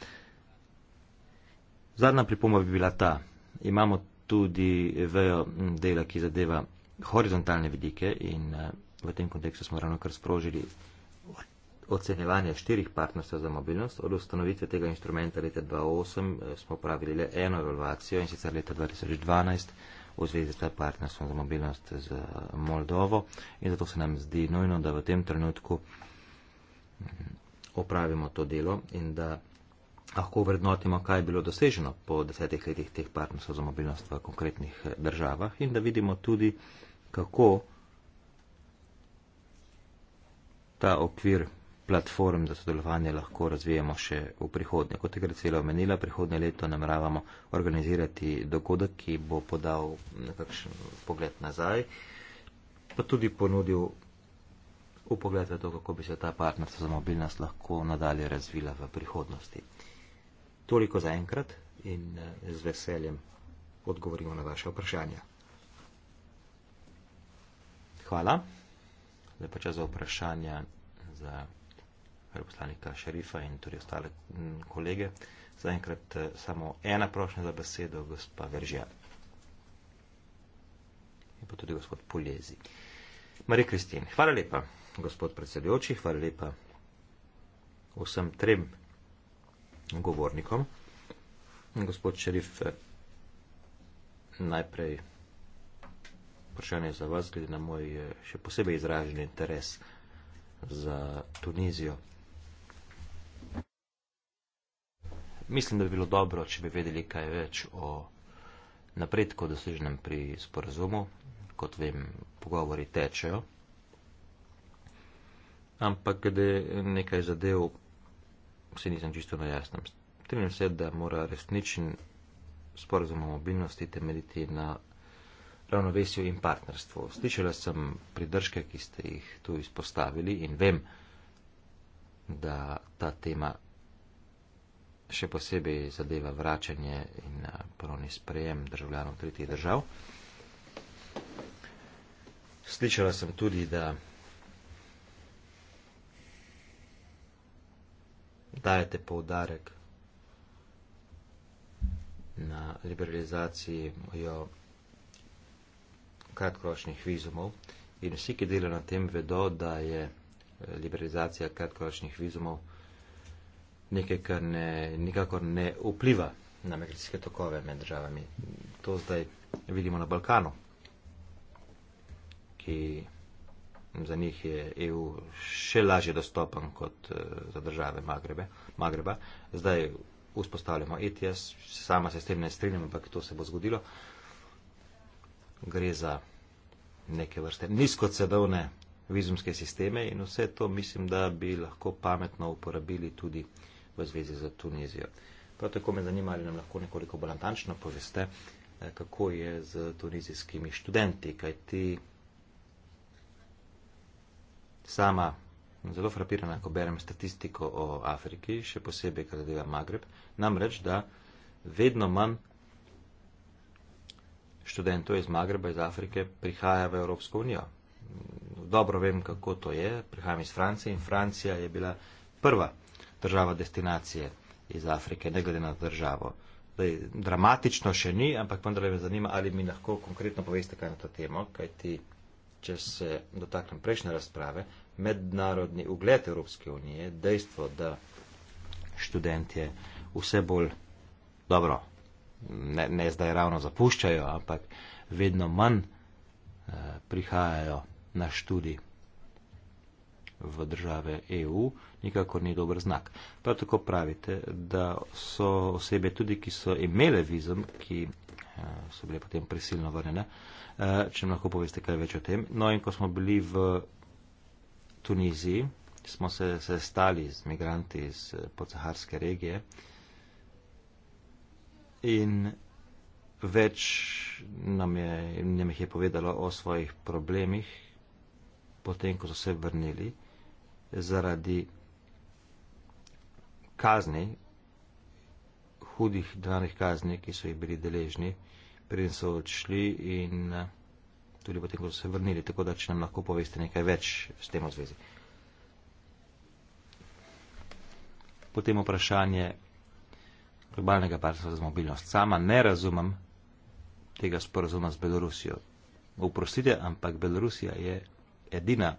Zadnja pripomba bi bila ta. Imamo tudi vejo dela, ki zadeva horizontalne vidike in eh, v tem kontekstu smo ravno kar sprožili ocenevanje štirih partnerstv za mobilnost. Od ustanovitve tega inštrumenta leta 2008 eh, smo pravili le eno evalvacijo in sicer leta 2012 v zvezi s partnerstvom za mobilnost z Moldovo in zato se nam zdi nujno, da v tem trenutku mm, opravimo to delo in da lahko vrednotimo, kaj je bilo doseženo po desetih letih teh partnerstv za mobilnost v konkretnih eh, državah in da vidimo tudi, kako ta okvir platform za sodelovanje lahko razvijemo še v prihodnje. Kot je Gracela omenila, prihodnje leto nameravamo organizirati dogodek, ki bo podal nekakšen pogled nazaj, pa tudi ponudil v pogled v to, kako bi se ta partnerstva za mobilnost lahko nadalje razvila v prihodnosti. Toliko za enkrat in eh, z veseljem odgovorimo na vaše vprašanja. Hvala. Lepa čas za vprašanja. 在。veleposlanika Šerifa in tudi ostale kolege. Zaenkrat eh, samo ena prošnja za besedo, gospa Veržija. In pa tudi gospod Puljezi. Marija Kristin, hvala lepa, gospod predsedujoči, hvala lepa vsem trem govornikom. Gospod Šerif, eh, najprej vprašanje za vas, glede na moj eh, še posebej izražen interes za Tunizijo. Mislim, da bi bilo dobro, če bi vedeli kaj več o napredku doseženem pri sporazumu. Kot vem, pogovori tečejo. Ampak glede nekaj zadev, se nisem čisto na jasnem. Trenim se, da mora resničen sporazum o mobilnosti temeljiti na ravnovesju in partnerstvu. Slišala sem pridržke, ki ste jih tu izpostavili in vem, da ta tema še posebej zadeva vračanje in eh, ponovni sprejem državljanov tretjih držav. Slišala sem tudi, da dajete poudarek na liberalizaciji kratkoročnih vizumov in vsi, ki delajo na tem, vedo, da je eh, liberalizacija kratkoročnih vizumov nekaj, kar ne, nikakor ne vpliva na migracijske tokove med državami. To zdaj vidimo na Balkanu, ki za njih je EU še lažje dostopen kot eh, za države Magrebe, Magreba. Zdaj vzpostavljamo ETS, sama se s tem ne strinjam, ampak to se bo zgodilo. Gre za neke vrste nizkocedovne vizumske sisteme in vse to mislim, da bi lahko pametno uporabili tudi v zvezi z Tunizijo. Prav tako me zanima, ali nam lahko nekoliko bolj natančno poveste, eh, kako je z tunizijskimi študenti, kaj ti sama zelo frapirana, ko berem statistiko o Afriki, še posebej, kar zadeva Magreb, namreč, da vedno manj študentov iz Magreba, iz Afrike prihaja v Evropsko unijo. Dobro vem, kako to je. Prihajam iz Francije in Francija je bila prva država destinacije iz Afrike, ne glede na državo. Zdaj, dramatično še ni, ampak vendar me zanima, ali mi lahko konkretno poveste kaj na to temo, kaj ti, če se dotaknem prejšnje razprave, mednarodni ugled Evropske unije, dejstvo, da študentje vse bolj dobro, ne, ne zdaj ravno zapuščajo, ampak vedno manj eh, prihajajo na študij v države EU, nikakor ni dober znak. Prav tako pravite, da so osebe tudi, ki so imele vizum, ki eh, so bile potem prisilno vrnjene, eh, če mi lahko poveste kaj več o tem. No in ko smo bili v Tuniziji, smo se sestali z migranti iz eh, podsaharske regije in več nam je, nam je povedalo o svojih problemih, potem ko so se vrnili zaradi kazni, hudih denarnih kazni, ki so jih bili deležni, preden so odšli in eh, tudi potem, ko so se vrnili. Tako da, če nam lahko poveste nekaj več s tem v zvezi. Potem vprašanje globalnega partnerstva za mobilnost. Sama ne razumem tega sporazuma z Belorusijo. Oprostite, ampak Belorusija je edina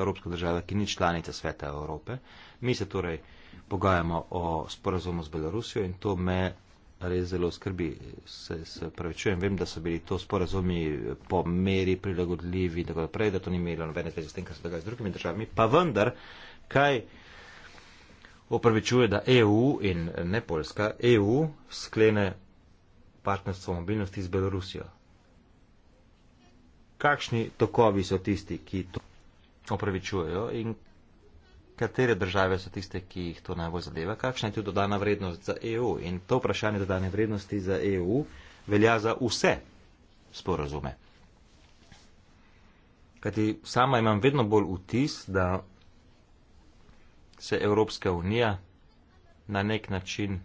evropska država, ki ni članica sveta Evrope. Mi se torej pogajamo o sporazumu z Belorusijo in to me res zelo skrbi. Se, se pravi, čujem, vem, da so bili to sporazumi po meri prilagodljivi in tako naprej, da to ni imelo nobene veze s tem, kar se dogaja z drugimi državami. Pa vendar, kaj opravičuje, da EU in ne Poljska, EU sklene partnerstvo mobilnosti z Belorusijo. Kakšni tokovi so tisti, ki to opravičujejo in katere države so tiste, ki jih to najbolj zadeva, kakšna je tu dodana vrednost za EU. In to vprašanje dodane vrednosti za EU velja za vse sporozume. Kajti sama imam vedno bolj vtis, da se Evropska unija na nek način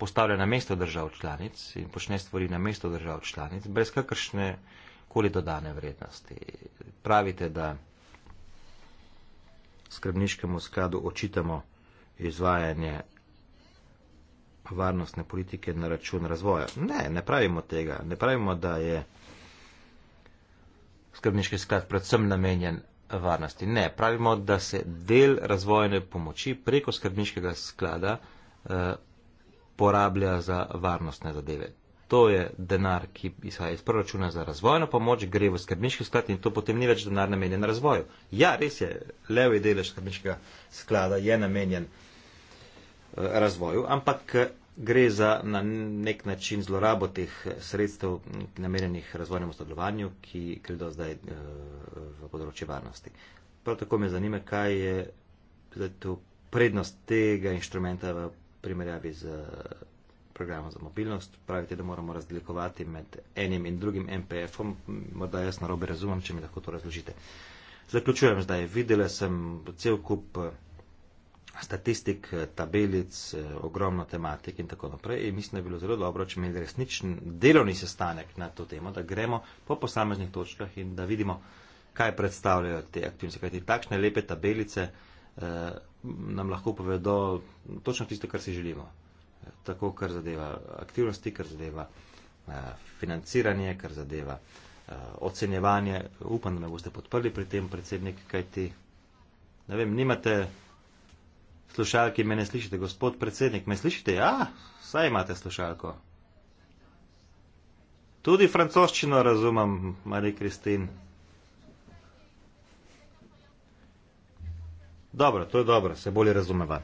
postavlja na mesto držav članic in počne stvari na mesto držav članic, brez kakršne koli dodane vrednosti. Pravite, da skrbniškemu skladu očitamo izvajanje varnostne politike na račun razvoja. Ne, ne pravimo tega. Ne pravimo, da je skrbniški sklad predvsem namenjen varnosti. Ne, pravimo, da se del razvojne pomoči preko skrbniškega sklada eh, porablja za varnostne zadeve to je denar, ki izhaja iz proračuna za razvojno pomoč, gre v skrbniški sklad in to potem ni več denar namenjen razvoju. Ja, res je, levi delež skrbniškega sklada je namenjen eh, razvoju, ampak eh, gre za na nek način zlorabo teh eh, sredstev namenjenih razvojnemu sodelovanju, ki gredo zdaj v področje varnosti. Prav tako me zanima, kaj je prednost tega inštrumenta v primerjavi z programov za mobilnost. Pravite, da moramo razlikovati med enim in drugim MPF-om. Morda jaz narobe razumem, če mi lahko to razložite. Zaključujem zdaj. Videla sem cel kup eh, statistik, eh, tabelic, eh, ogromno tematik in tako naprej. In mislim, da bi bilo zelo dobro, če imeli resničen delovni sestanek na to temo, da gremo po posameznih točkah in da vidimo, kaj predstavljajo te aktivnosti. Kajti takšne lepe tabelice eh, nam lahko povedo točno tisto, kar si želimo tako kar zadeva aktivnosti, kar zadeva eh, financiranje, kar zadeva eh, ocenjevanje. Upam, da me boste podprli pri tem, predsednik, kajti, ne vem, nimate slušalke, me ne slišite, gospod predsednik, me slišite, ja, saj imate slušalko. Tudi francoščino razumem, Marija Kristin. Dobro, to je dobro, se bolje razumeva.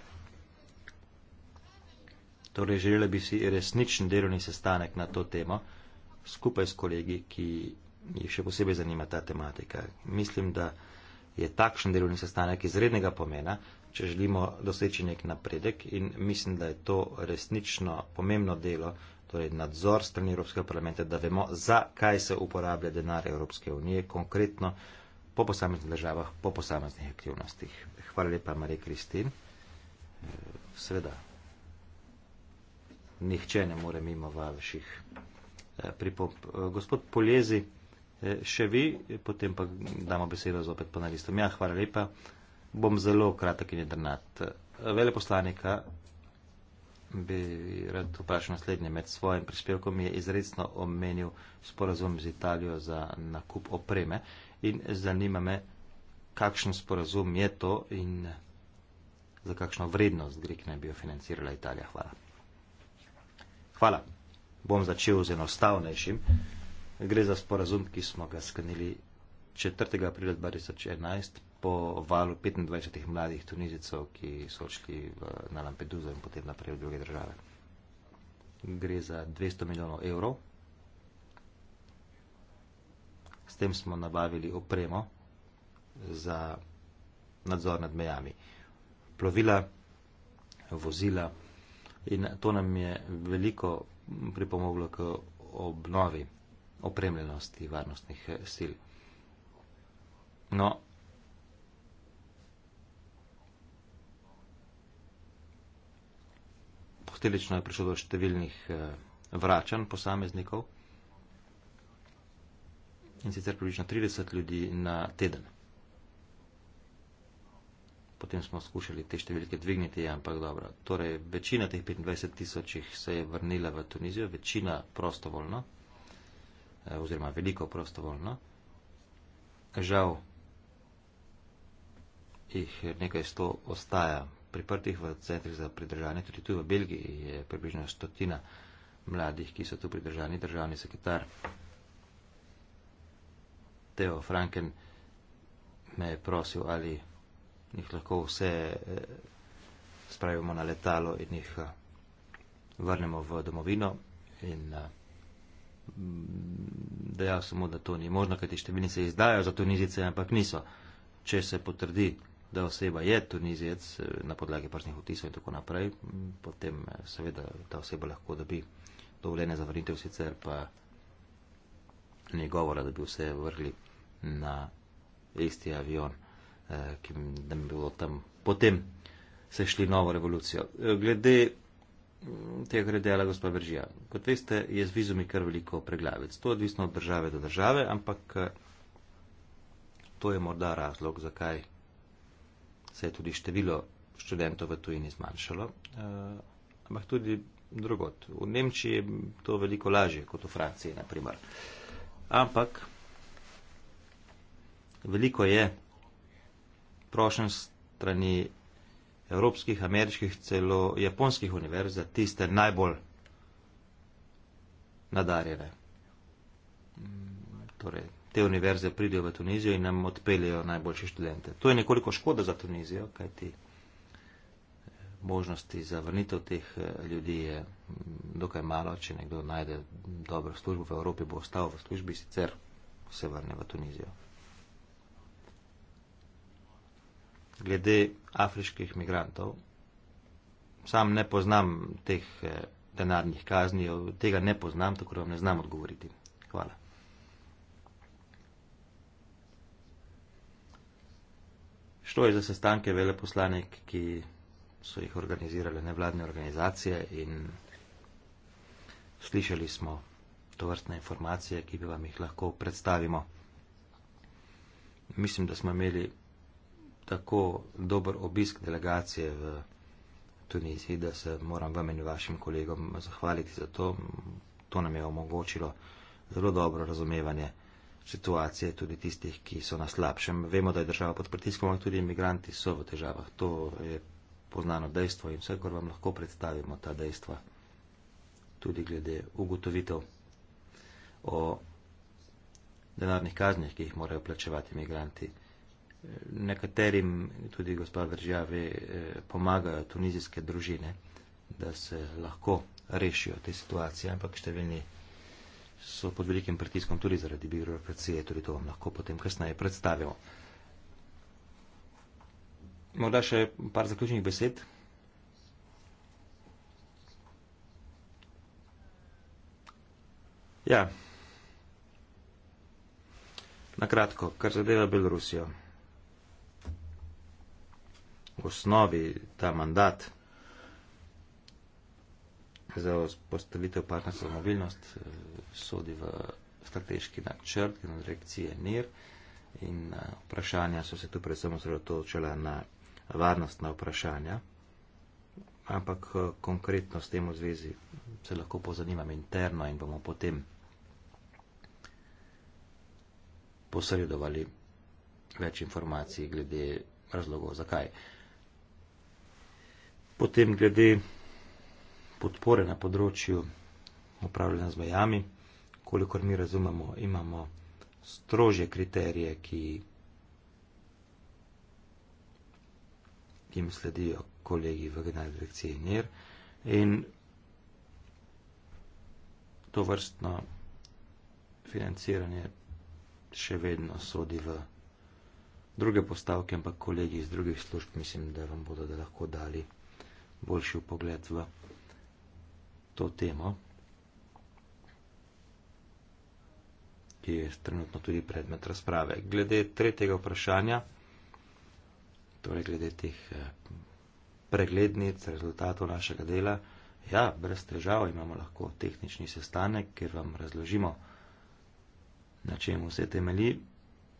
Torej, želela bi si resničen delovni sestanek na to temo, skupaj s kolegi, ki jih še posebej zanima ta tematika. Mislim, da je takšen delovni sestanek izrednega pomena, če želimo doseči nek napredek in mislim, da je to resnično pomembno delo, torej nadzor strani Evropskega parlamenta, da vemo, za kaj se uporablja denar Evropske unije, konkretno po posameznih državah, po posameznih aktivnostih. Hvala lepa, Marija Kristin. Sveda nihče ne more mimo vaših eh, pripomb. Eh, gospod Poljezi, eh, še vi, potem pa damo besedo zopet panelistom. Ja, hvala lepa. Bom zelo kratek in jedrnat. Veleposlanika bi rad vprašal naslednje. Med svojim prispevkom je izredno omenil sporazum z Italijo za nakup opreme in zanima me, kakšen sporazum je to in za kakšno vrednost Grik naj bi jo financirala Italija. Hvala. Hvala. Bom začel z enostavnejšim. Gre za sporazum, ki smo ga sklenili 4. aprila 2011 po valu 25 mladih tunizicov, ki so šli v, na Lampedusa in potem naprej v druge države. Gre za 200 milijonov evrov. S tem smo nabavili opremo za nadzor nad mejami. Plovila, vozila, In to nam je veliko pripomoglo k obnovi opremljenosti varnostnih eh, sil. No, posteljično je prišlo do številnih eh, vračanj posameznikov in sicer približno 30 ljudi na teden potem smo skušali te številke dvigniti, ampak dobro. Torej, večina teh 25 tisočih se je vrnila v Tunizijo, večina prostovoljno, eh, oziroma veliko prostovoljno. Žal jih nekaj sto ostaja priprtih v centrih za pridržanje, tudi tu v Belgiji je približno stotina mladih, ki so tu pridržani, državni sekretar Teo Franken me je prosil, ali jih lahko vse eh, spravimo na letalo in jih eh, vrnemo v domovino. In eh, mm, dejal samo, da to ni možno, kajti številni se izdajo za Tunizice, ampak niso. Če se potrdi, da oseba je Tunizijec na podlagi prstnih vtisov in tako naprej, mm, potem seveda ta oseba lahko dobi dovoljene za vrnitev, sicer pa ni govora, da bi vse vrgli na isti avion. Eh, ki bi bilo tam potem se šli novo revolucijo. Eh, glede mm, tega, kar je dejala gospa Veržija. Kot veste, je z vizumi kar veliko preglavic. To je odvisno od države do države, ampak eh, to je morda razlog, zakaj se je tudi število študentov v tujini zmanjšalo. Ampak tudi drugot. V Nemčiji je to veliko lažje kot v Franciji, naprimer. Ampak veliko je prošen strani evropskih, ameriških, celo japonskih univerz za tiste najbolj nadarjene. Torej, te univerze pridijo v Tunizijo in nam odpeljejo najboljše študente. To je nekoliko škoda za Tunizijo, kajti eh, možnosti za vrnitev teh eh, ljudi je mm, dokaj malo. Če nekdo najde dobro službo v Evropi, bo ostal v službi, sicer se vrne v Tunizijo. glede afriških migrantov. Sam ne poznam teh eh, denarnih kazni, tega ne poznam, tako da vam ne znam odgovoriti. Hvala. Šlo je za sestanke veleposlanik, ki so jih organizirale nevladne organizacije in slišali smo to vrstne informacije, ki bi vam jih lahko predstavimo. Mislim, da smo imeli tako dober obisk delegacije v Tuniziji, da se moram vam in vašim kolegom zahvaliti za to. To nam je omogočilo zelo dobro razumevanje situacije tudi tistih, ki so na slabšem. Vemo, da je država pod pritiskom, ampak tudi imigranti so v težavah. To je poznano dejstvo in vse, kar vam lahko predstavimo ta dejstva, tudi glede ugotovitev o denarnih kaznih, ki jih morajo plačevati imigranti nekaterim, tudi gospod državi, eh, pomagajo tunizijske družine, da se lahko rešijo te situacije, ampak številni so pod velikim pritiskom tudi zaradi birokracije, tudi to vam lahko potem kasneje predstavimo. Morda še par zaključnih besed. Ja. Na kratko, kar zadeva Belorusijo v osnovi ta mandat za postavitev partnerstva za mobilnost eh, sodi v strateški načrt in direkcije NIR in eh, vprašanja so se tu predvsem osredotočila na varnostna vprašanja. Ampak eh, konkretno s tem v zvezi se lahko pozanimam interno in bomo potem posredovali več informacij glede razlogov, zakaj. Potem glede podpore na področju upravljanja z mejami, kolikor mi razumemo, imamo strožje kriterije, ki jim sledijo kolegi v generalni direkciji NIR e in to vrstno financiranje še vedno sodi v druge postavke, ampak kolegi iz drugih služb mislim, da vam bodo da lahko dali boljši pogled v to temo, ki je trenutno tudi predmet razprave. Glede tretjega vprašanja, torej glede teh eh, preglednic, rezultatov našega dela, ja, brez težav imamo lahko tehnični sestanek, ker vam razložimo, na čem vse temelji.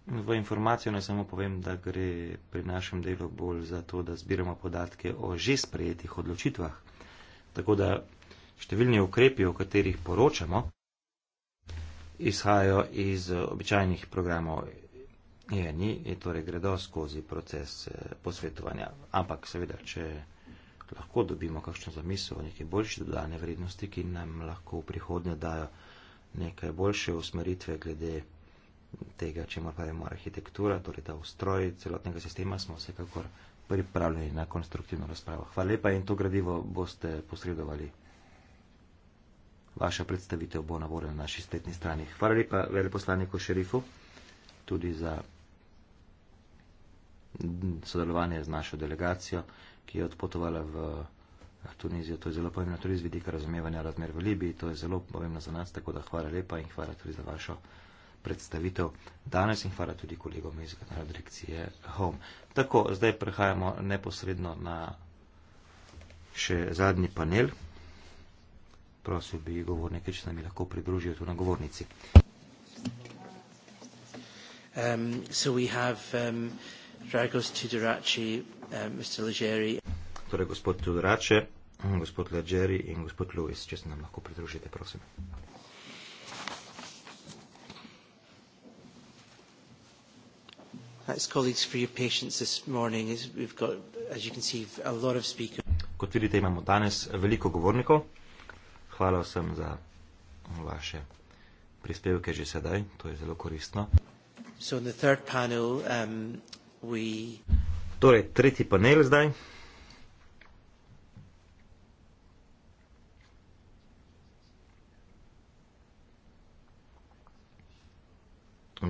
V informacijo naj samo povem, da gre pri našem delu bolj za to, da zbiramo podatke o že sprejetih odločitvah. Tako da številni ukrepi, o katerih poročamo, izhajajo iz običajnih programov ENI in torej gredo skozi proces eh, posvetovanja. Ampak seveda, če lahko dobimo kakšno zamisel o neki boljši dodane vrednosti, ki nam lahko v prihodnje dajo nekaj boljše usmeritve glede tega, če mora pravimo arhitektura, torej ta ustroj celotnega sistema, smo vsekakor pripravljeni na konstruktivno razpravo. Hvala lepa in to gradivo boste posredovali. Vaša predstavitev bo na voljo na naši spletni strani. Hvala lepa veleposlaniku šerifu tudi za sodelovanje z našo delegacijo, ki je odpotovala v Tunizijo. To je zelo pomembno tudi z vidika razumevanja razmer v Libiji. To je zelo pomembno za nas, tako da hvala lepa in hvala tudi za vašo predstavitev danes in hvala tudi kolegom iz generalne direkcije Home. Tako, zdaj prehajamo neposredno na še zadnji panel. Prosil bi govornike, če se nam je lahko pridružil tu na govornici. Um, um, um, torej, gospod Tudorače, gospod Leggeri in gospod Lewis, če se nam lahko pridružite, prosim. Thanks, colleagues, for your patience this morning. We've got, as you can see, a lot of speakers. Kot vidite, imamo danes veliko govornikov. Hvala vsem za vaše prispevke že sedaj. To je zelo koristno. So in the third panel, um, we... Torej, tretji panel zdaj.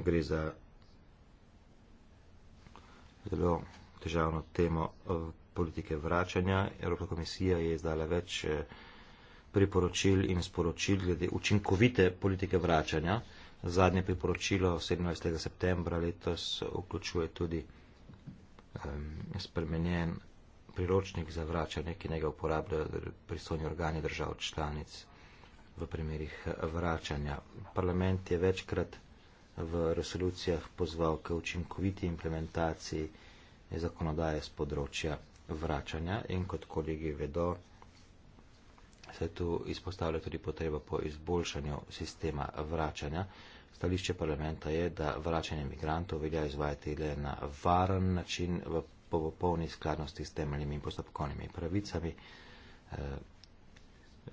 Gre za zelo težavno temo eh, politike vračanja. Evropska komisija je izdala več eh, priporočil in sporočil glede učinkovite politike vračanja. Zadnje priporočilo 17. septembra letos vključuje tudi um, spremenjen priročnik za vračanje, ki njega uporabljajo pristojni organi držav članic v primerih vračanja. Parlament je večkrat v resolucijah pozval k učinkoviti implementaciji zakonodaje z področja vračanja in kot kolegi vedo, se tu izpostavlja tudi potreba po izboljšanju sistema vračanja. Stališče parlamenta je, da vračanje imigrantov velja izvajati le na varen način v popolni skladnosti s temeljnimi in postopkovnimi pravicami eh,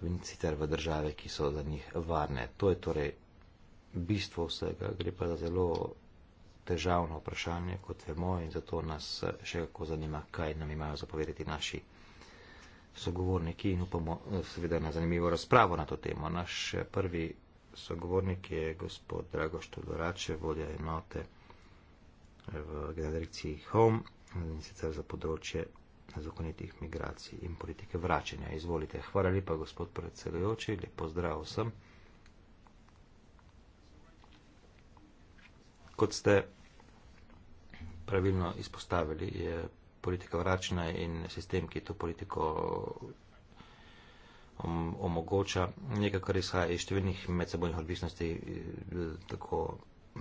in sicer v države, ki so za njih varne. To je torej bistvo vsega, gre pa za zelo težavno vprašanje, kot vemo, in zato nas še kako zanima, kaj nam imajo zapovedati naši sogovorniki in upamo eh, seveda na zanimivo razpravo na to temo. Naš eh, prvi sogovornik je gospod Drago Štodorače, vodja enote eh, v generaciji Home in sicer za področje nezakonitih migracij in politike vračanja. Izvolite, hvala lepa gospod predsedujoči, lepo zdrav vsem. kot ste pravilno izpostavili, je politika vračna in sistem, ki to politiko omogoča, nekaj, kar izhaja iz številnih medsebojnih odvisnosti, eh, tako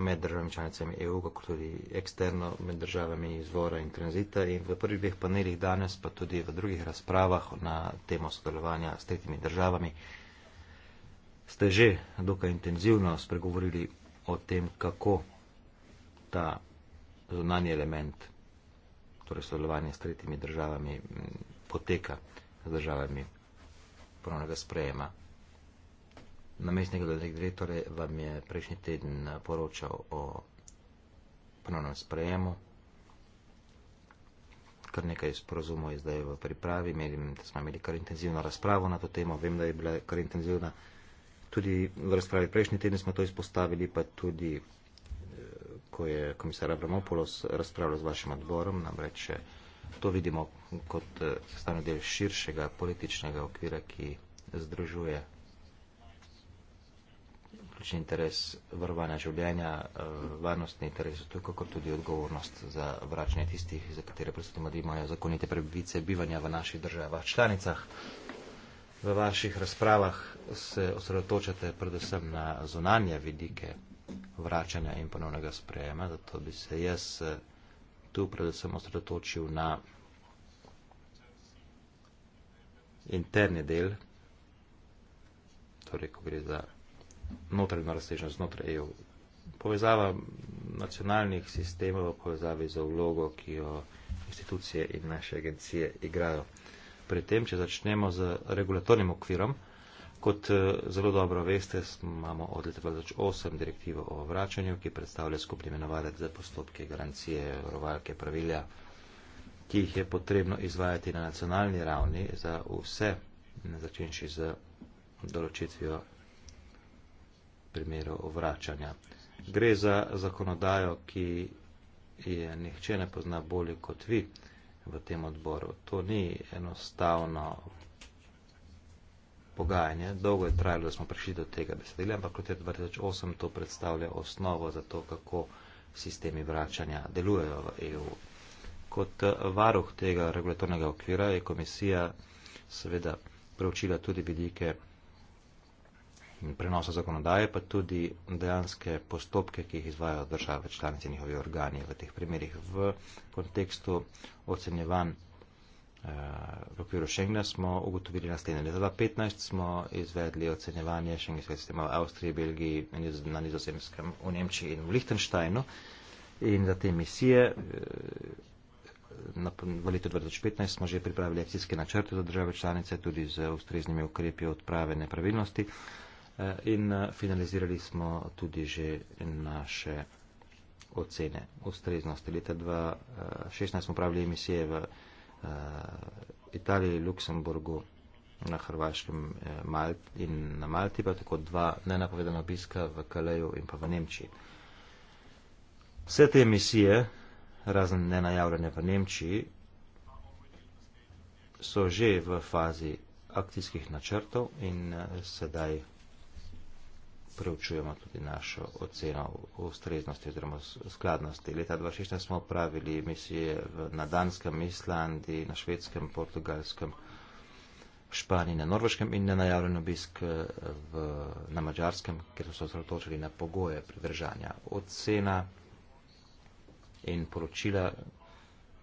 med državami članicami EU, kako tudi eksterno, med državami izvora in tranzita. In v prvih dveh panelih danes, pa tudi v drugih razpravah na temo sodelovanja s tretjimi državami, ste že dokaj intenzivno spregovorili o tem, kako ta eh, zunanji element, torej sodelovanje s tretjimi državami, poteka z državami pravnega sprejema. Namestnik glavnega direktorja vam je prejšnji teden eh, poročal o ponovnem sprejemu. Kar nekaj sporozumov je zdaj v pripravi. Merim, da smo imeli kar intenzivno razpravo na to temo. Vem, da je bila kar intenzivna. Tudi v razpravi prejšnji teden smo to izpostavili, pa tudi ko je komisar Abramopoulos razpravljal z vašim odborom, namreč eh, to vidimo kot eh, sestavni del širšega političnega okvira, ki združuje ključni interes varovanja življenja, eh, varnostni interes, tukaj, kako tudi odgovornost za vračanje tistih, za katere presodimo, da imajo zakonite prebivice bivanja v naših državah članicah. V vaših razpravah se osredotočate predvsem na zunanje vidike vračanja in ponovnega sprejema, zato bi se jaz eh, tu predvsem osredotočil na interni del, torej ko gre za notranjo razsežnost znotraj EU. Povezava nacionalnih sistemov v povezavi za vlogo, ki jo institucije in naše agencije igrajo. Pri tem, če začnemo z regulatornim okvirom, Kot eh, zelo dobro veste, imamo od leta 2008 direktivo o vračanju, ki predstavlja skupni imenovalec za postopke garancije, rovalke, pravilja, ki jih je potrebno izvajati na nacionalni ravni za vse, začenši z določitvijo primerov vračanja. Gre za zakonodajo, ki je nihče ne pozna bolje kot vi v tem odboru. To ni enostavno pogajanje. Dolgo je trajalo, da smo prišli do tega besedila, ampak kot je 2008, to predstavlja osnovo za to, kako sistemi vračanja delujejo v EU. Kot eh, varuh tega regulatornega okvira je komisija seveda preučila tudi vidike prenosa zakonodaje, pa tudi dejanske postopke, ki jih izvajo države članice in njihovi organi v teh primerih v kontekstu ocenjevanja Eh, v okviru Schengna smo ugotovili naslednje. Leta 2015 smo izvedli ocenjevanje šengenskega sistema v Avstriji, Belgiji, na nizozemskem, v Nemčiji in v Lihtenštajnu. In za te misije eh, na, v letu 2015 smo že pripravili akcijske načrte za države članice, tudi z ustreznimi ukrepi odprave nepravilnosti. Eh, in finalizirali smo tudi že naše ocene ustreznosti. Leta 2016 smo pravili misije v Eh, Italiji, Luksemburgu, na Hrvaškem eh, in na Malti, pa tako dva nenapovedana obiska v Kaleju in pa v Nemčiji. Vse te misije, razen nenajavljene v Nemčiji, so že v fazi akcijskih načrtov in eh, sedaj preučujemo tudi našo oceno ustreznosti oziroma skladnosti. Leta 2016 smo opravili misije na Danskem, Islandiji, na Švedskem, Portugalskem, Španiji, na Norveškem in na najavljen obisk eh, v, na Mačarskem, kjer so se osredotočili na pogoje pridržanja. Ocena in poročila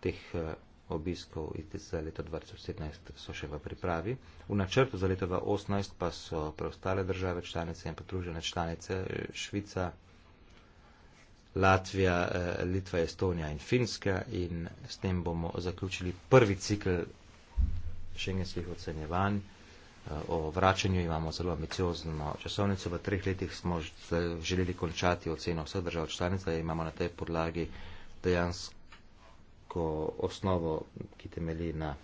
teh eh, obiskov za leto 2018 so še v pripravi. V načrtu za leto 2018 pa so preostale države članice in podružene članice Švica, Latvija, eh, Litva, Estonija in Finska in s tem bomo zaključili prvi cikl šengenskih ocenjevanj. Eh, o vračanju imamo zelo ambiciozno časovnico. V treh letih smo želeli končati oceno vseh držav članic, da imamo na tej podlagi dejansko neko osnovo, ki temelji na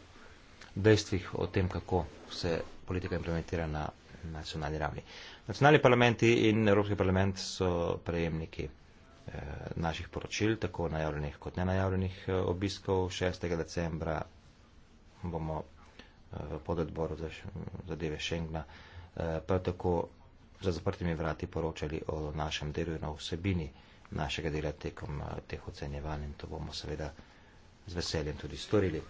dejstvih o tem, kako se politika implementira na nacionalni ravni. Nacionalni parlamenti in Evropski parlament so prejemniki eh, naših poročil, tako najavljenih kot nenajavljenih eh, obiskov. 6. decembra bomo v eh, pododboru za zadeve Schengna eh, prav tako za zaprtimi vrati poročali o našem delu in o vsebini našega dela tekom eh, teh ocenjevanj in to bomo seveda z veseljem tudi storili.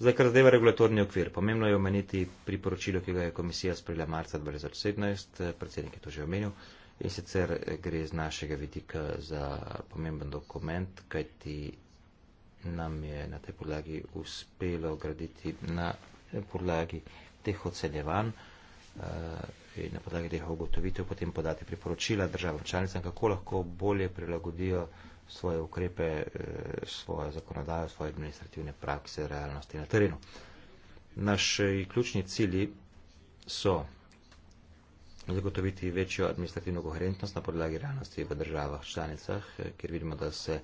Zdaj, kar zdaj v regulatorni okvir, pomembno je omeniti priporočilo, ki ga je komisija sprejela marca 2017, eh, predsednik je to že omenil, in sicer eh, gre z našega vidika za pomemben dokument, kajti nam je na tej podlagi uspelo graditi na eh, podlagi teh ocenjevanj in na podlagi teh ugotovitev potem podati priporočila državam članicam, kako lahko bolje prilagodijo svoje ukrepe, eh, svojo zakonodajo, svoje administrativne prakse, realnosti na terenu. Naši ključni cilji so zagotoviti večjo administrativno koherentnost na podlagi realnosti v državah članicah, eh, kjer vidimo, da se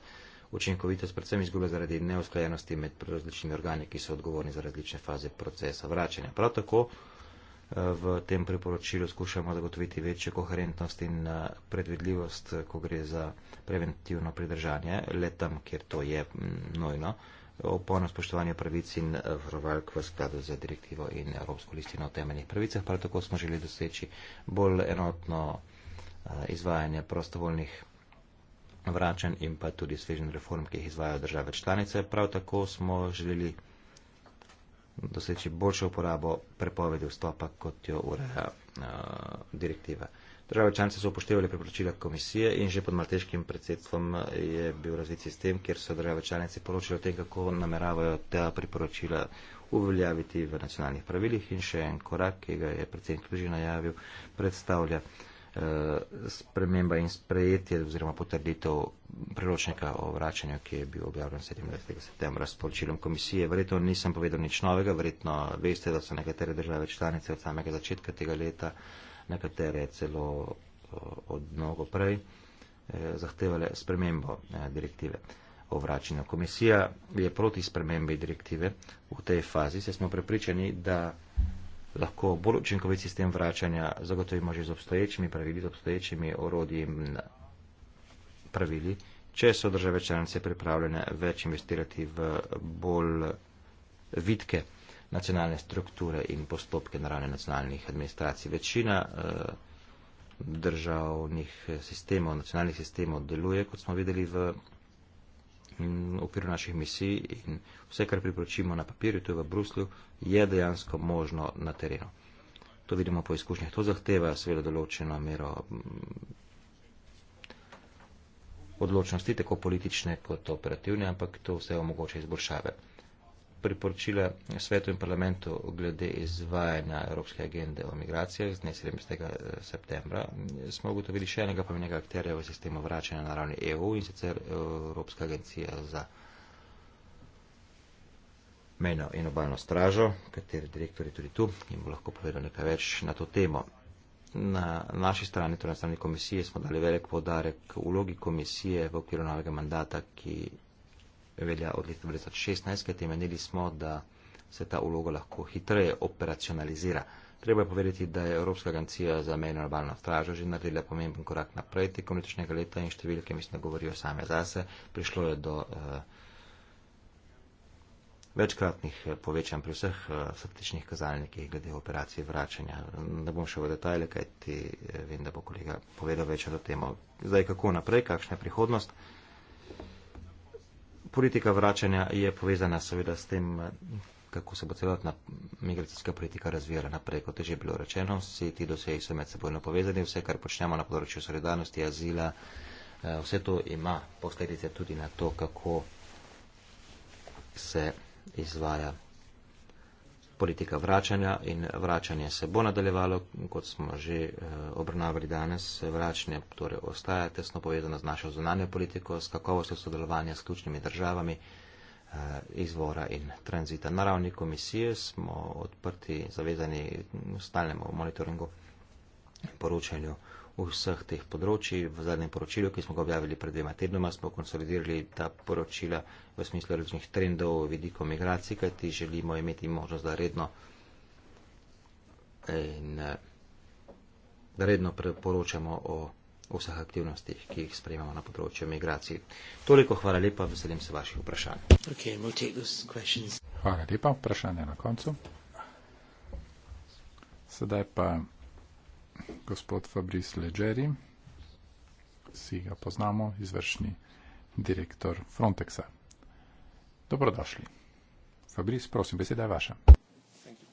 učinkovitost predvsem izgublja zaradi neusklajenosti med različnimi organi, ki so odgovorni za različne faze procesa vračanja. Prav tako v tem priporočilu skušamo zagotoviti večjo koherentnost in eh, predvidljivost, eh, ko gre za preventivno pridržanje, le tam, kjer to je mm, nojno, opolno spoštovanje pravic in eh, vrvalk v skladu za direktivo in Evropsko listino o temeljnih pravicah, pa tako smo želeli doseči bolj enotno izvajanje prostovoljnih vračanj in pa tudi svežen reform, ki jih izvajajo države članice. Prav tako smo želeli doseči boljšo uporabo prepovedi vstopa, kot jo ureja uh, direktiva. Države članice so upoštevali priporočila komisije in že pod malteškim predsedstvom eh, je bil razvit sistem, kjer so države članice poročile o tem, kako nameravajo ta priporočila uveljaviti v nacionalnih pravilih in še en korak, ki ga je predsednik Križi najavil, predstavlja uh, Eh, sprememba in sprejetje oziroma potrditev priročnika o vračanju, ki je bil objavljen 17. septembra s poročilom komisije. Verjetno nisem povedal nič novega, verjetno veste, da so nekatere države članice od samega začetka tega leta, nekatere celo eh, od mnogo prej, eh, zahtevale spremembo direktive o vračanju. Komisija je proti spremembi direktive v tej fazi, se smo prepričani, da lahko bolj učinkovit sistem vračanja zagotovimo že z obstoječimi pravili, z obstoječimi orodji in pravili, če so države članice pripravljene več investirati v bolj vidke nacionalne strukture in postopke na ravni nacionalnih administracij. Večina eh, državnih sistemov, nacionalnih sistemov deluje, kot smo videli v in v okviru naših misij in vse, kar priporočimo na papirju, to je v Bruslju, je dejansko možno na terenu. To vidimo po izkušnjah. To zahteva seveda določeno mero mm, odločnosti, tako politične kot operativne, ampak to vse omogoča izboljšave priporočila svetu in parlamentu glede izvajanja Evropske agende o migracijah z dne 17. Eh, septembra, smo ugotovili še enega pomenega akterja v sistemu vračanja na ravni EU in sicer eh, Evropska agencija za mejno in obaljno stražo, kateri direktor je tudi tu in bo lahko povedal nekaj več na to temo. Na naši strani, torej na strani komisije, smo dali velik podarek vlogi komisije v okviru novega mandata, ki velja od leta 2016, kajti menili smo, da se ta vloga lahko hitreje operacionalizira. Treba je povedati, da je Evropska agencija za mejno obalno stražo že naredila pomemben korak naprej tekom letošnjega leta in številke, mislim, govorijo same zase. Prišlo je do uh, večkratnih eh, povečanj pri vseh uh, statičnih kazalnikih glede operacij vračanja. Ne bom še v detajle, kajti vem, da bo kolega povedal več o tem. Zdaj, kako naprej, kakšna je prihodnost? Uh, politika vračanja je povezana seveda s tem, kako se bo celotna migracijska politika razvijala naprej, kot je že bilo rečeno. Vsi ti dosegi so med sebojno povezani, vse, kar počnemo na področju solidarnosti, azila, eh, vse to ima posledice tudi na to, kako se izvaja politika vračanja in vračanje se bo nadaljevalo, kot smo že eh, obravnavali danes. Vračanje torej ostaja tesno povezano z našo zunanjo politiko, s kakovostjo sodelovanja s ključnimi državami eh, izvora in tranzita. Na ravni komisije smo odprti, zavezani stalnemu monitoringu in poročanju vseh teh področji. V zadnjem poročilu, ki smo ga objavili pred dvema tednoma, smo konsolidirali ta poročila v smislu različnih trendov, vidikov migracij, kajti želimo imeti možnost, da redno, in, da redno poročamo o vseh aktivnostih, ki jih sprejemamo na področju migracij. Toliko hvala lepa, veselim se vaših vprašanj. Okay, we'll hvala lepa, vprašanje na koncu. Sedaj pa gospod Fabrice Leggeri, si ga poznamo, izvršni direktor Frontexa. Dobrodošli. Fabrice, prosim, beseda je vaša. Thank you.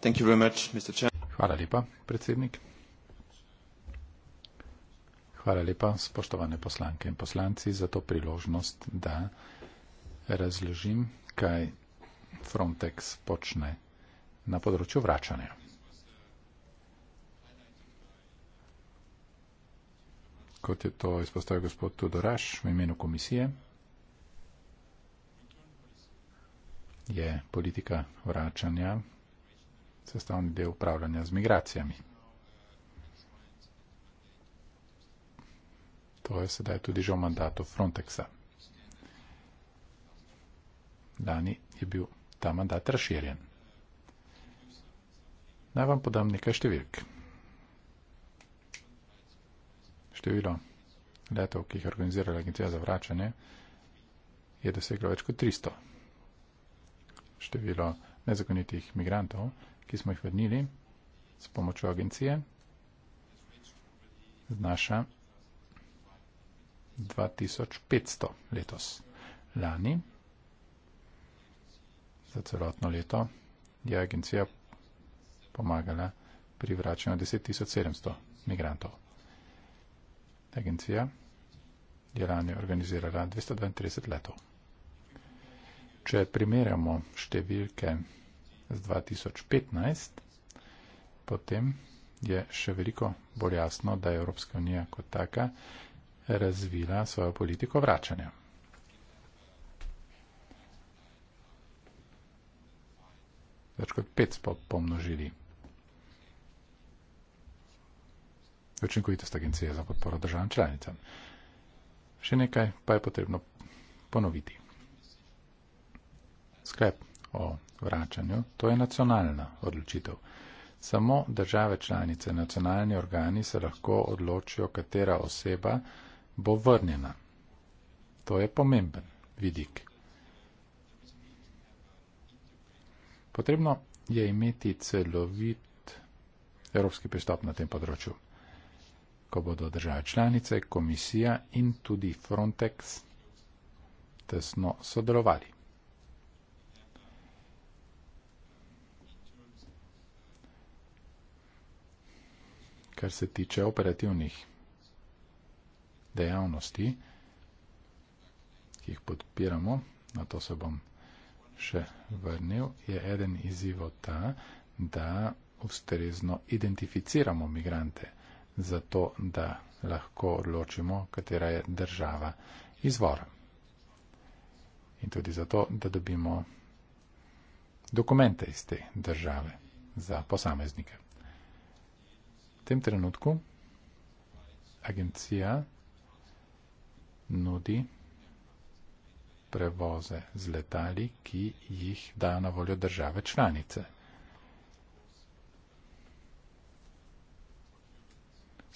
Thank you much, Hvala lepa, predsednik. Hvala lepa, spoštovane poslanke in poslanci, za to priložnost, da razložim, kaj Frontex počne na področju vračanja. kot je to izpostavil gospod Tudoraš v imenu komisije. Je politika vračanja sestavni del upravljanja z migracijami. To je sedaj tudi že v mandatu Frontexa. Lani je bil ta mandat razširjen. Naj vam podam nekaj številk. število letov, ki jih je organizirala agencija za vračanje, je doseglo več kot 300. Število nezakonitih migrantov, ki smo jih vrnili s pomočjo agencije, znaša 2500 letos. Lani za celotno leto je agencija pomagala pri vračanju 10700 migrantov agencija je lani organizirala 232 letov. Če primerjamo številke z 2015, potem je še veliko bolj jasno, da je Evropska unija kot taka razvila svojo politiko vračanja. Več kot 500 pomnožili. učinkovitost agencije za podporo državam članicam. Še nekaj pa je potrebno ponoviti. Sklep o vračanju, to je nacionalna odločitev. Samo države članice, nacionalni organi se lahko odločijo, katera oseba bo vrnjena. To je pomemben vidik. Potrebno je imeti celovit evropski pristop na tem področju ko bodo države članice, komisija in tudi Frontex tesno sodelovali. Kar se tiče operativnih dejavnosti, ki jih podpiramo, na to se bom še vrnil, je eden izzivo ta, da ustrezno identificiramo migrante zato da lahko odločimo, katera je država izvora. In tudi zato, da dobimo dokumente iz te države za posameznike. V tem trenutku agencija nudi prevoze z letali, ki jih da na voljo države članice.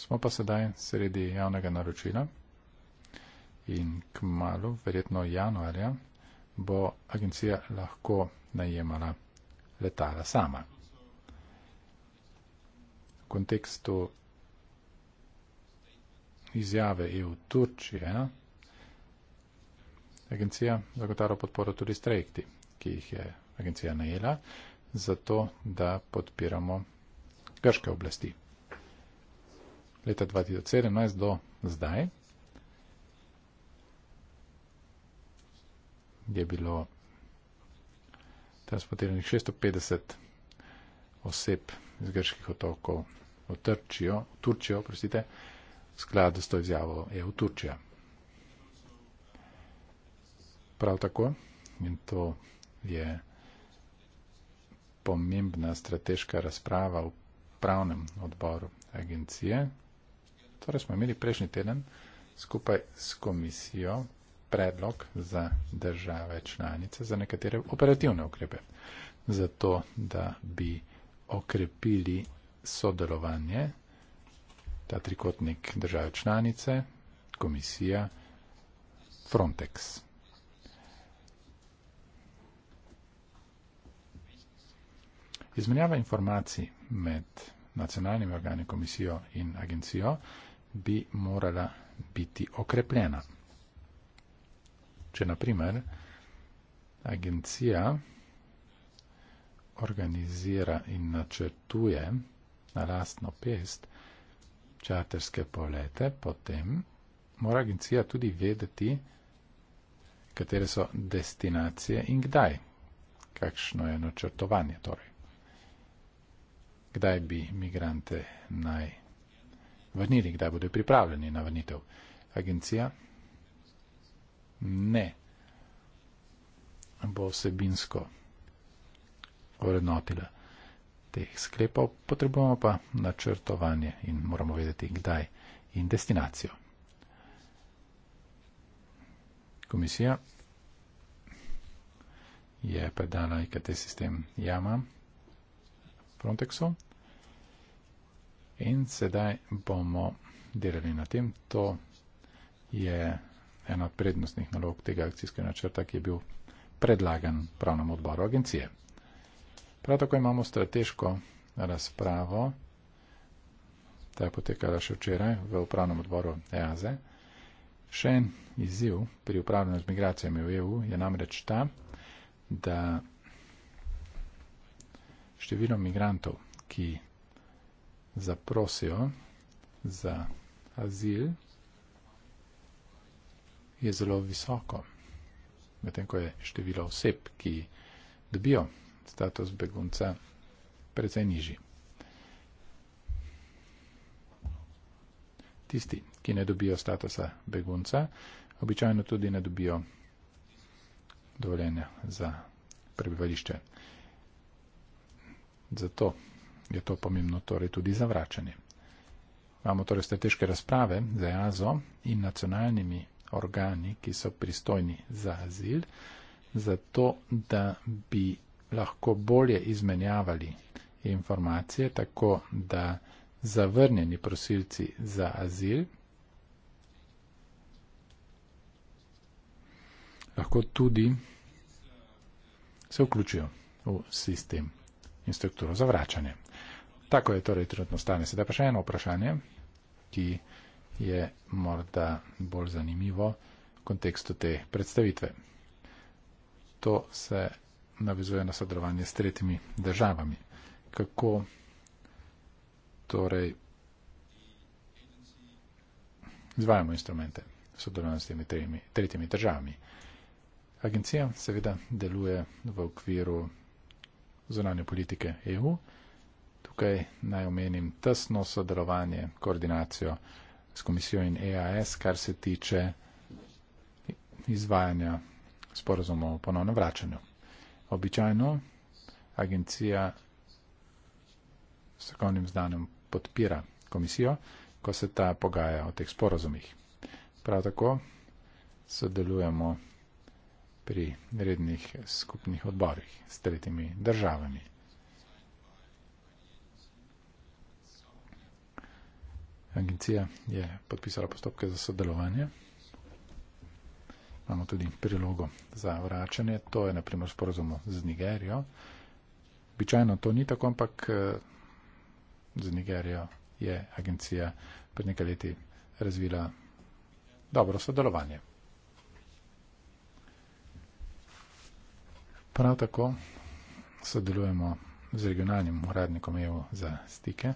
Smo pa sedaj sredi javnega naročila in k malu, verjetno januarja, bo agencija lahko najemala letala sama. V kontekstu izjave EU Turčije agencija zagotavlja podporo tudi strejkti, ki jih je agencija najela, zato da podpiramo grške oblasti leta 2017 do zdaj je bilo transportiranih 650 oseb iz grških otokov v Trčijo, v Turčijo, prosite, skladu s to izjavo je v Turčija. Prav tako in to je pomembna strateška razprava v pravnem odboru agencije, Torej smo imeli prejšnji teden skupaj s komisijo predlog za države članice za nekatere operativne ukrepe. Zato, da bi okrepili sodelovanje, ta trikotnik države članice, komisija Frontex. Izmenjava informacij med nacionalnimi organi komisijo in agencijo bi morala biti okrepljena. Če naprimer agencija organizira in načrtuje na lastno pest čaterske polete, potem mora agencija tudi vedeti, katere so destinacije in kdaj. Kakšno je načrtovanje torej. Kdaj bi migrante naj vrnili, kdaj bodo pripravljeni na vrnitev. Agencija? Ne. Bo vsebinsko vrednotila teh sklepov, potrebujemo pa načrtovanje in moramo vedeti, kdaj in destinacijo. Komisija je predala IKT sistem JAMA Frontexom. In sedaj bomo delali na tem. To je ena od prednostnih nalog tega akcijskega načrta, ki je bil predlagan pravnem odboru agencije. Prav tako imamo strateško razpravo, ta je potekala še včeraj v upravnem odboru EAZE. Še en izziv pri upravljanju z migracijami v EU je namreč ta, da število migrantov, ki zaprosijo za azil, je zelo visoko. Medtem ko je število oseb, ki dobijo status begunca, precej nižji. Tisti, ki ne dobijo statusa begunca, običajno tudi ne dobijo dovoljenja za prebivališče. Zato je to pomembno torej tudi zavračanje. Imamo torej strateške razprave za e jazo in nacionalnimi organi, ki so pristojni za azil, zato da bi lahko bolje izmenjavali informacije, tako da zavrnjeni prosilci za azil lahko tudi se vključijo v sistem in strukturo zavračanja. Tako je torej trenutno stanje. Sedaj pa še eno vprašanje, ki je morda bolj zanimivo v kontekstu te predstavitve. To se navizuje na sodelovanje s tretjimi državami. Kako torej izvajamo instrumente v sodelovanju s temi tremi, tretjimi državami? Agencija seveda deluje v okviru zunanje politike EU tukaj naj omenim tesno sodelovanje, koordinacijo s komisijo in EAS, kar se tiče izvajanja sporozumov o ponovnem vračanju. Običajno agencija s strokovnim znanjem podpira komisijo, ko se ta pogaja o teh sporozumih. Prav tako sodelujemo pri rednih skupnih odborih s tretjimi državami. Agencija je podpisala postopke za sodelovanje. Imamo tudi prilogo za vračanje, to je naprimer sporozum z Nigerijo. Običajno to ni tako, ampak eh, z Nigerijo je agencija pred nekaj leti razvila dobro sodelovanje. Prav tako sodelujemo z regionalnim uradnikom EU za stike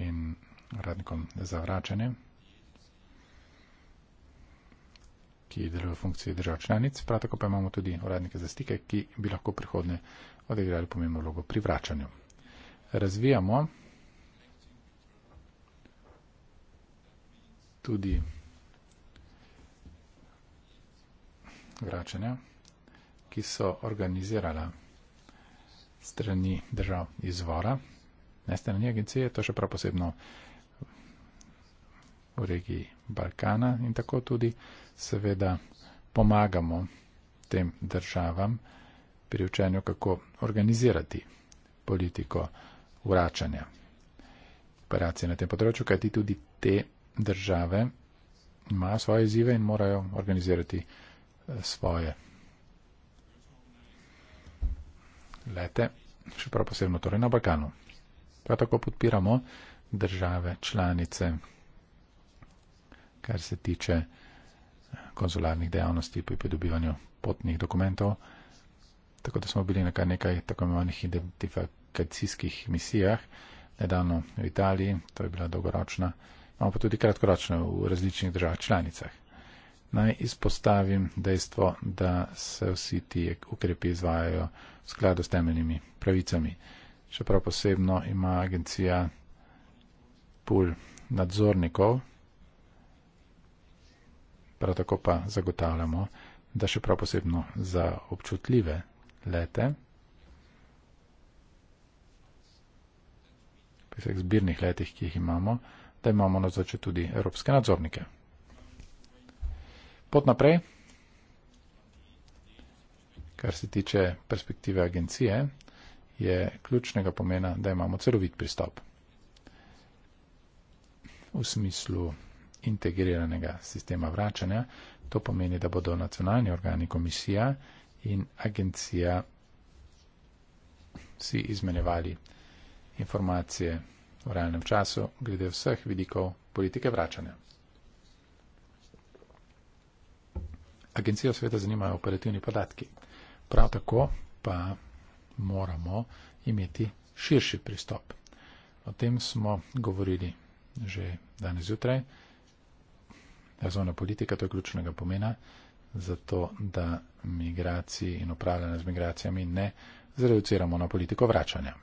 in uradnikom za vračanje, ki delujejo v funkciji držav članic. Prav tako pa imamo tudi uradnike za stike, ki bi lahko prihodne odigrali pomembno vlogo pri vračanju. Razvijamo tudi vračanja, ki so organizirala strani držav izvora na strani agencije, to še prav posebno v regiji Balkana in tako tudi seveda pomagamo tem državam pri učenju, kako organizirati politiko vračanja operacije na tem področju, kajti tudi te države imajo svoje izzive in morajo organizirati eh, svoje lete, še prav posebno torej na Balkanu. Prav tako podpiramo države članice, kar se tiče eh, konzularnih dejavnosti pri pridobivanju potnih dokumentov. Tako da smo bili na kar nekaj tako imenovanih identifikacijskih misijah, nedavno v Italiji, to je bila dolgoročna, imamo pa tudi kratkoročno v različnih državah članicah. Naj izpostavim dejstvo, da se vsi ti ukrepi izvajajo v skladu s temeljnimi pravicami čeprav posebno ima agencija pul nadzornikov, prav tako pa zagotavljamo, da še prav posebno za občutljive lete, pri vseh zbirnih letih, ki jih imamo, da imamo na zoče tudi evropske nadzornike. Pot naprej, kar se tiče perspektive agencije, je ključnega pomena, da imamo celovit pristop v smislu integriranega sistema vračanja. To pomeni, da bodo nacionalni organi komisija in agencija si izmenjevali informacije v realnem času glede vseh vidikov politike vračanja. Agencijo sveta zanimajo operativni podatki. Prav tako pa moramo imeti širši pristop. O tem smo govorili že danes zjutraj. Razvojna politika to je ključnega pomena, zato da migraciji in upravljanje z migracijami ne zreduciramo na politiko vračanja.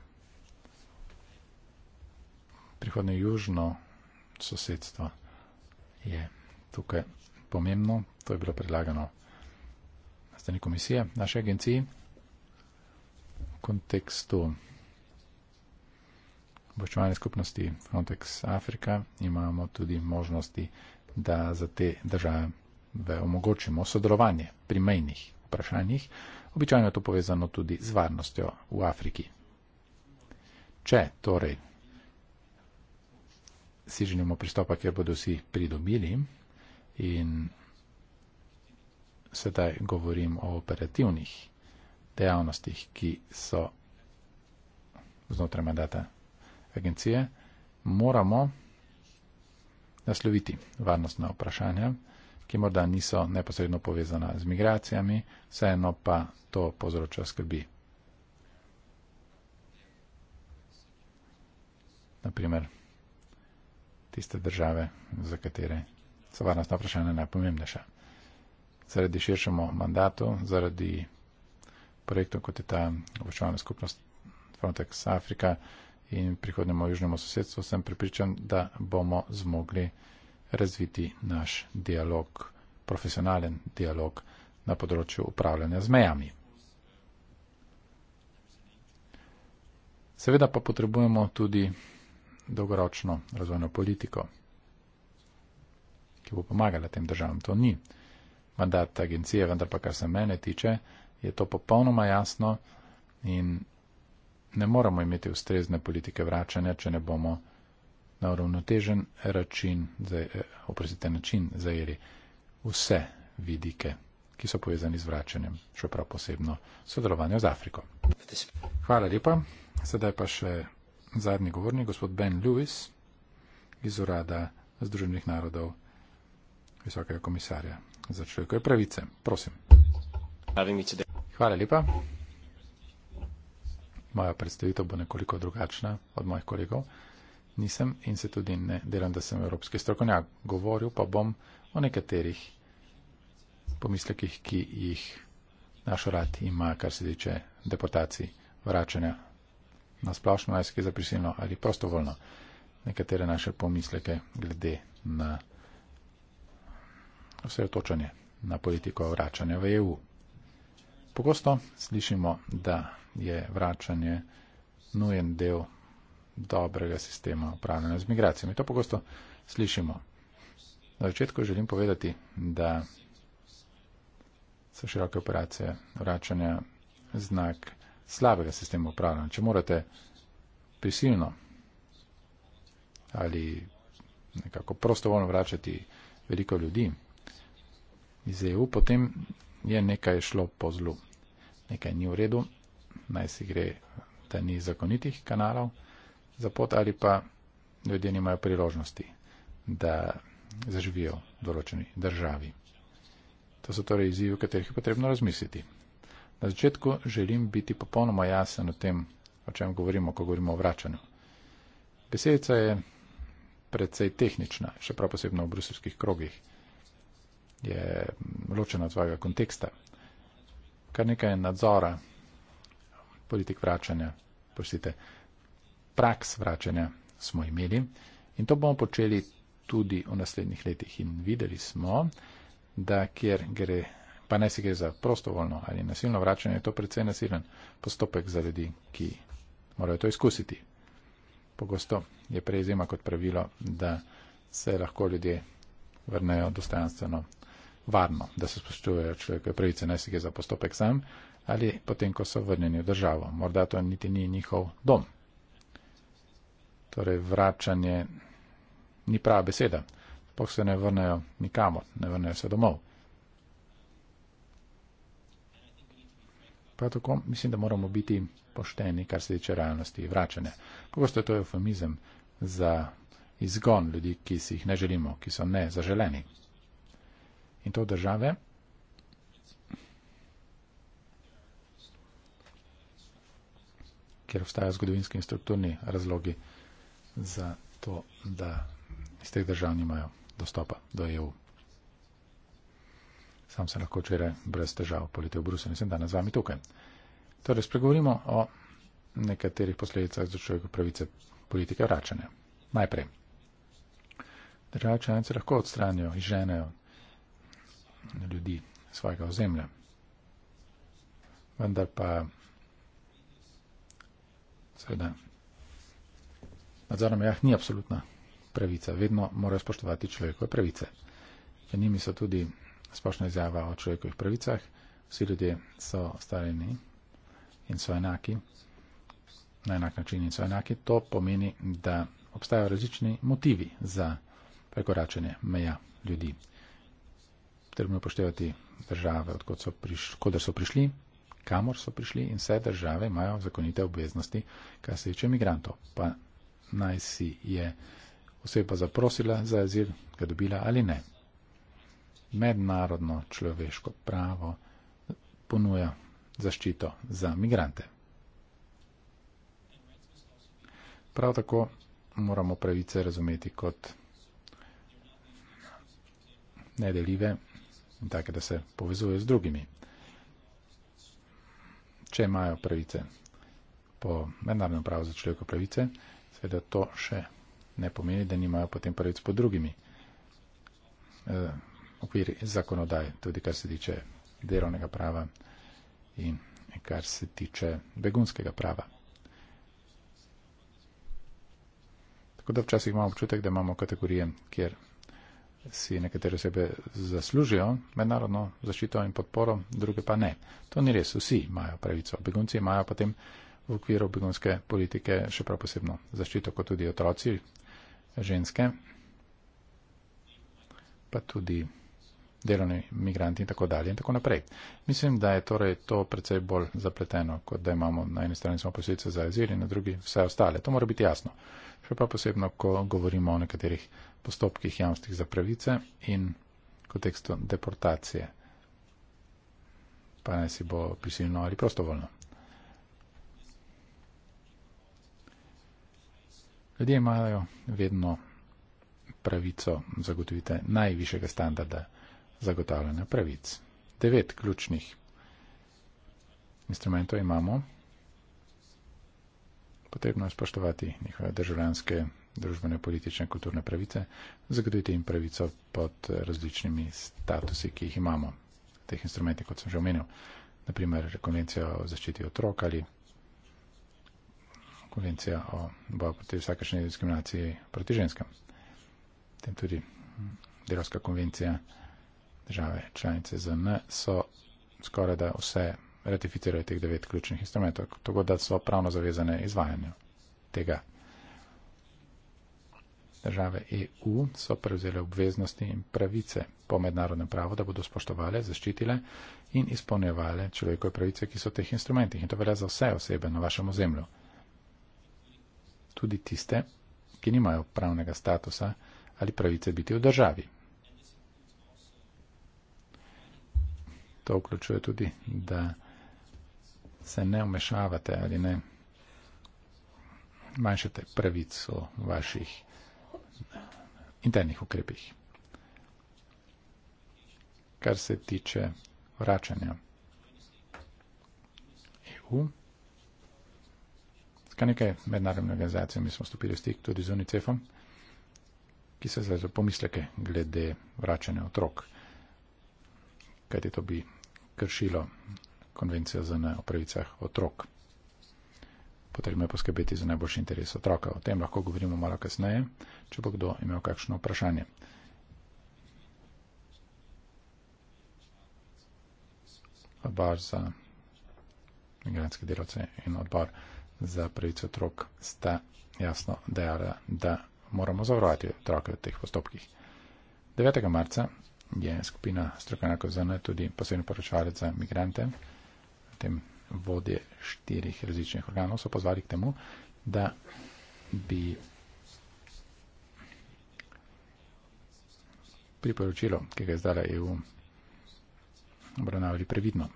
Prihodno južno sosedstvo je tukaj pomembno. To je bilo predlagano na strani komisije naše agencije kontekstu obveščevalne skupnosti Frontex Afrika imamo tudi možnosti, da za te države omogočimo sodelovanje pri mejnih vprašanjih. Običajno je to povezano tudi z varnostjo v Afriki. Če torej si želimo pristopa, kjer bodo vsi pridobili in sedaj govorim o operativnih dejavnostih, ki so znotraj mandata agencije, moramo nasloviti varnostna vprašanja, ki morda niso neposredno povezana z migracijami, vseeno pa to povzroča skrbi. Naprimer, tiste države, za katere so varnostna vprašanja najpomembnejša. Zaradi širšemu mandatu, zaradi projektom, kot je ta obveščevalna skupnost Frontex Afrika in prihodnemu južnemu sosedstvu, sem pripričan, da bomo zmogli razviti naš dialog, profesionalen dialog na področju upravljanja z mejami. Seveda pa potrebujemo tudi dolgoročno razvojno politiko, ki bo pomagala tem državam. To ni mandat agencije, vendar pa kar se mene tiče, je to popolnoma jasno in ne moramo imeti ustrezne politike vračanja, če ne bomo na uravnotežen račin, eh, oprostite, način zajeli vse vidike, ki so povezani z vračanjem, še prav posebno sodelovanje z Afriko. Hvala lepa. Sedaj pa še zadnji govornik, gospod Ben Lewis iz Urada Združenih narodov, visokega komisarja za človekove pravice. Prosim. Having me today. Hvala lepa. Moja predstavitev bo nekoliko drugačna od mojih kolegov. Nisem in se tudi ne delam, da sem evropski strokovnjak. Govoril pa bom o nekaterih pomislekih, ki jih naš rad ima, kar se tiče deportacij, vračanja na splošno, najskej za prisilno ali prostovoljno. Nekatere naše pomisleke glede na osredotočanje na politiko vračanja v EU. Pogosto slišimo, da je vračanje nujen del dobrega sistema upravljanja z migracijami. To pogosto slišimo. Na začetku želim povedati, da so široke operacije vračanja znak slabega sistema upravljanja. Če morate prisilno ali nekako prostovoljno vračati veliko ljudi iz EU, potem je nekaj šlo po zlu. Nekaj ni v redu, naj si gre, da ni zakonitih kanalov za pot ali pa ljudje nimajo priložnosti, da zaživijo v določeni državi. To so torej izzivi, o katerih je potrebno razmisliti. Na začetku želim biti popolnoma jasen o tem, o čem govorimo, ko govorimo o vračanju. Besedica je predvsej tehnična, še prav posebno v bruselskih krogih je ločena od svojega konteksta. Kar nekaj je nadzora, politik vračanja, prosite, praks vračanja smo imeli in to bomo počeli tudi v naslednjih letih. In videli smo, da kjer gre, pa ne si gre za prostovoljno ali nasilno vračanje, je to predvsej nasilen postopek za ljudi, ki morajo to izkusiti. Pogosto je prejzema kot pravilo, da se lahko ljudje vrnejo dostojanstveno varno, da se spoštujejo človekove pravice, naj si gre za postopek sam ali potem, ko so vrnjeni v državo. Morda to niti ni njihov dom. Torej, vračanje ni prava beseda. Pok se ne vrnejo nikamor, ne vrnejo se domov. Prav tako mislim, da moramo biti pošteni, kar se tiče realnosti vračanja. Pogosto je to eufemizem za izgon ljudi, ki si jih ne želimo, ki so nezaželeni in to države. Ker obstajajo zgodovinski in strukturni razlogi za to, da iz teh držav nimajo dostopa do EU. Sam se lahko včeraj brez težav poletel v Bruselj in sem danes z vami tukaj. Torej, spregovorimo o nekaterih posledicah za človeka pravice politike vračanja. Najprej. Države članice lahko odstranijo, izženejo ljudi svojega ozemlja. Vendar pa seveda nadzorom jah ni absolutna pravica. Vedno morajo spoštovati človekove pravice. Med njimi so tudi splošna izjava o človekovih pravicah. Vsi ljudje so stareni in so enaki, na enak način in so enaki. To pomeni, da obstajajo različni motivi za prekoračenje meja ljudi potrebno upoštevati države, odkot so prišli, kodr so prišli, kamor so prišli in vse države imajo zakonite obveznosti, kar se tiče imigrantov. Pa naj si je oseba zaprosila za azil, ga dobila ali ne. Mednarodno človeško pravo ponuja zaščito za migrante. Prav tako moramo pravice razumeti kot nedeljive in take, da se povezujejo z drugimi. Če imajo pravice po mednarodnem pravu za človekove pravice, seveda to še ne pomeni, da nimajo potem pravic po drugimi. E, okvir zakonodaj, tudi kar se tiče delovnega prava in kar se tiče begunskega prava. Tako da včasih imamo občutek, da imamo kategorije, kjer si nekatere osebe zaslužijo mednarodno zaščito in podporo, druge pa ne. To ni res, vsi imajo pravico. Begunci imajo potem v okviru begunske politike še prav posebno zaščito, kot tudi otroci, ženske, pa tudi delovni imigranti in tako dalje in tako naprej. Mislim, da je torej to predvsej bolj zapleteno, kot da imamo na eni strani samo posledice za azil in na drugi vse ostale. To mora biti jasno. Še pa posebno, ko govorimo o nekaterih postopkih javnostih za pravice in kontekstu deportacije. Pa naj si bo prisilno ali prostovoljno. Ljudje imajo vedno pravico zagotovite najvišjega standarda zagotavljanja pravic. Devet ključnih instrumentov imamo. Potrebno je spoštovati njihove državljanske, družbene, politične, kulturne pravice, zagotoviti jim pravico pod različnimi statusi, ki jih imamo. Teh instrumentov, kot sem že omenil, naprimer konvencija o zaščiti otrok ali konvencija o boju proti vsakašnji diskriminaciji proti ženskam. Tem tudi delovska konvencija države članice ZN so skoraj da vse ratificirali teh devet ključnih instrumentov, tako da so pravno zavezane izvajanju tega. Države EU so prevzele obveznosti in pravice po mednarodnem pravu, da bodo spoštovale, zaščitile in izpolnjevale človekove pravice, ki so v teh instrumentih. In to velja za vse osebe na vašem ozemlju. Tudi tiste, ki nimajo pravnega statusa ali pravice biti v državi. to vključuje tudi, da se ne vmešavate ali ne manjšate pravic o vaših internih ukrepih. Kar se tiče vračanja EU, skaj nekaj mednarodnih organizacij, mi smo stopili v stik tudi z UNICEF-om, ki so zdaj pomisleke glede vračanja otrok kajti to bi kršilo konvencijo za ne o pravicah otrok. Potrebno je poskrbeti za najboljši interes otroka. O tem lahko govorimo malo kasneje, če bo kdo imel kakšno vprašanje. Odbor za migranske delavce in odbor za pravice otrok sta jasno dejala, da moramo zavarovati otroke v teh postopkih. 9. marca je skupina strokovnjakov za ne, tudi posebno poročevalec za migrante, tem vodje štirih različnih organov, so pozvali k temu, da bi priporočilo, ki ga je zdala EU, obravnavali previdno.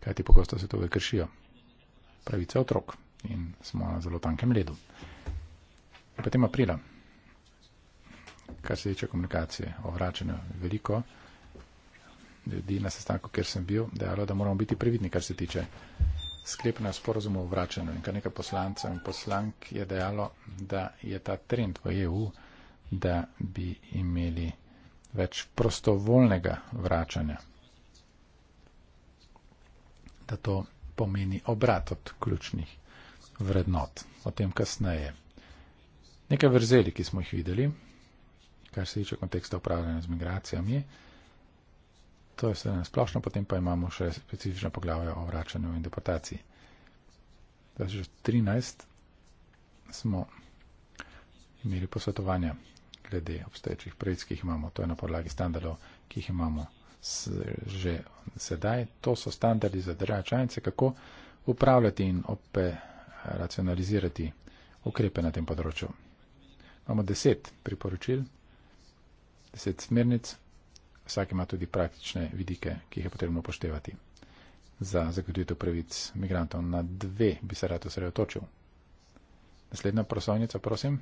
Kajti pogosto se to vekršijo. Pravice otrok in smo na zelo tankem ledu. Potem aprila kar se tiče komunikacije o vračanju. Veliko ljudi na sestanku, kjer sem bil, dejalo, da moramo biti previdni, kar se tiče sklepanja sporozumov o vračanju. In kar nekaj poslancev in poslank je dejalo, da je ta trend v EU, da bi imeli več prostovoljnega vračanja. Da to pomeni obrat od ključnih vrednot. O tem kasneje. Nekaj vrzeli, ki smo jih videli, kar se tiče konteksta upravljanja z migracijami. To je vse na splošno, potem pa imamo še specifično poglavje o vračanju in deportaciji. Že 13 smo imeli posvetovanja glede obstoječih pravic, ki jih imamo. To je na podlagi standardov, ki jih imamo s, že sedaj. To so standardi za države članice, kako upravljati in ope racionalizirati ukrepe na tem področju. Imamo 10 priporočil deset smernic, vsak ima tudi praktične vidike, ki jih je potrebno upoštevati. Za zagotovitev pravic migrantov na dve bi se rad osredotočil. Naslednja prosovnica, prosim.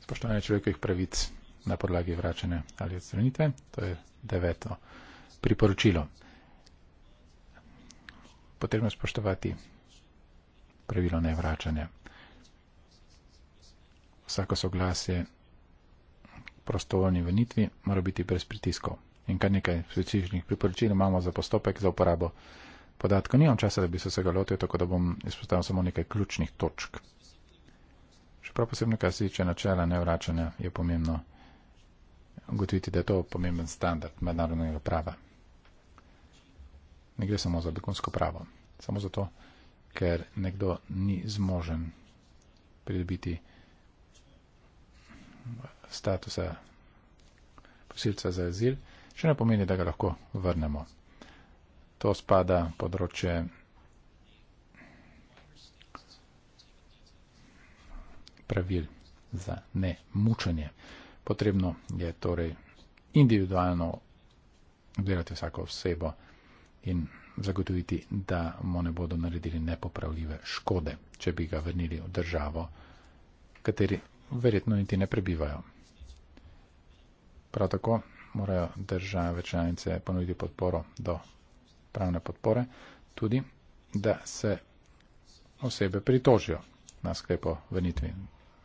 Spoštovanje človekovih pravic na podlagi vračene ali odstranitve, to je deveto priporočilo. Potrebno je spoštovati pravilo nevračanja vsako soglasje prostovoljni venitvi mora biti brez pritiskov. In kar nekaj specifičnih priporočil imamo za postopek za uporabo podatkov. Nimam časa, da bi se vsega lotil, tako da bom izpostavil samo nekaj ključnih točk. Še prav posebno, kar se tiče načela nevračanja, je pomembno ugotoviti, da je to pomemben standard mednarodnega prava. Ne gre samo za begunsko pravo. Samo zato, ker nekdo ni zmožen pridobiti statusa posilca za azil, še ne pomeni, da ga lahko vrnemo. To spada področje pravil za ne mučenje. Potrebno je torej individualno gledati vsako osebo in zagotoviti, da mu ne bodo naredili nepopravljive škode, če bi ga vrnili v državo, kateri verjetno niti ne prebivajo. Prav tako morajo države članice ponuditi podporo do pravne podpore, tudi da se osebe pritožijo na sklepo venitvi.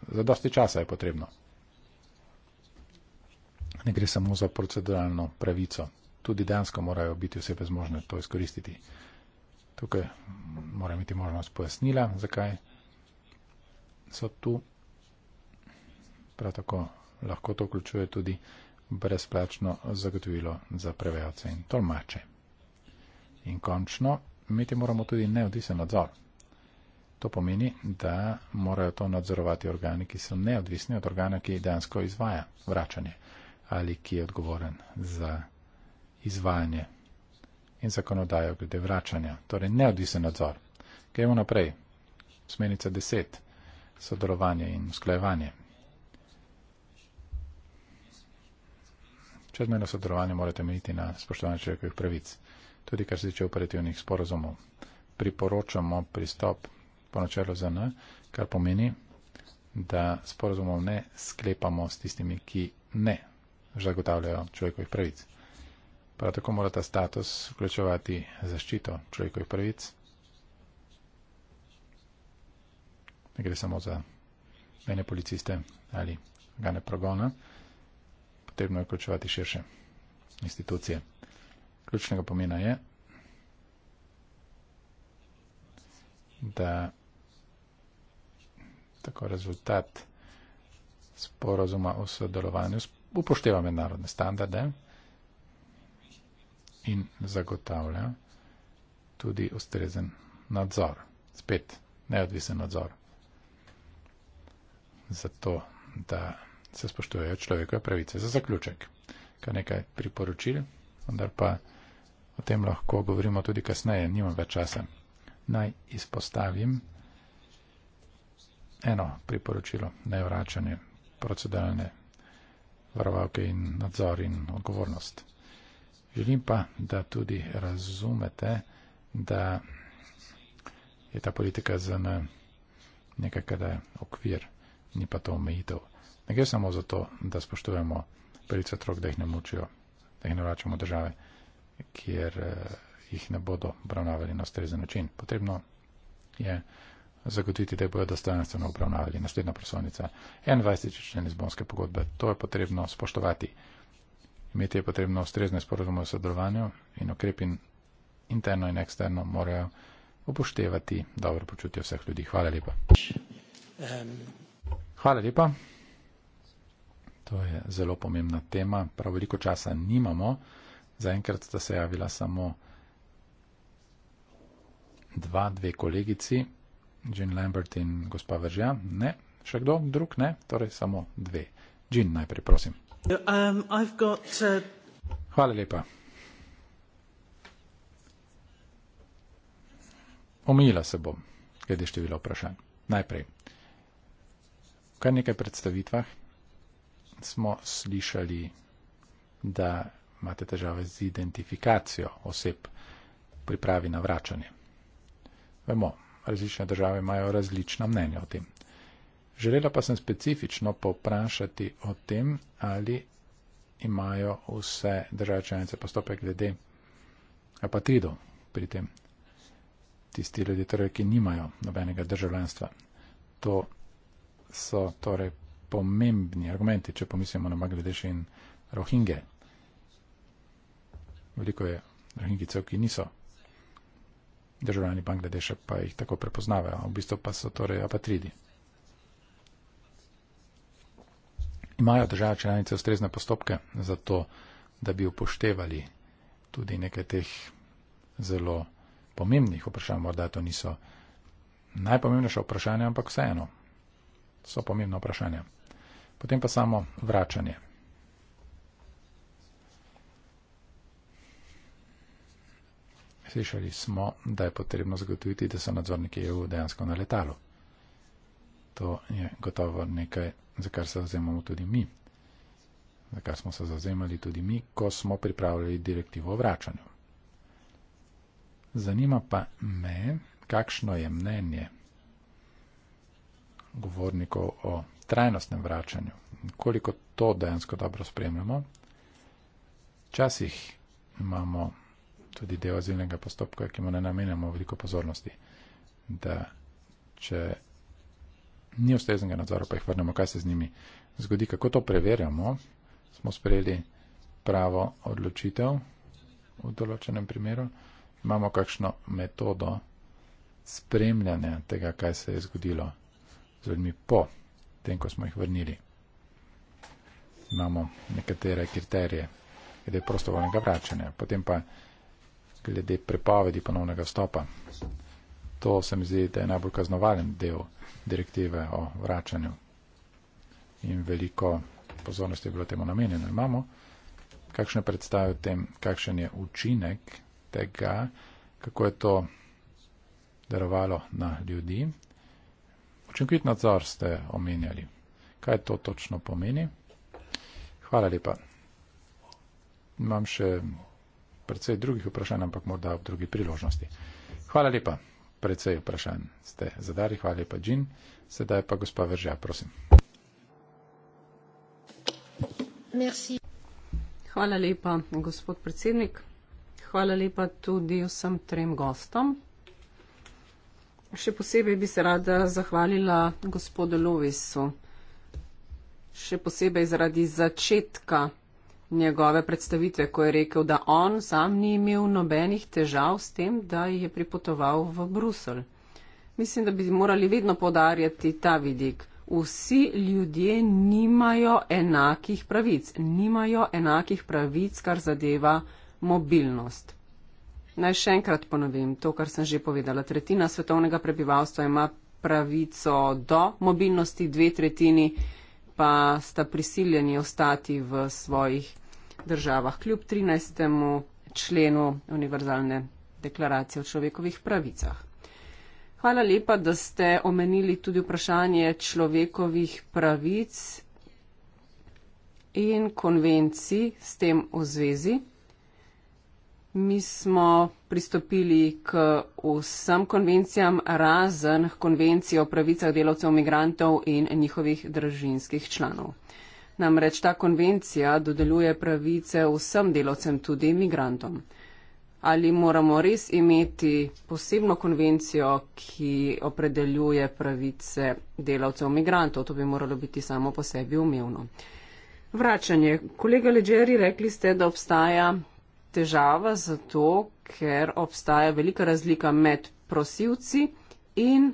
Za dosti časa je potrebno. Ne gre samo za proceduralno pravico. Tudi dejansko morajo biti osebe zmožne to izkoristiti. Tukaj mora imeti možnost pojasnila, zakaj so tu prav tako lahko to vključuje tudi brezplačno zagotovilo za prevajalce in tolmače. In končno, imeti moramo tudi neodvisen nadzor. To pomeni, da morajo to nadzorovati organi, ki so neodvisni od organa, ki dejansko izvaja vračanje ali ki je odgovoren za izvajanje in zakonodajo glede vračanja. Torej, neodvisen nadzor. Gremo naprej. Smenica 10. Sodelovanje in usklajevanje. čezmerno sodelovanje morate meniti na spoštovanje človekovih pravic, tudi kar se tiče operativnih sporozumov. Priporočamo pristop po načelu ZN, kar pomeni, da sporozumov ne sklepamo s tistimi, ki ne zagotavljajo človekovih pravic. Prav tako mora ta status vključevati zaščito človekovih pravic. Ne gre samo za mene policiste ali gane progona potrebno je vključevati širše institucije. Ključnega pomena je, da tako rezultat sporozuma o sodelovanju upošteva mednarodne standarde in zagotavlja tudi ustrezen nadzor, spet neodvisen nadzor. Zato, da se spoštujejo človekove pravice. Za zaključek, kar nekaj priporočil, vendar pa o tem lahko govorimo tudi kasneje, nimam več časa. Naj izpostavim eno priporočilo, ne vračanje proceduralne varovalke in nadzor in odgovornost. Želim pa, da tudi razumete, da je ta politika za nekakrat okvir, ni pa to omejitev. Ne gre samo za to, da spoštujemo pravice otrok, da jih ne mučijo, da jih ne vračamo države, kjer eh, jih ne bodo obravnavali na ustrezen način. Potrebno je zagotoviti, da bodo dostojanstveno obravnavali. Naslednja prosovnica. 21. člen izbonske pogodbe. To je potrebno spoštovati. Imeti je potrebno ustrezne sporozume o sodelovanju in okrepi interno in eksterno morajo upoštevati dobro počutje vseh ljudi. Hvala lepa. Hvala lepa. To je zelo pomembna tema. Prav veliko časa nimamo. Zaenkrat sta se javila samo dva, dve kolegici, Jean Lambert in gospa Veržja. Ne, še kdo drug ne, torej samo dve. Jean, najprej, prosim. Um, got, uh... Hvala lepa. Omejila se bom, glede števila vprašanj. Najprej. Kar nekaj predstavitvah smo slišali, da imate težave z identifikacijo oseb pri pravi na vračanje. Vemo, različne države imajo različna mnenja o tem. Želela pa sem specifično povprašati o tem, ali imajo vse države članice postopek glede apatridov pri tem. Tisti ljudje, torej, ki nimajo nobenega državljanstva. To so torej pomembni argumenti, če pomislimo na Bangladeš in Rohinge. Veliko je Rohingicev, ki niso državljani Bangladeša, pa jih tako prepoznavajo. V bistvu pa so torej apatridi. Imajo države članice ustrezne postopke za to, da bi upoštevali tudi nekaj teh zelo pomembnih vprašanj. Morda to niso najpomembnejša vprašanja, ampak vseeno so pomembna vprašanja potem pa samo vračanje. Slišali smo, da je potrebno zagotoviti, da so nadzorniki EU dejansko na letalu. To je gotovo nekaj, za kar se zauzemamo tudi mi. Za kar smo se zauzemali tudi mi, ko smo pripravljali direktivo o vračanju. Zanima pa me, kakšno je mnenje govornikov o trajnostnem vračanju, koliko to dejansko dobro spremljamo. Včasih imamo tudi del azilnega postopka, ki mu ne namenjamo veliko pozornosti, da če ni ustreznega nadzora, pa jih vrnemo, kaj se z njimi zgodi, kako to preverjamo, smo sprejeli pravo odločitev v določenem primeru, imamo kakšno metodo spremljanja tega, kaj se je zgodilo z ljudmi po potem, ko smo jih vrnili. Imamo nekatere kriterije glede prostovoljnega vračanja, potem pa glede prepovedi ponovnega vstopa. To se mi zdi, da je najbolj kaznovalen del direktive o vračanju in veliko pozornosti je bilo temu namenjeno. Imamo kakšne predstave o tem, kakšen je učinek tega, kako je to darovalo na ljudi. Učinkovit nadzor ste omenjali. Kaj to točno pomeni? Hvala lepa. Imam še predvsej drugih vprašanj, ampak morda ob drugi priložnosti. Hvala lepa. Predvsej vprašanj ste zadali. Hvala lepa, Džin. Sedaj pa gospa Veržja, prosim. Merci. Hvala lepa, gospod predsednik. Hvala lepa tudi vsem trem gostom. Še posebej bi se rada zahvalila gospodu Lovisu, še posebej zaradi začetka njegove predstavitve, ko je rekel, da on sam ni imel nobenih težav s tem, da je pripotoval v Brusel. Mislim, da bi morali vedno podarjati ta vidik. Vsi ljudje nimajo enakih pravic, nimajo enakih pravic, kar zadeva mobilnost. Naj še enkrat ponovim to, kar sem že povedala. Tretjina svetovnega prebivalstva ima pravico do mobilnosti, dve tretjini pa sta prisiljeni ostati v svojih državah. Kljub 13. členu Univerzalne deklaracije o človekovih pravicah. Hvala lepa, da ste omenili tudi vprašanje človekovih pravic in konvencij s tem v zvezi. Mi smo pristopili k vsem konvencijam razen konvencije o pravicah delavcev migrantov in njihovih družinskih članov. Namreč ta konvencija dodeljuje pravice vsem delavcem, tudi migrantom. Ali moramo res imeti posebno konvencijo, ki opredeljuje pravice delavcev migrantov? To bi moralo biti samo po sebi umevno. Vračanje. Kolega Leđeri, rekli ste, da obstaja težava zato, ker obstaja velika razlika med prosilci in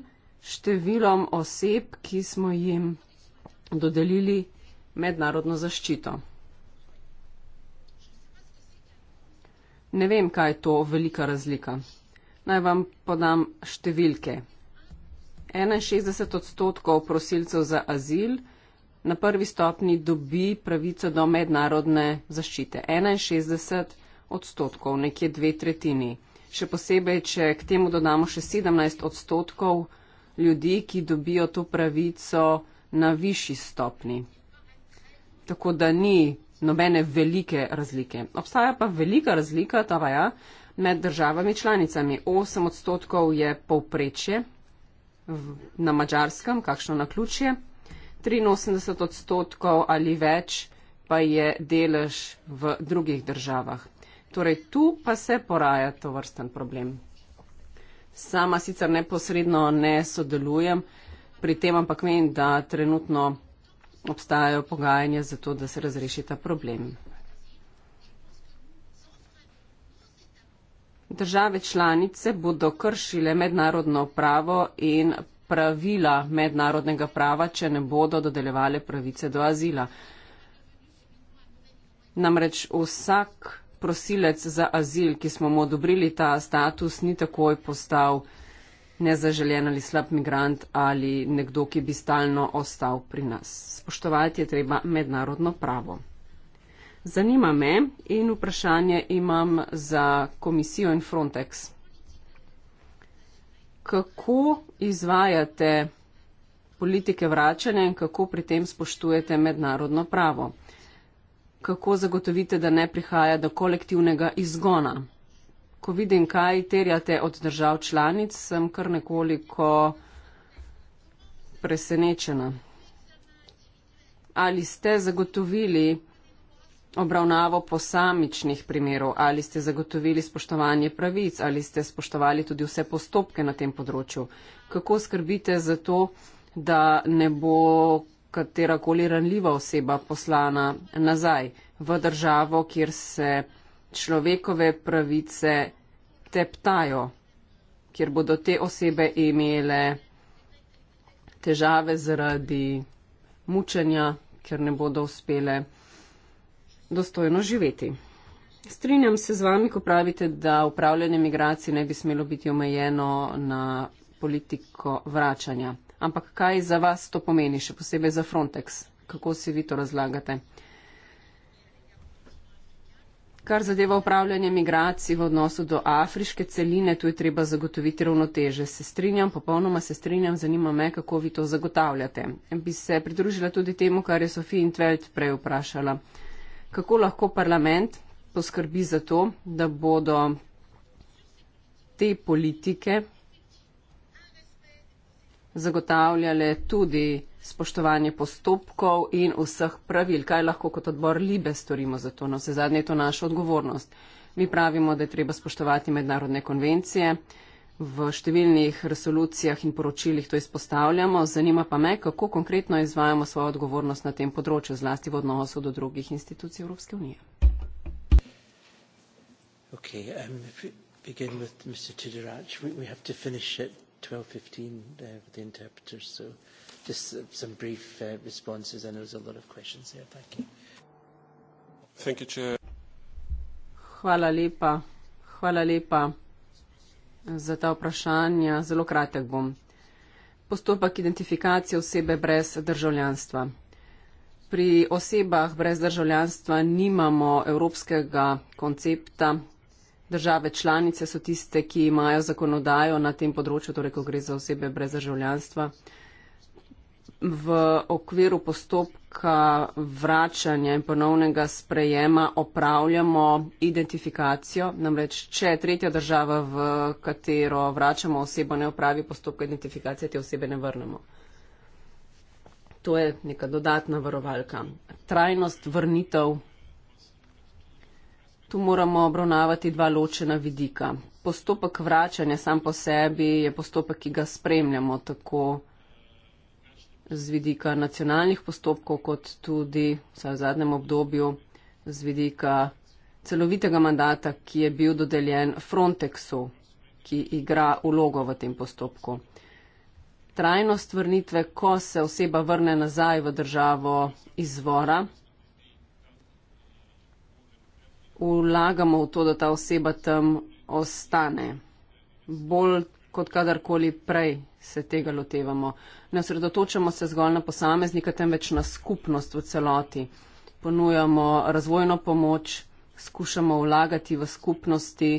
številom oseb, ki smo jim dodelili mednarodno zaščito. Ne vem, kaj je to velika razlika. Naj vam podam številke. 61 odstotkov prosilcev za azil na prvi stopni dobi pravico do mednarodne zaščite. 61 odstotkov odstotkov, nekje dve tretjini. Še posebej, če k temu dodamo še 17 odstotkov ljudi, ki dobijo to pravico na višji stopni. Tako da ni nobene velike razlike. Obstaja pa velika razlika, ta vaja, med državami članicami. 8 odstotkov je povprečje na mačarskem, kakšno na ključje. 83 odstotkov ali več pa je delež v drugih državah. Torej, tu pa se poraja to vrsten problem. Sama sicer neposredno ne sodelujem pri tem, ampak menim, da trenutno obstajajo pogajanja za to, da se razreši ta problem. Države članice bodo kršile mednarodno pravo in pravila mednarodnega prava, če ne bodo dodeljevale pravice do azila. Namreč vsak prosilec za azil, ki smo mu odobrili ta status, ni takoj postal nezaželjen ali slab migrant ali nekdo, ki bi stalno ostal pri nas. Spoštovati je treba mednarodno pravo. Zanima me in vprašanje imam za komisijo in Frontex. Kako izvajate politike vračanja in kako pri tem spoštujete mednarodno pravo? kako zagotovite, da ne prihaja do kolektivnega izgona. Ko vidim, kaj terjate od držav članic, sem kar nekoliko presenečena. Ali ste zagotovili obravnavo posamičnih primerov, ali ste zagotovili spoštovanje pravic, ali ste spoštovali tudi vse postopke na tem področju? Kako skrbite za to, da ne bo katera koli ranljiva oseba poslana nazaj v državo, kjer se človekove pravice teptajo, kjer bodo te osebe imele težave zaradi mučenja, ker ne bodo uspele dostojno živeti. Strinjam se z vami, ko pravite, da upravljanje migracij ne bi smelo biti omejeno na politiko vračanja. Ampak kaj za vas to pomeni, še posebej za Frontex? Kako si vi to razlagate? Kar zadeva upravljanje migracij v odnosu do afriške celine, tu je treba zagotoviti ravnoteže. Se strinjam, popolnoma se strinjam, zanima me, kako vi to zagotavljate. Bi se pridružila tudi temu, kar je Sofija Intveld prej vprašala. Kako lahko parlament poskrbi za to, da bodo te politike, zagotavljale tudi spoštovanje postopkov in vseh pravil. Kaj lahko kot odbor Libe storimo za to? No, vse zadnje je to naša odgovornost. Mi pravimo, da je treba spoštovati mednarodne konvencije. V številnih resolucijah in poročilih to izpostavljamo. Zanima pa me, kako konkretno izvajamo svojo odgovornost na tem področju, zlasti v odnosu do drugih institucij Evropske unije. Okay, um, Begin with Mr. Tidarach. We, we have to finish at 12.15 uh, with the interpreters. So just uh, some brief uh, responses. I know there's a lot of questions there. Thank you. Thank you, Chair. Hvala lepa. Hvala lepa za ta vprašanja. Zelo kratek bom. Postopek identifikacije osebe brez državljanstva. Pri osebah brez državljanstva nimamo evropskega koncepta, Države članice so tiste, ki imajo zakonodajo na tem področju, torej ko gre za osebe brez državljanstva. V okviru postopka vračanja in ponovnega sprejema opravljamo identifikacijo, namreč če tretja država, v katero vračamo osebo, ne opravi postopka identifikacije, te osebe ne vrnemo. To je neka dodatna varovalka. Trajnost vrnitev Tu moramo obravnavati dva ločena vidika. Postopek vračanja sam po sebi je postopek, ki ga spremljamo tako z vidika nacionalnih postopkov, kot tudi v zadnjem obdobju z vidika celovitega mandata, ki je bil dodeljen Frontexu, ki igra ulogo v tem postopku. Trajnost vrnitve, ko se oseba vrne nazaj v državo izvora, vlagamo v to, da ta oseba tam ostane. Bolj kot kadarkoli prej se tega lotevamo. Ne osredotočamo se zgolj na posameznika, temveč na skupnost v celoti. Ponujamo razvojno pomoč, skušamo vlagati v skupnosti,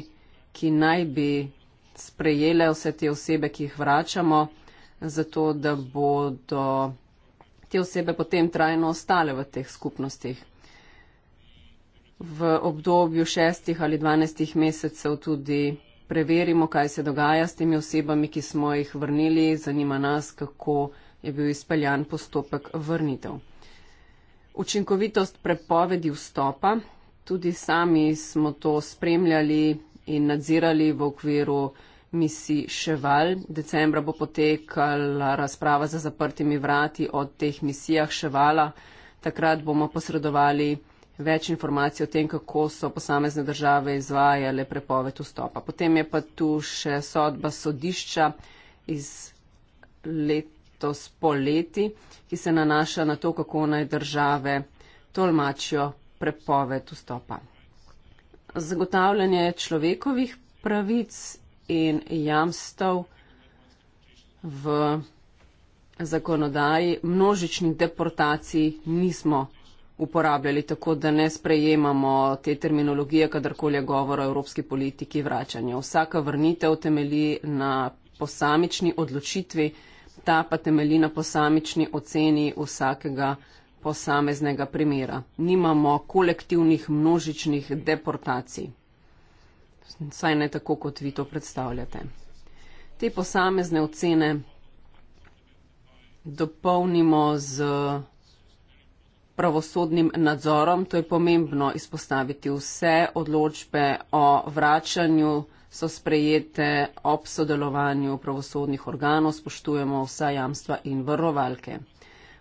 ki naj bi sprejele vse te osebe, ki jih vračamo, zato da bodo te osebe potem trajno ostale v teh skupnostih v obdobju šestih ali dvanajstih mesecev tudi preverimo, kaj se dogaja s temi osebami, ki smo jih vrnili. Zanima nas, kako je bil izpeljan postopek vrnitev. Učinkovitost prepovedi vstopa. Tudi sami smo to spremljali in nadzirali v okviru misij Ševal. Decembra bo potekala razprava za zaprtimi vrati o teh misijah Ševala. Takrat bomo posredovali več informacij o tem, kako so posamezne države izvajale prepoved vstopa. Potem je pa tu še sodba sodišča iz letos poleti, ki se nanaša na to, kako naj države tolmačijo prepoved vstopa. Zagotavljanje človekovih pravic in jamstev v zakonodaji množičnih deportacij nismo uporabljali, tako da ne sprejemamo te terminologije, kadarkoli je govor o evropski politiki vračanja. Vsaka vrnitev temelji na posamični odločitvi, ta pa temelji na posamični oceni vsakega posameznega primera. Nimamo kolektivnih množičnih deportacij, saj ne tako, kot vi to predstavljate. Te posamezne ocene dopolnimo z pravosodnim nadzorom. To je pomembno izpostaviti. Vse odločbe o vračanju so sprejete ob sodelovanju pravosodnih organov, spoštujemo vsa jamstva in varovalke.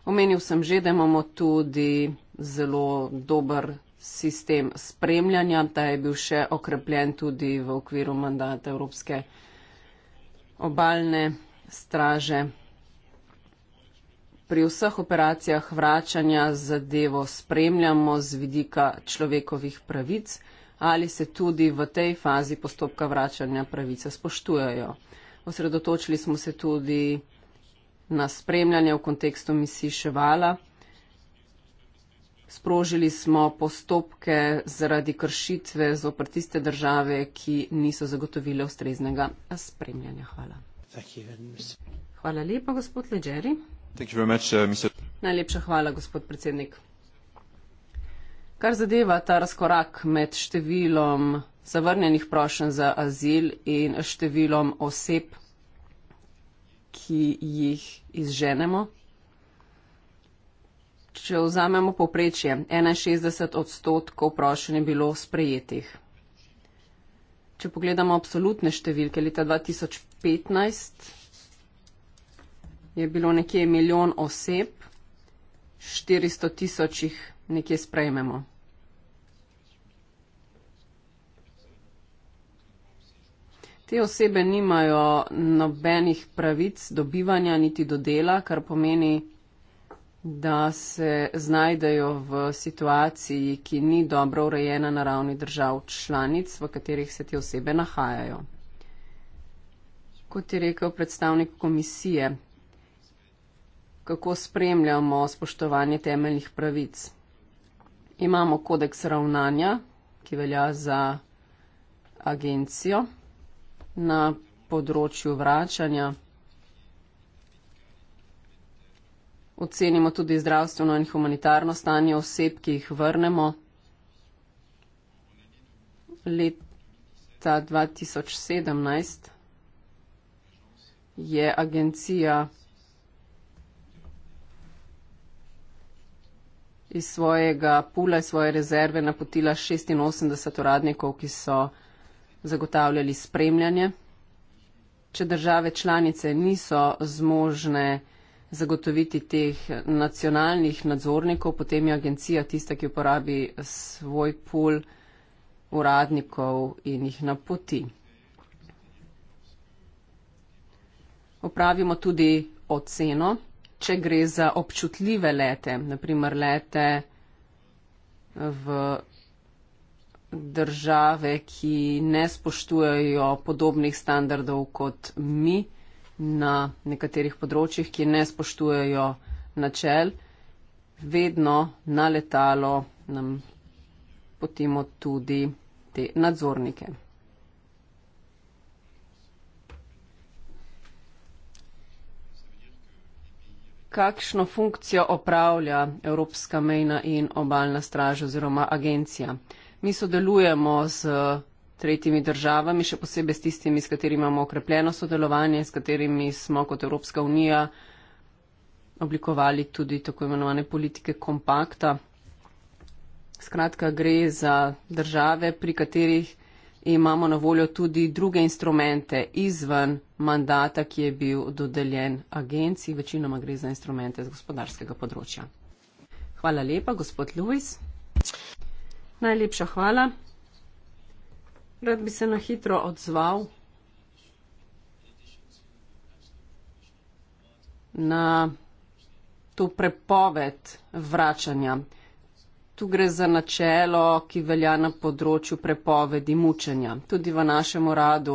Omenil sem že, da imamo tudi zelo dober sistem spremljanja, ta je bil še okrepljen tudi v okviru mandata Evropske obalne straže. Pri vseh operacijah vračanja zadevo spremljamo z vidika človekovih pravic, ali se tudi v tej fazi postopka vračanja pravice spoštujejo. Osredotočili smo se tudi na spremljanje v kontekstu misij Ševala. Sprožili smo postopke zaradi kršitve z opratiste države, ki niso zagotovile ustreznega spremljanja. Hvala. Hvala lepa, gospod Leđeri. Uh, Najlepša hvala, gospod predsednik. Kar zadeva ta razkorak med številom zavrnjenih prošen za azil in številom oseb, ki jih izženemo. Če vzamemo poprečje, 61 odstotkov prošen je bilo sprejetih. Če pogledamo absolutne številke leta 2015, je bilo nekje milijon oseb, 400 tisoč jih nekje sprejmemo. Te osebe nimajo nobenih pravic do bivanja niti do dela, kar pomeni, da se znajdejo v situaciji, ki ni dobro urejena na ravni držav članic, v katerih se te osebe nahajajo. Kot je rekel predstavnik komisije, kako spremljamo spoštovanje temeljnih pravic. Imamo kodeks ravnanja, ki velja za agencijo na področju vračanja. Ocenimo tudi zdravstveno in humanitarno stanje oseb, ki jih vrnemo. Leta 2017 je agencija iz svojega pula, iz svoje rezerve napotila 86 uradnikov, ki so zagotavljali spremljanje. Če države članice niso zmožne zagotoviti teh nacionalnih nadzornikov, potem je agencija tista, ki uporabi svoj pul uradnikov in jih napoti. Opravimo tudi oceno če gre za občutljive lete, naprimer lete v države, ki ne spoštujejo podobnih standardov kot mi na nekaterih področjih, ki ne spoštujejo načel, vedno na letalo nam potimo tudi te nadzornike. kakšno funkcijo opravlja Evropska mejna in obaljna straža oziroma agencija? Mi sodelujemo z eh, tretjimi državami, še posebej s tistimi, s katerimi imamo okrepljeno sodelovanje, s katerimi smo kot Evropska unija oblikovali tudi tako imenovane politike kompakta. Skratka, gre za države, pri katerih imamo na voljo tudi druge instrumente izven mandata, ki je bil dodeljen agenciji. Večinoma gre za instrumente z gospodarskega področja. Hvala lepa, gospod Lewis. Najlepša hvala. Rad bi se na hitro odzval na to prepoved vračanja. Tu gre za načelo, ki velja na področju prepovedi mučenja. Tudi v našem uradu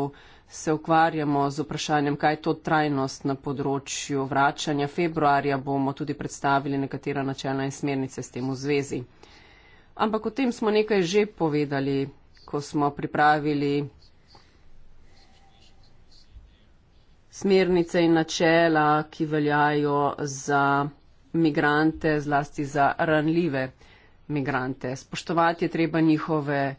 se ukvarjamo z vprašanjem, kaj je to trajnost na področju vračanja. Februarja bomo tudi predstavili nekatera načela in smernice s tem v zvezi. Ampak o tem smo nekaj že povedali, ko smo pripravili smernice in načela, ki veljajo za migrante, zlasti za ranljive migrante. Spoštovati je treba njihove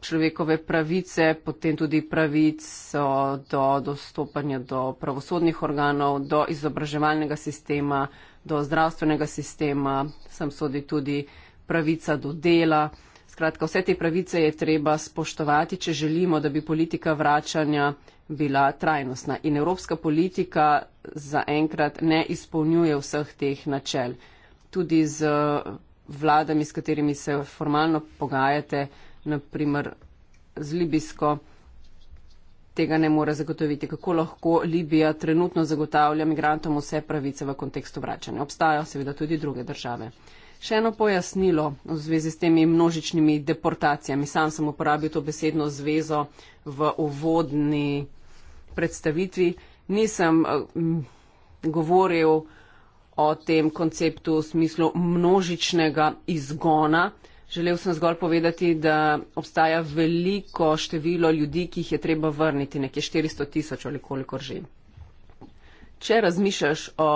človekove pravice, potem tudi pravico do dostopanja do pravosodnih organov, do izobraževalnega sistema, do zdravstvenega sistema, sem sodi tudi pravica do dela. Skratka, vse te pravice je treba spoštovati, če želimo, da bi politika vračanja bila trajnostna. In evropska politika zaenkrat ne izpolnjuje vseh teh načel. Tudi z vladami, s katerimi se formalno pogajate, naprimer z Libijsko, tega ne more zagotoviti. Kako lahko Libija trenutno zagotavlja migrantom vse pravice v kontekstu vračanja? Obstajajo seveda tudi druge države. Še eno pojasnilo v zvezi s temi množičnimi deportacijami. Sam sem uporabil to besedno zvezo v uvodni predstavitvi. Nisem eh, govoril, o tem konceptu v smislu množičnega izgona. Želel sem zgolj povedati, da obstaja veliko število ljudi, ki jih je treba vrniti, nekje 400 tisoč ali koliko že. Če razmišljaš o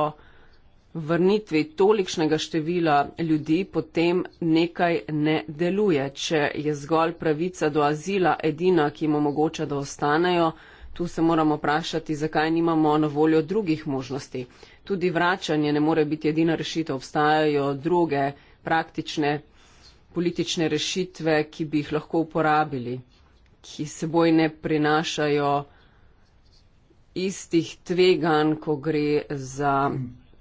vrnitvi tolikšnega števila ljudi, potem nekaj ne deluje. Če je zgolj pravica do azila edina, ki jim omogoča, da ostanejo, tu se moramo vprašati, zakaj nimamo na voljo drugih možnosti tudi vračanje ne more biti edina rešitev. Obstajajo druge praktične politične rešitve, ki bi jih lahko uporabili, ki seboj ne prinašajo istih tvegan, ko gre za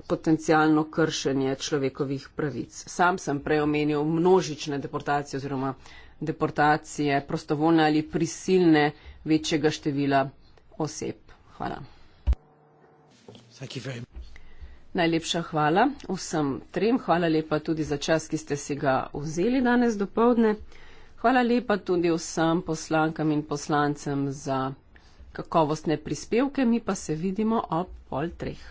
potencijalno kršenje človekovih pravic. Sam sem prej omenil množične deportacije oziroma deportacije prostovoljne ali prisilne večjega števila oseb. Hvala. Thank you very much. Najlepša hvala vsem trem, hvala lepa tudi za čas, ki ste si ga vzeli danes do povdne. Hvala lepa tudi vsem poslankam in poslancem za kakovostne prispevke, mi pa se vidimo ob pol treh.